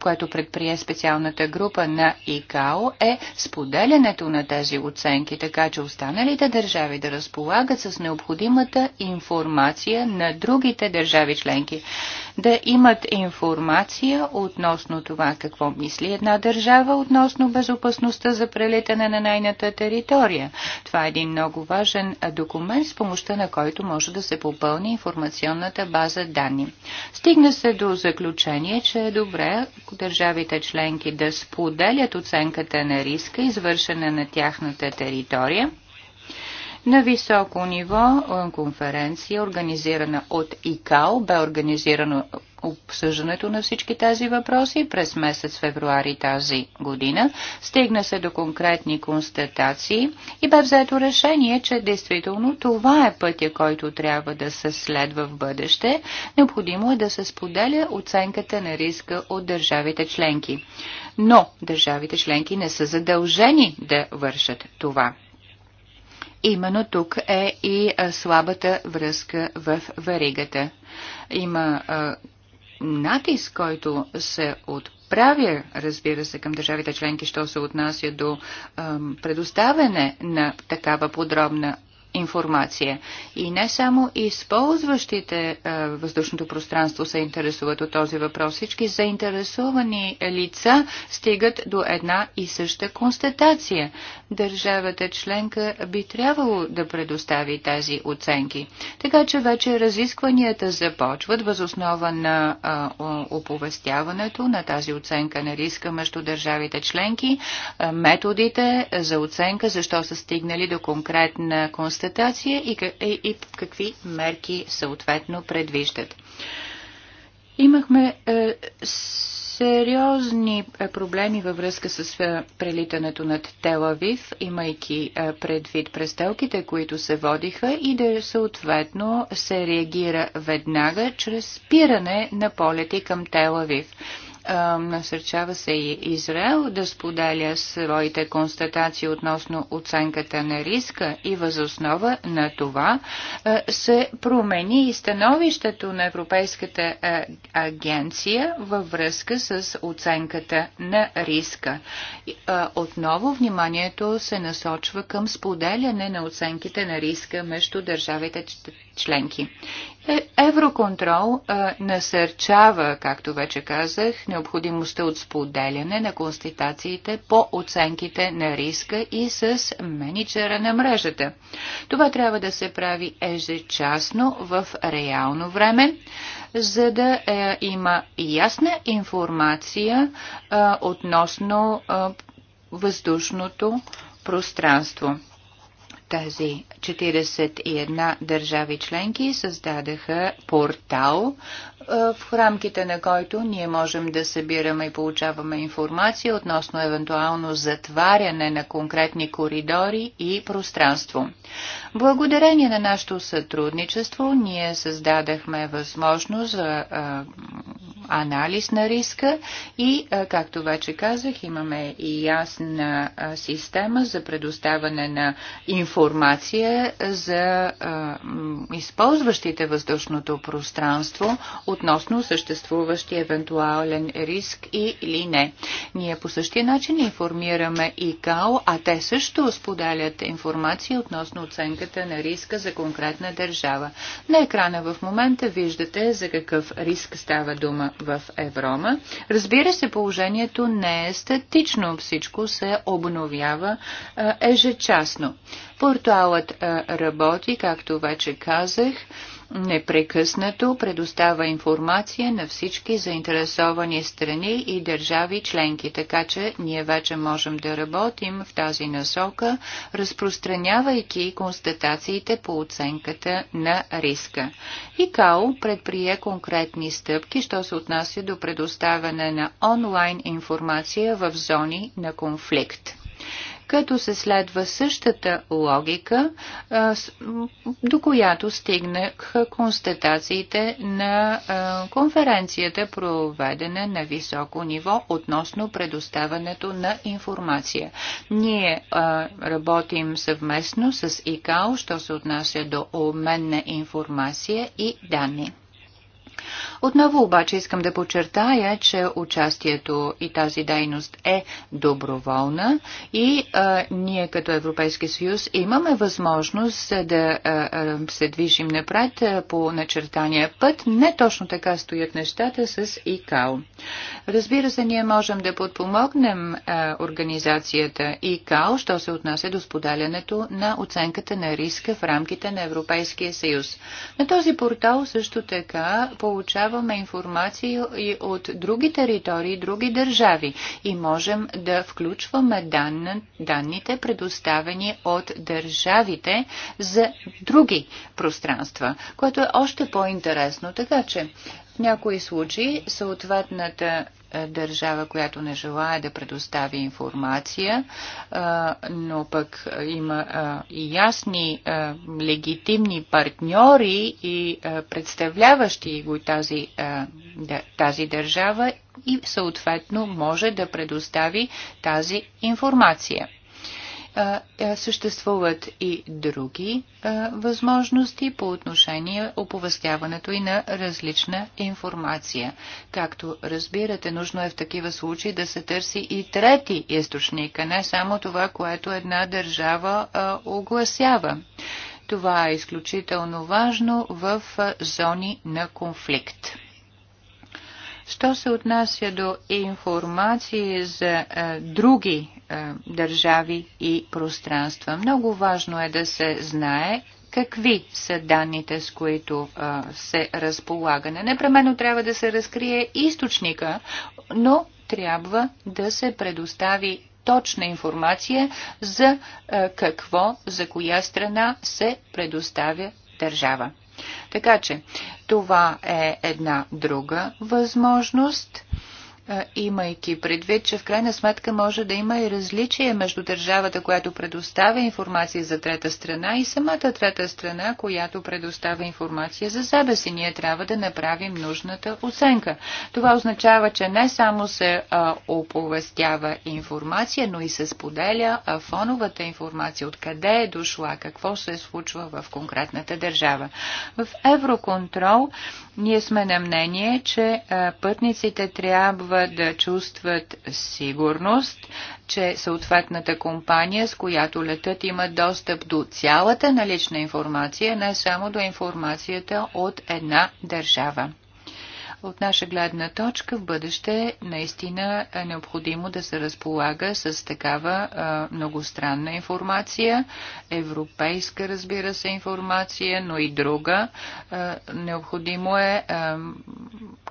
което предприе специалната група на ИКАО, е споделянето на тези оценки, така че останалите държави да разполагат с необходимата информация на другите държави членки. Да имат информация относно това какво мисли една държава относно безопасността за прелитане на нейната територия. Това е един много важен документ, с помощта на който може да се попълни информационната база данни. Стигна се до заключение, че е добре държавите членки да споделят оценката на риска, извършена на тяхната територия – на високо ниво е, конференция, организирана от ИКАО, бе организирано обсъждането на всички тези въпроси през месец февруари тази година. Стигна се до конкретни констатации и бе взето решение, че действително това е пътя, който трябва да се следва в бъдеще. Необходимо е да се споделя оценката на риска от държавите членки. Но държавите членки не са задължени да вършат това. Именно тук е и слабата връзка в варигата. Има натиск, който се отправя, разбира се, към държавите членки, що се отнася до предоставяне на такава подробна информация. И не само използващите а, въздушното пространство се интересуват от този въпрос. Всички заинтересовани лица стигат до една и съща констатация държавата членка би трябвало да предостави тези оценки. Така че вече разискванията започват възоснова на а, оповестяването на тази оценка на риска между държавите членки, а, методите за оценка, защо са стигнали до конкретна констатация и, и, е, и какви мерки съответно предвиждат. Имахме е, сериозни е, проблеми във връзка с е, прелитането над Телавив, имайки е, предвид престелките, които се водиха и да съответно се реагира веднага чрез спиране на полети към Телавив насърчава се и Израел да споделя своите констатации относно оценката на риска и възоснова на това се промени и становището на Европейската агенция във връзка с оценката на риска. Отново вниманието се насочва към споделяне на оценките на риска между държавите членки. Е, Евроконтрол а, е, насърчава, както вече казах, необходимостта от споделяне на констатациите по оценките на риска и с менеджера на мрежата. Това трябва да се прави ежечасно в реално време, за да а, е, има ясна информация а, относно а, въздушното пространство. Тези 41 държави членки създадаха портал, е, в рамките на който ние можем да събираме и получаваме информация относно евентуално затваряне на конкретни коридори и пространство. Благодарение на нашето сътрудничество ние създадахме възможност за е, анализ на риска и, е, както вече казах, имаме и ясна система за предоставане на информация за използващите въздушното пространство относно съществуващи евентуален риск и или не. Ние по същия начин информираме ИКАО, а те също споделят информация относно оценката на риска за конкретна държава. На екрана в момента виждате за какъв риск става дума в Еврома. Разбира се, положението не е статично. Всичко се обновява ежечасно. Портуалът работи, както вече казах непрекъснато предостава информация на всички заинтересовани страни и държави членки, така че ние вече можем да работим в тази насока, разпространявайки констатациите по оценката на риска. ИКАО предприе конкретни стъпки, що се отнася до предоставяне на онлайн информация в зони на конфликт като се следва същата логика, до която стигнах констатациите на конференцията, проведена на високо ниво относно предоставането на информация. Ние работим съвместно с ИКАО, що се отнася до обмен на информация и данни. Отново обаче искам да подчертая, че участието и тази дейност е доброволна и а, ние като Европейски съюз имаме възможност да а, се движим напред по начертания път. Не точно така стоят нещата с ИКАО. Разбира се, ние можем да подпомогнем а, е, организацията ИКАО, що се отнася до споделянето на оценката на риска в рамките на Европейския съюз. На този портал също така получаваме информация и от други територии, други държави и можем да включваме дан, данните, предоставени от държавите за други пространства, което е още по-интересно. Така че в някои случаи съответната е, държава, която не желая да предостави информация, е, но пък е, има и ясни легитимни партньори и представляващи го тази, тази държава и съответно може да предостави тази информация съществуват и други възможности по отношение оповестяването и на различна информация. Както разбирате, нужно е в такива случаи да се търси и трети източник, а не само това, което една държава огласява. Това е изключително важно в зони на конфликт. Що се отнася до информации за е, други е, държави и пространства? Много важно е да се знае какви са данните, с които а, е, се разполага. непременно трябва да се разкрие източника, но трябва да се предостави точна информация за а, е, какво, за коя страна се предоставя държава. Така че това е една друга възможност – имайки предвид, че в крайна сметка може да има и различие между държавата, която предоставя информация за трета страна и самата трета страна, която предоставя информация за себе си. Ние трябва да направим нужната оценка. Това означава, че не само се а, оповестява информация, но и се споделя а, фоновата информация, откъде е дошла, какво се случва в конкретната държава. В Евроконтрол ние сме на мнение, че а, пътниците трябва трябва да чувстват сигурност, че съответната компания, с която летат, има достъп до цялата налична информация, не само до информацията от една държава. От наша гледна точка в бъдеще наистина е необходимо да се разполага с такава а, многостранна информация, европейска разбира се информация, но и друга. А, необходимо е а,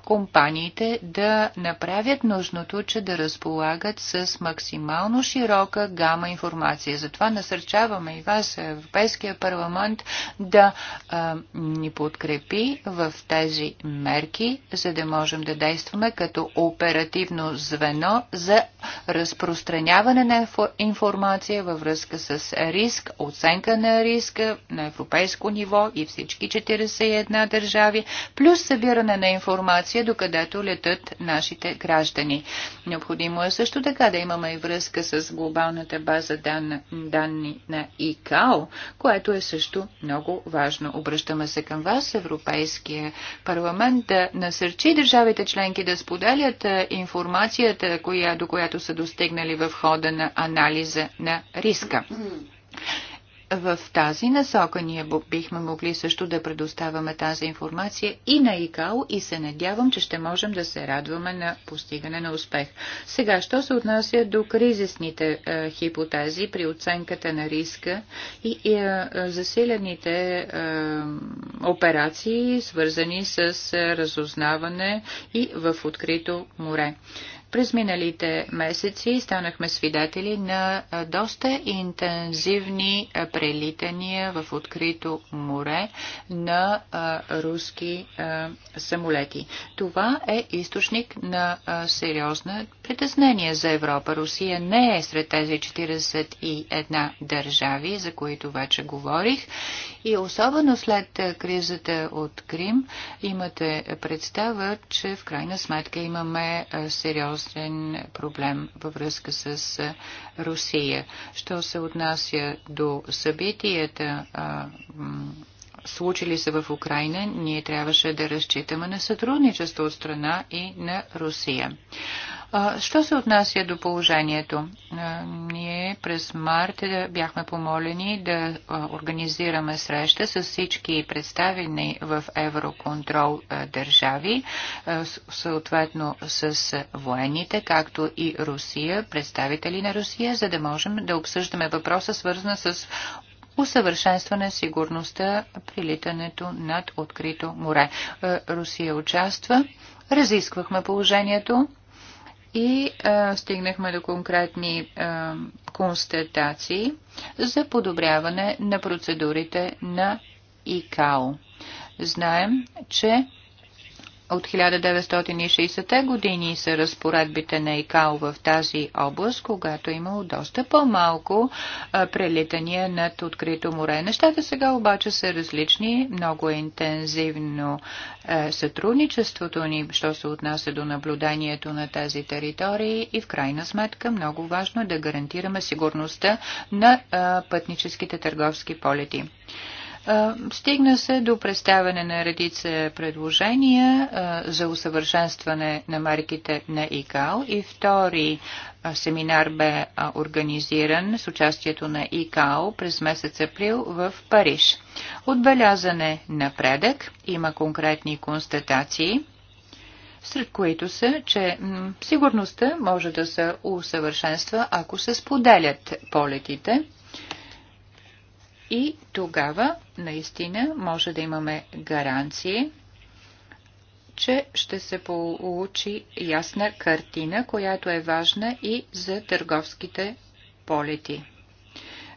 компаниите да направят нужното, че да разполагат с максимално широка гама информация. Затова насърчаваме и вас, Европейския парламент, да а, ни подкрепи в тези мерки за да можем да действаме като оперативно звено за разпространяване на информация във връзка с риск, оценка на риска на европейско ниво и всички 41 държави, плюс събиране на информация, докъдето летат нашите граждани. Необходимо е също така да имаме и връзка с глобалната база дан, данни на ИКАО, което е също много важно. Обръщаме се към вас, Европейския парламент, да насърчим насърчи държавите членки да споделят е, информацията, коя, до която са достигнали в хода на анализа на риска в тази насока ние бихме могли също да предоставяме тази информация и на ИКАО и се надявам, че ще можем да се радваме на постигане на успех. Сега, що се отнася до кризисните е, хипотези при оценката на риска и, и е, е, засилените е, операции, свързани с е, разузнаване и в открито море. През миналите месеци станахме свидетели на доста интензивни прелитания в открито море на руски самолети. Това е източник на сериозна притеснение за Европа. Русия не е сред тези 41 държави, за които вече говорих. И особено след кризата от Крим имате представа, че в крайна сметка имаме сериозна сериозен проблем във връзка с Русия. Що се отнася до събитията случили се в Украина, ние трябваше да разчитаме на сътрудничество от страна и на Русия. Що се отнася до положението? Ние през март е, бяхме помолени да организираме среща с всички представени в Евроконтрол държави, съответно с военните, както и Русия, представители на Русия, за да можем да обсъждаме въпроса свързана с усъвършенстване сигурността при литането над открито море. Е, Русия участва. Разисквахме положението и а, е, стигнахме до конкретни а, е, констатации за подобряване на процедурите на ИКАО. Знаем, че от 1960-те години са разпоредбите на ИКАО в тази област, когато е имало доста по-малко прелитания над открито море. Нещата сега обаче са различни. Много е интензивно е, сътрудничеството ни, що се отнася до наблюдението на тези територии и в крайна сметка много важно е да гарантираме сигурността на е, пътническите търговски полети. Стигна се до представяне на редица предложения за усъвършенстване на марките на ИКАО и втори семинар бе организиран с участието на ИКАО през месец април в Париж. Отбелязане напредък, има конкретни констатации сред които са, че сигурността може да се усъвършенства, ако се споделят полетите и тогава наистина може да имаме гаранции, че ще се получи ясна картина, която е важна и за търговските полети.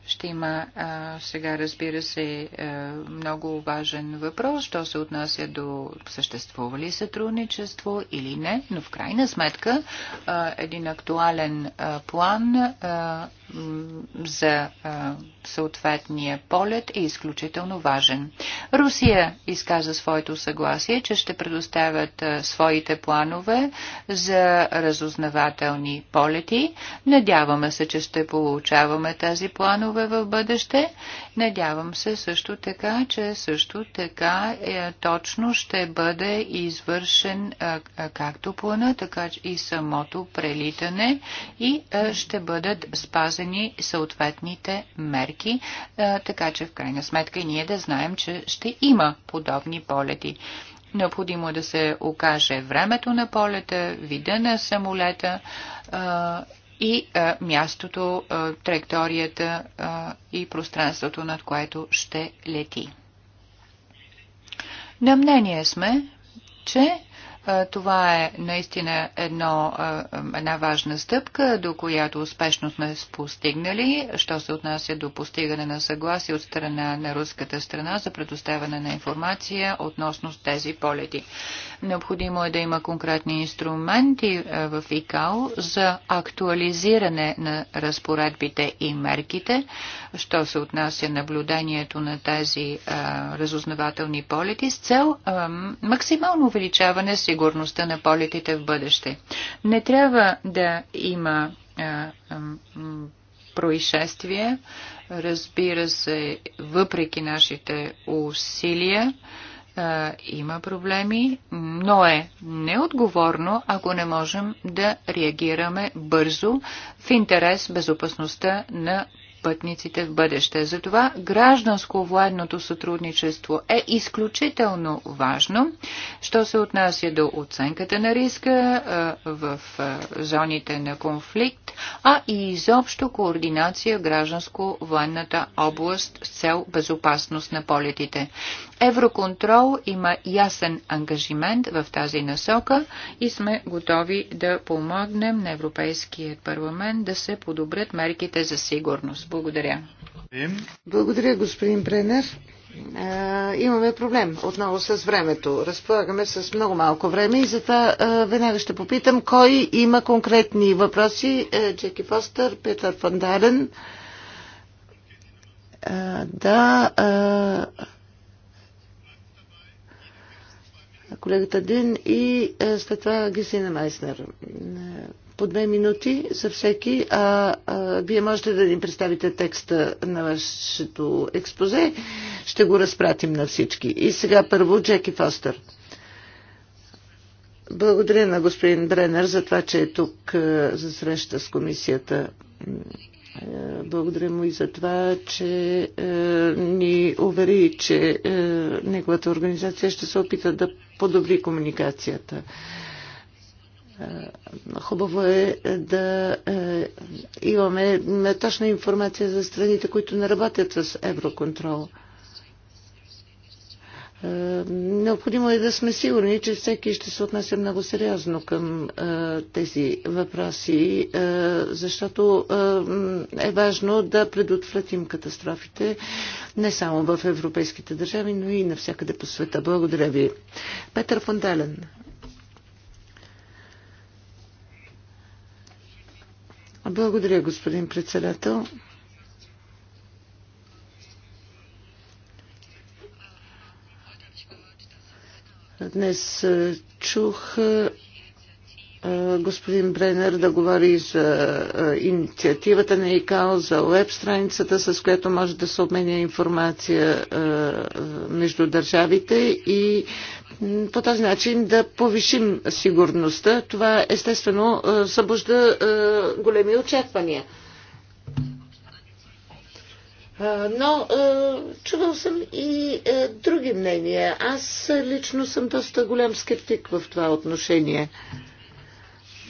Ще има а, сега, разбира се, а, много важен въпрос, що се отнася до съществува ли сътрудничество или не, но в крайна сметка а, един актуален а, план а, за а, съответния полет е изключително важен. Русия изказа своето съгласие, че ще предоставят а, своите планове за разузнавателни полети. Надяваме се, че ще получаваме тези планове в бъдеще. Надявам се също така, че също така е, точно ще бъде извършен а, както плана, така и самото прелитане и ще бъдат спазени спазени съответните мерки, е, така че в крайна сметка и ние да знаем, че ще има подобни полети. Необходимо е да се окаже времето на полета, вида на самолета е, и е, мястото, траекторията и пространството, над което ще лети. На мнение сме, че това е наистина едно, една важна стъпка, до която успешно сме постигнали, що се отнася до постигане на съгласие от страна на руската страна за предоставяне на информация относно с тези полети. Необходимо е да има конкретни инструменти в ИКАО за актуализиране на разпоредбите и мерките, що се отнася наблюдението на тези а, разузнавателни полети с цел а, максимално увеличаване сигурността на полетите в бъдеще. Не трябва да има а, а, происшествие, разбира се, въпреки нашите усилия, има проблеми, но е неотговорно, ако не можем да реагираме бързо в интерес безопасността на пътниците в бъдеще. Затова гражданско-военното сътрудничество е изключително важно, що се отнася до оценката на риска в зоните на конфликт, а и изобщо координация гражданско-военната област с цел безопасност на полетите. Евроконтрол има ясен ангажимент в тази насока и сме готови да помогнем на Европейския парламент да се подобрят мерките за сигурност. Благодаря. Благодаря, господин Бренер. Имаме проблем отново с времето. Разполагаме с много малко време и затова веднага ще попитам кой има конкретни въпроси. Джеки Фостър, Петър Фандален. Да. Колегата Дин и след това Гесина Майснер по две минути за всеки, а, а вие можете да ни представите текста на вашето експозе. Ще го разпратим на всички. И сега първо Джеки Фостер. Благодаря на господин Бренер за това, че е тук за среща с комисията. Благодаря му и за това, че а, ни увери, че а, неговата организация ще се опита да подобри комуникацията. Е, хубаво е, е да е, имаме точна информация за страните, които не работят с евроконтрол. Необходимо е да сме сигурни, че всеки ще се отнася много сериозно към тези въпроси, защото е важно да предотвратим катастрофите не само в европейските държави, но и навсякъде по света. Благодаря ви. Петър Фондален Благодаря, господин председател. Днес е, чух е, господин Бренер да говори за инициативата на ИКАО, за веб страницата, с която може да се обменя информация между държавите и по този начин да повишим сигурността. Това естествено събужда големи очаквания. Но чувал съм и други мнения. Аз лично съм доста голям скептик в това отношение.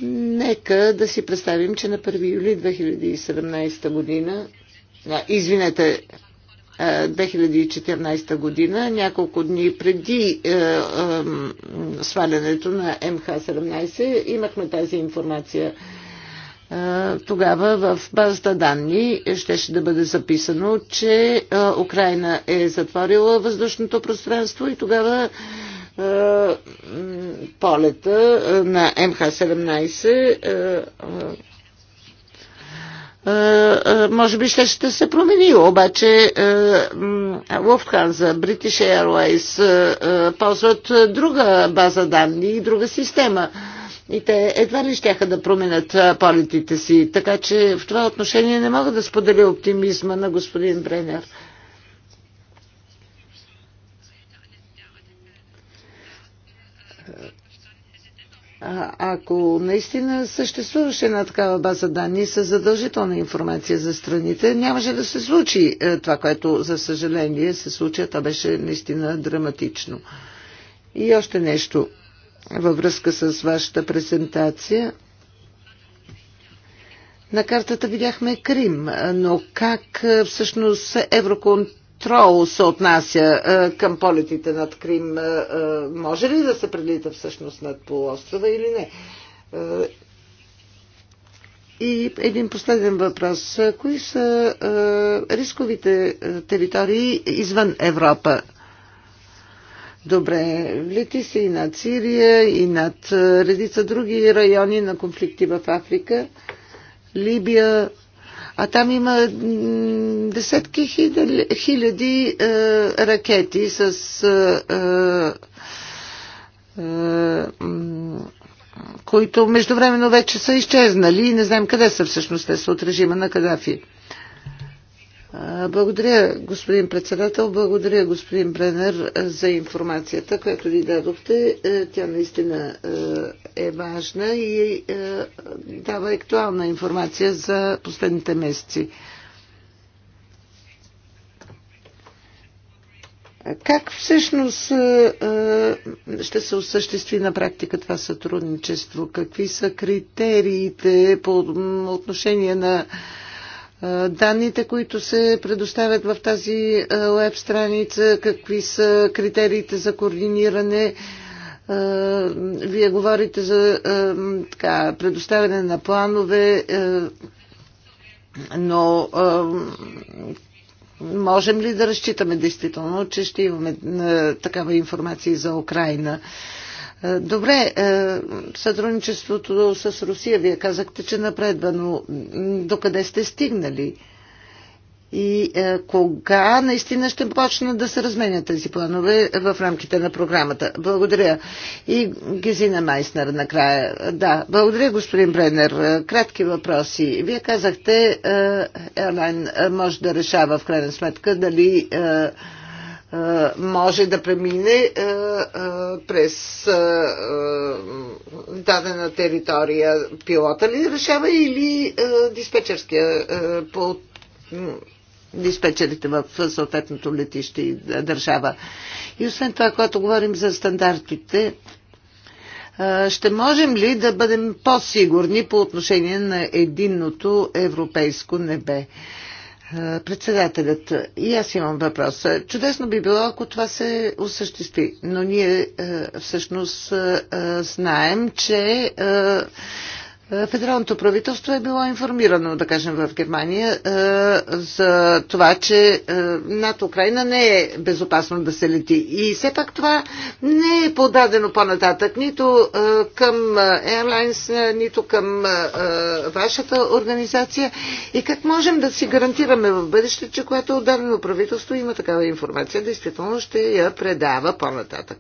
Нека да си представим, че на 1 юли 2017 година, извинете, 2014 година, няколко дни преди е, е, свалянето на МХ-17, имахме тази информация. Е, тогава в базата данни щеше да бъде записано, че е, Украина е затворила въздушното пространство и тогава е, е, полета на МХ-17 е, е, може би ще, ще се промени, обаче Луфтханза, British Airways ползват друга база данни и друга система. И те едва ли щяха да променят полетите си, така че в това отношение не мога да споделя оптимизма на господин Бренер. Ако наистина съществуваше една такава база данни с задължителна информация за страните, нямаше да се случи е, това, което за съжаление се случи. То беше наистина драматично. И още нещо във връзка с вашата презентация. На картата видяхме Крим, но как е, всъщност Евроконтрол контрол се отнася е, към полетите над Крим, е, е, може ли да се прелита всъщност над полуострова или не? И един последен въпрос. Кои са рисковите територии извън Европа? Добре, лети се и над Сирия, и над редица други райони на конфликти в Африка. Либия, а там има десетки хиляди, хиляди е, ракети с е, е, които междувременно вече са изчезнали и не знаем къде са всъщност. Те са от режима на Кадафи. Благодаря, господин председател. Благодаря, господин Бренер, за информацията, която ви дадохте. Е, тя наистина е, е важна и е, дава актуална информация за последните месеци. Как всъщност ще се осъществи на практика това сътрудничество? Какви са критериите по отношение на данните, които се предоставят в тази веб страница, какви са критериите за координиране. Вие говорите за така, предоставяне на планове, но можем ли да разчитаме действително, че ще имаме такава информация за Украина? Е, добре, е, сътрудничеството с Русия, вие казахте, че напредва, но докъде сте стигнали? И е, кога наистина ще почнат да се разменят тези планове в рамките на програмата? Благодаря. И Гезина Майснер накрая. Да, благодаря, господин Бренер. Кратки въпроси. Вие казахте, Ерлайн може да решава в крайна сметка дали. Е, може да премине през дадена територия. Пилота ли решава или диспетчерския по диспетчерите в съответното летище и държава. И освен това, когато говорим за стандартите, ще можем ли да бъдем по-сигурни по отношение на единното европейско небе? Е, председателят, и аз имам въпрос. Е, чудесно би било, ако това се осъществи, но ние е, всъщност знаем, че е, федералното правителство е било информирано, да кажем, в Германия е, за това, че е, над Украина не е безопасно да се лети. И все пак това не е подадено по-нататък нито към Airlines, нито към вашата организация. И как можем да си гарантираме в бъдеще, че което отдадено правителство има такава информация, действително ще я предава по-нататък?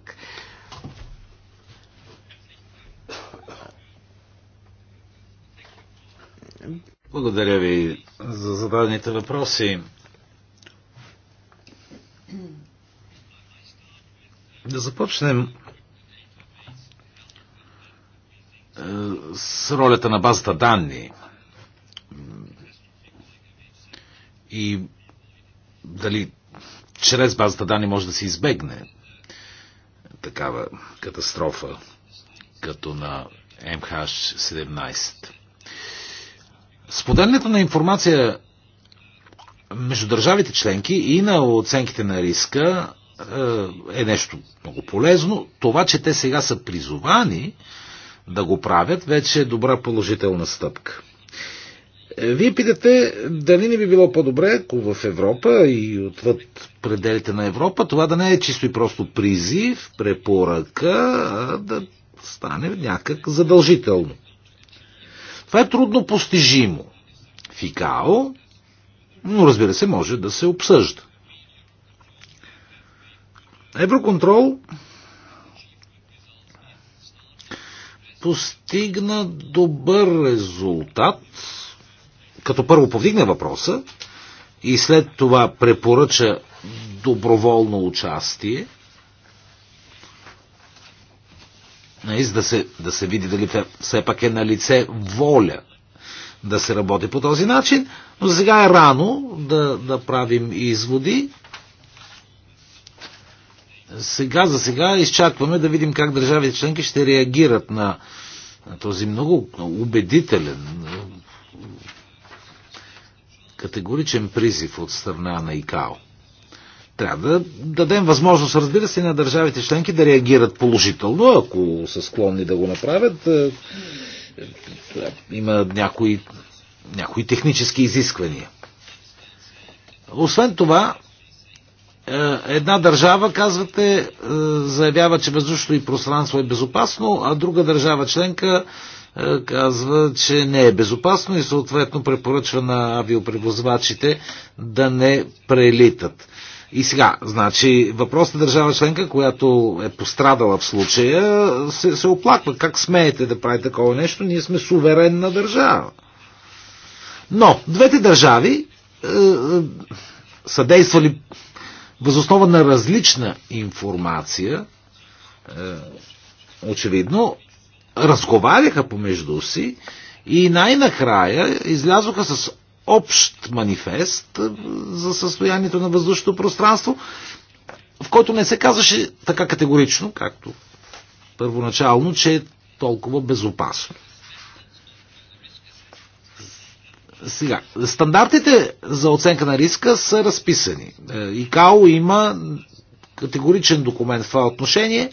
Благодаря ви за зададените въпроси. Да започнем е, с ролята на базата данни и дали чрез базата данни може да се избегне такава катастрофа като на МХ-17. Споделянето на информация между държавите членки и на оценките на риска е, е нещо много полезно. Това, че те сега са призовани да го правят, вече е добра положителна стъпка. Е, вие питате дали не би било по-добре, ако в Европа и отвъд пределите на Европа, това да не е чисто и просто призив, препоръка, а да стане някак задължително. Това е трудно постижимо Фикао, но разбира се, може да се обсъжда. Евроконтрол постигна добър резултат, като първо повдигне въпроса и след това препоръча доброволно участие Нали, да се, да се види дали все пак е на лице воля да се работи по този начин, но сега е рано да, да правим изводи. Сега за сега изчакваме да видим как държавите членки ще реагират на, на този много убедителен, категоричен призив от страна на ИКАО трябва да дадем възможност, разбира се, на държавите членки да реагират положително, ако са склонни да го направят. Е, е, има някои, някои технически изисквания. Освен това, е, една държава, казвате, заявява, че въздушното и пространство е безопасно, а друга държава членка казва, че не е безопасно и съответно препоръчва на авиопревозвачите да не прелитат. И сега, значи, въпросът държава членка, която е пострадала в случая, се, се оплаква. Как смеете да прави такова нещо? Ние сме суверенна държава. Но, двете държави е, е, са действали възоснова на различна информация, е, очевидно, разговаряха помежду си и най-накрая излязоха с общ манифест за състоянието на въздушното пространство, в който не се казваше така категорично, както първоначално, че е толкова безопасно. Сега, стандартите за оценка на риска са разписани. Е, ИКАО има категоричен документ в това отношение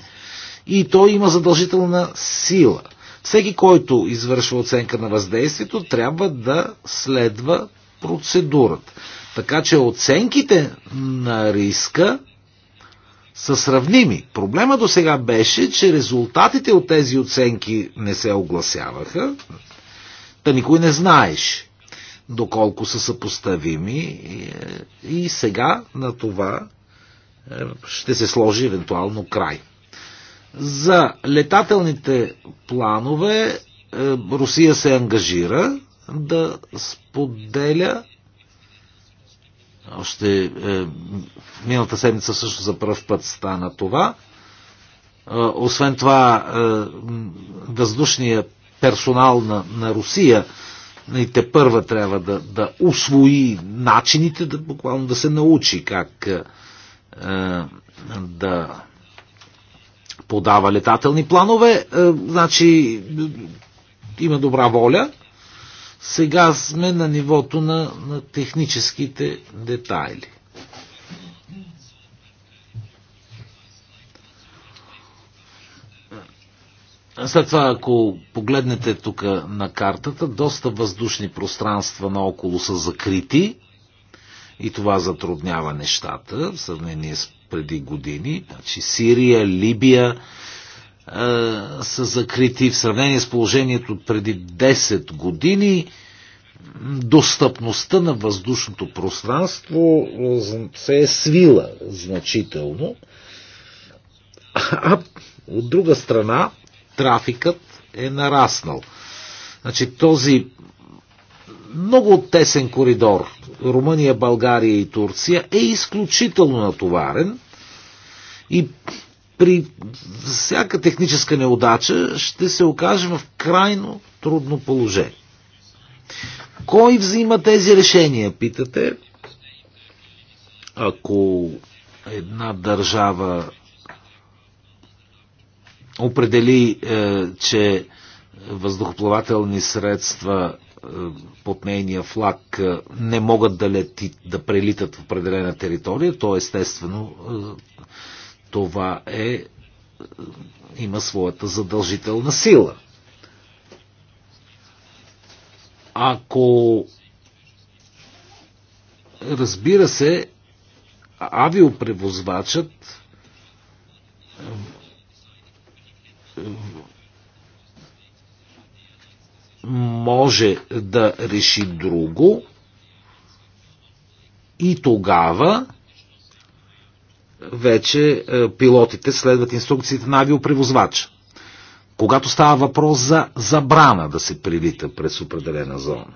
и той има задължителна сила. Всеки, който извършва оценка на въздействието, трябва да следва процедурата. Така че оценките на риска са сравними. Проблема до сега беше, че резултатите от тези оценки не се огласяваха, да никой не знаеше доколко са съпоставими и е, сега на това е, ще се сложи евентуално край. За летателните планове е, Русия се ангажира да споделя още е, миналата седмица също за първ път стана това. Е, освен това, е, въздушния персонал на, на Русия и те първа трябва да, да усвои начините, да буквално да се научи как е, е да подава летателни планове. Е, значи има добра воля. Сега сме на нивото на, на техническите детайли. След това, ако погледнете тук на картата, доста въздушни пространства наоколо са закрити и това затруднява нещата в сравнение с преди години. Значи Сирия, Либия е, са закрити в сравнение с положението преди 10 години. Достъпността на въздушното пространство се е свила значително. А от друга страна, трафикът е нараснал. Значи този много тесен коридор Румъния, България и Турция е изключително натоварен и при всяка техническа неудача ще се окажем в крайно трудно положение. Кой взима тези решения, питате? Ако една държава определи, е, че въздухоплавателни средства е, под нейния флаг е, не могат да летят, да прелитат в определена територия, то естествено е, това е има своята задължителна сила. Ако разбира се, авиопревозвачът може да реши друго и тогава вече е, пилотите следват инструкциите на авиопревозвача. Когато става въпрос за забрана да се прилита през определена зона.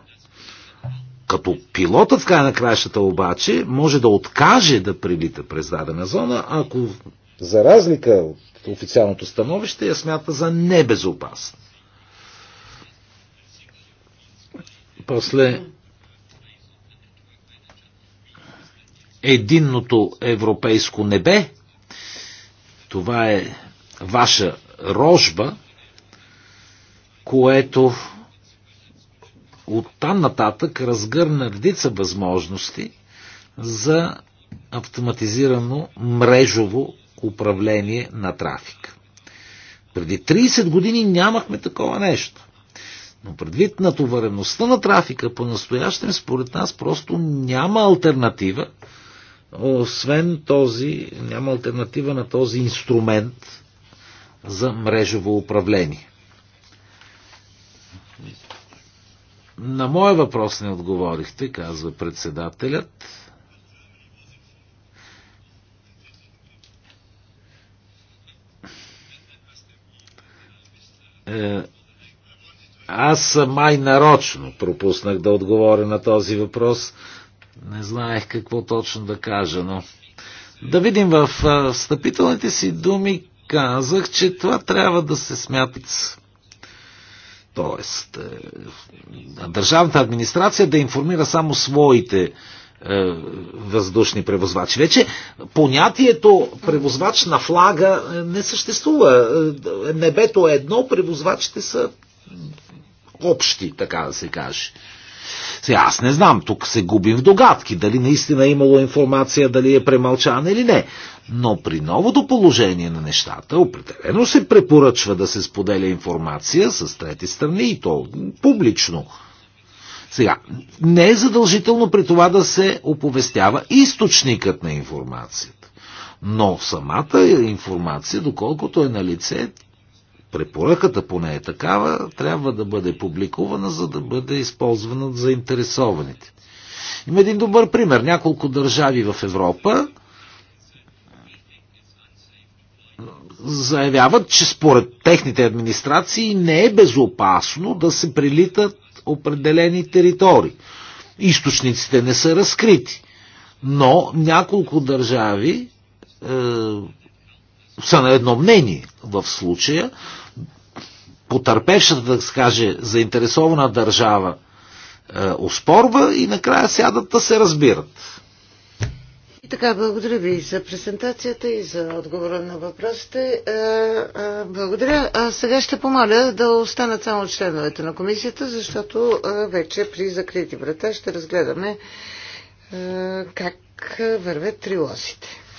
Като пилотът в край на краищата обаче може да откаже да прилита през дадена зона, ако за разлика от официалното становище я смята за небезопасна. После единното европейско небе, това е ваша рожба, което от там нататък разгърна редица възможности за автоматизирано мрежово управление на трафик. Преди 30 години нямахме такова нещо. Но предвид натовареността на трафика по-настоящем, според нас просто няма альтернатива, освен този, няма альтернатива на този инструмент за мрежово управление. На моя въпрос не отговорихте, казва председателят. Е, аз май нарочно пропуснах да отговоря на този въпрос. Не знаех какво точно да кажа, но... Да видим в встъпителните си думи казах, че това трябва да се смятат. Тоест, е, държавната администрация да информира само своите е, въздушни превозвачи. Вече понятието превозвач на флага е, не съществува. Небето е едно, превозвачите са общи, така да се каже. Сега, аз не знам, тук се губим в догадки, дали наистина е имало информация, дали е премълчана или не. Но при новото положение на нещата определено се препоръчва да се споделя информация с трети страни и то публично. Сега, не е задължително при това да се оповестява източникът на информацията. Но самата информация, доколкото е на лице, препоръката поне е такава, трябва да бъде публикувана, за да бъде използвана за заинтересованите. Има един добър пример. Няколко държави в Европа заявяват, че според техните администрации не е безопасно да се прилитат определени територии. Източниците не са разкрити, но няколко държави е, са на едно мнение в случая, потърпевшата, да се каже, заинтересована държава е, оспорва и накрая сядат да се разбират. И така, благодаря ви за презентацията и за отговора на въпросите. Е, е, благодаря. А сега ще помоля да останат само членовете на комисията, защото е, вече при закрити врата ще разгледаме е, как вървят трилозите.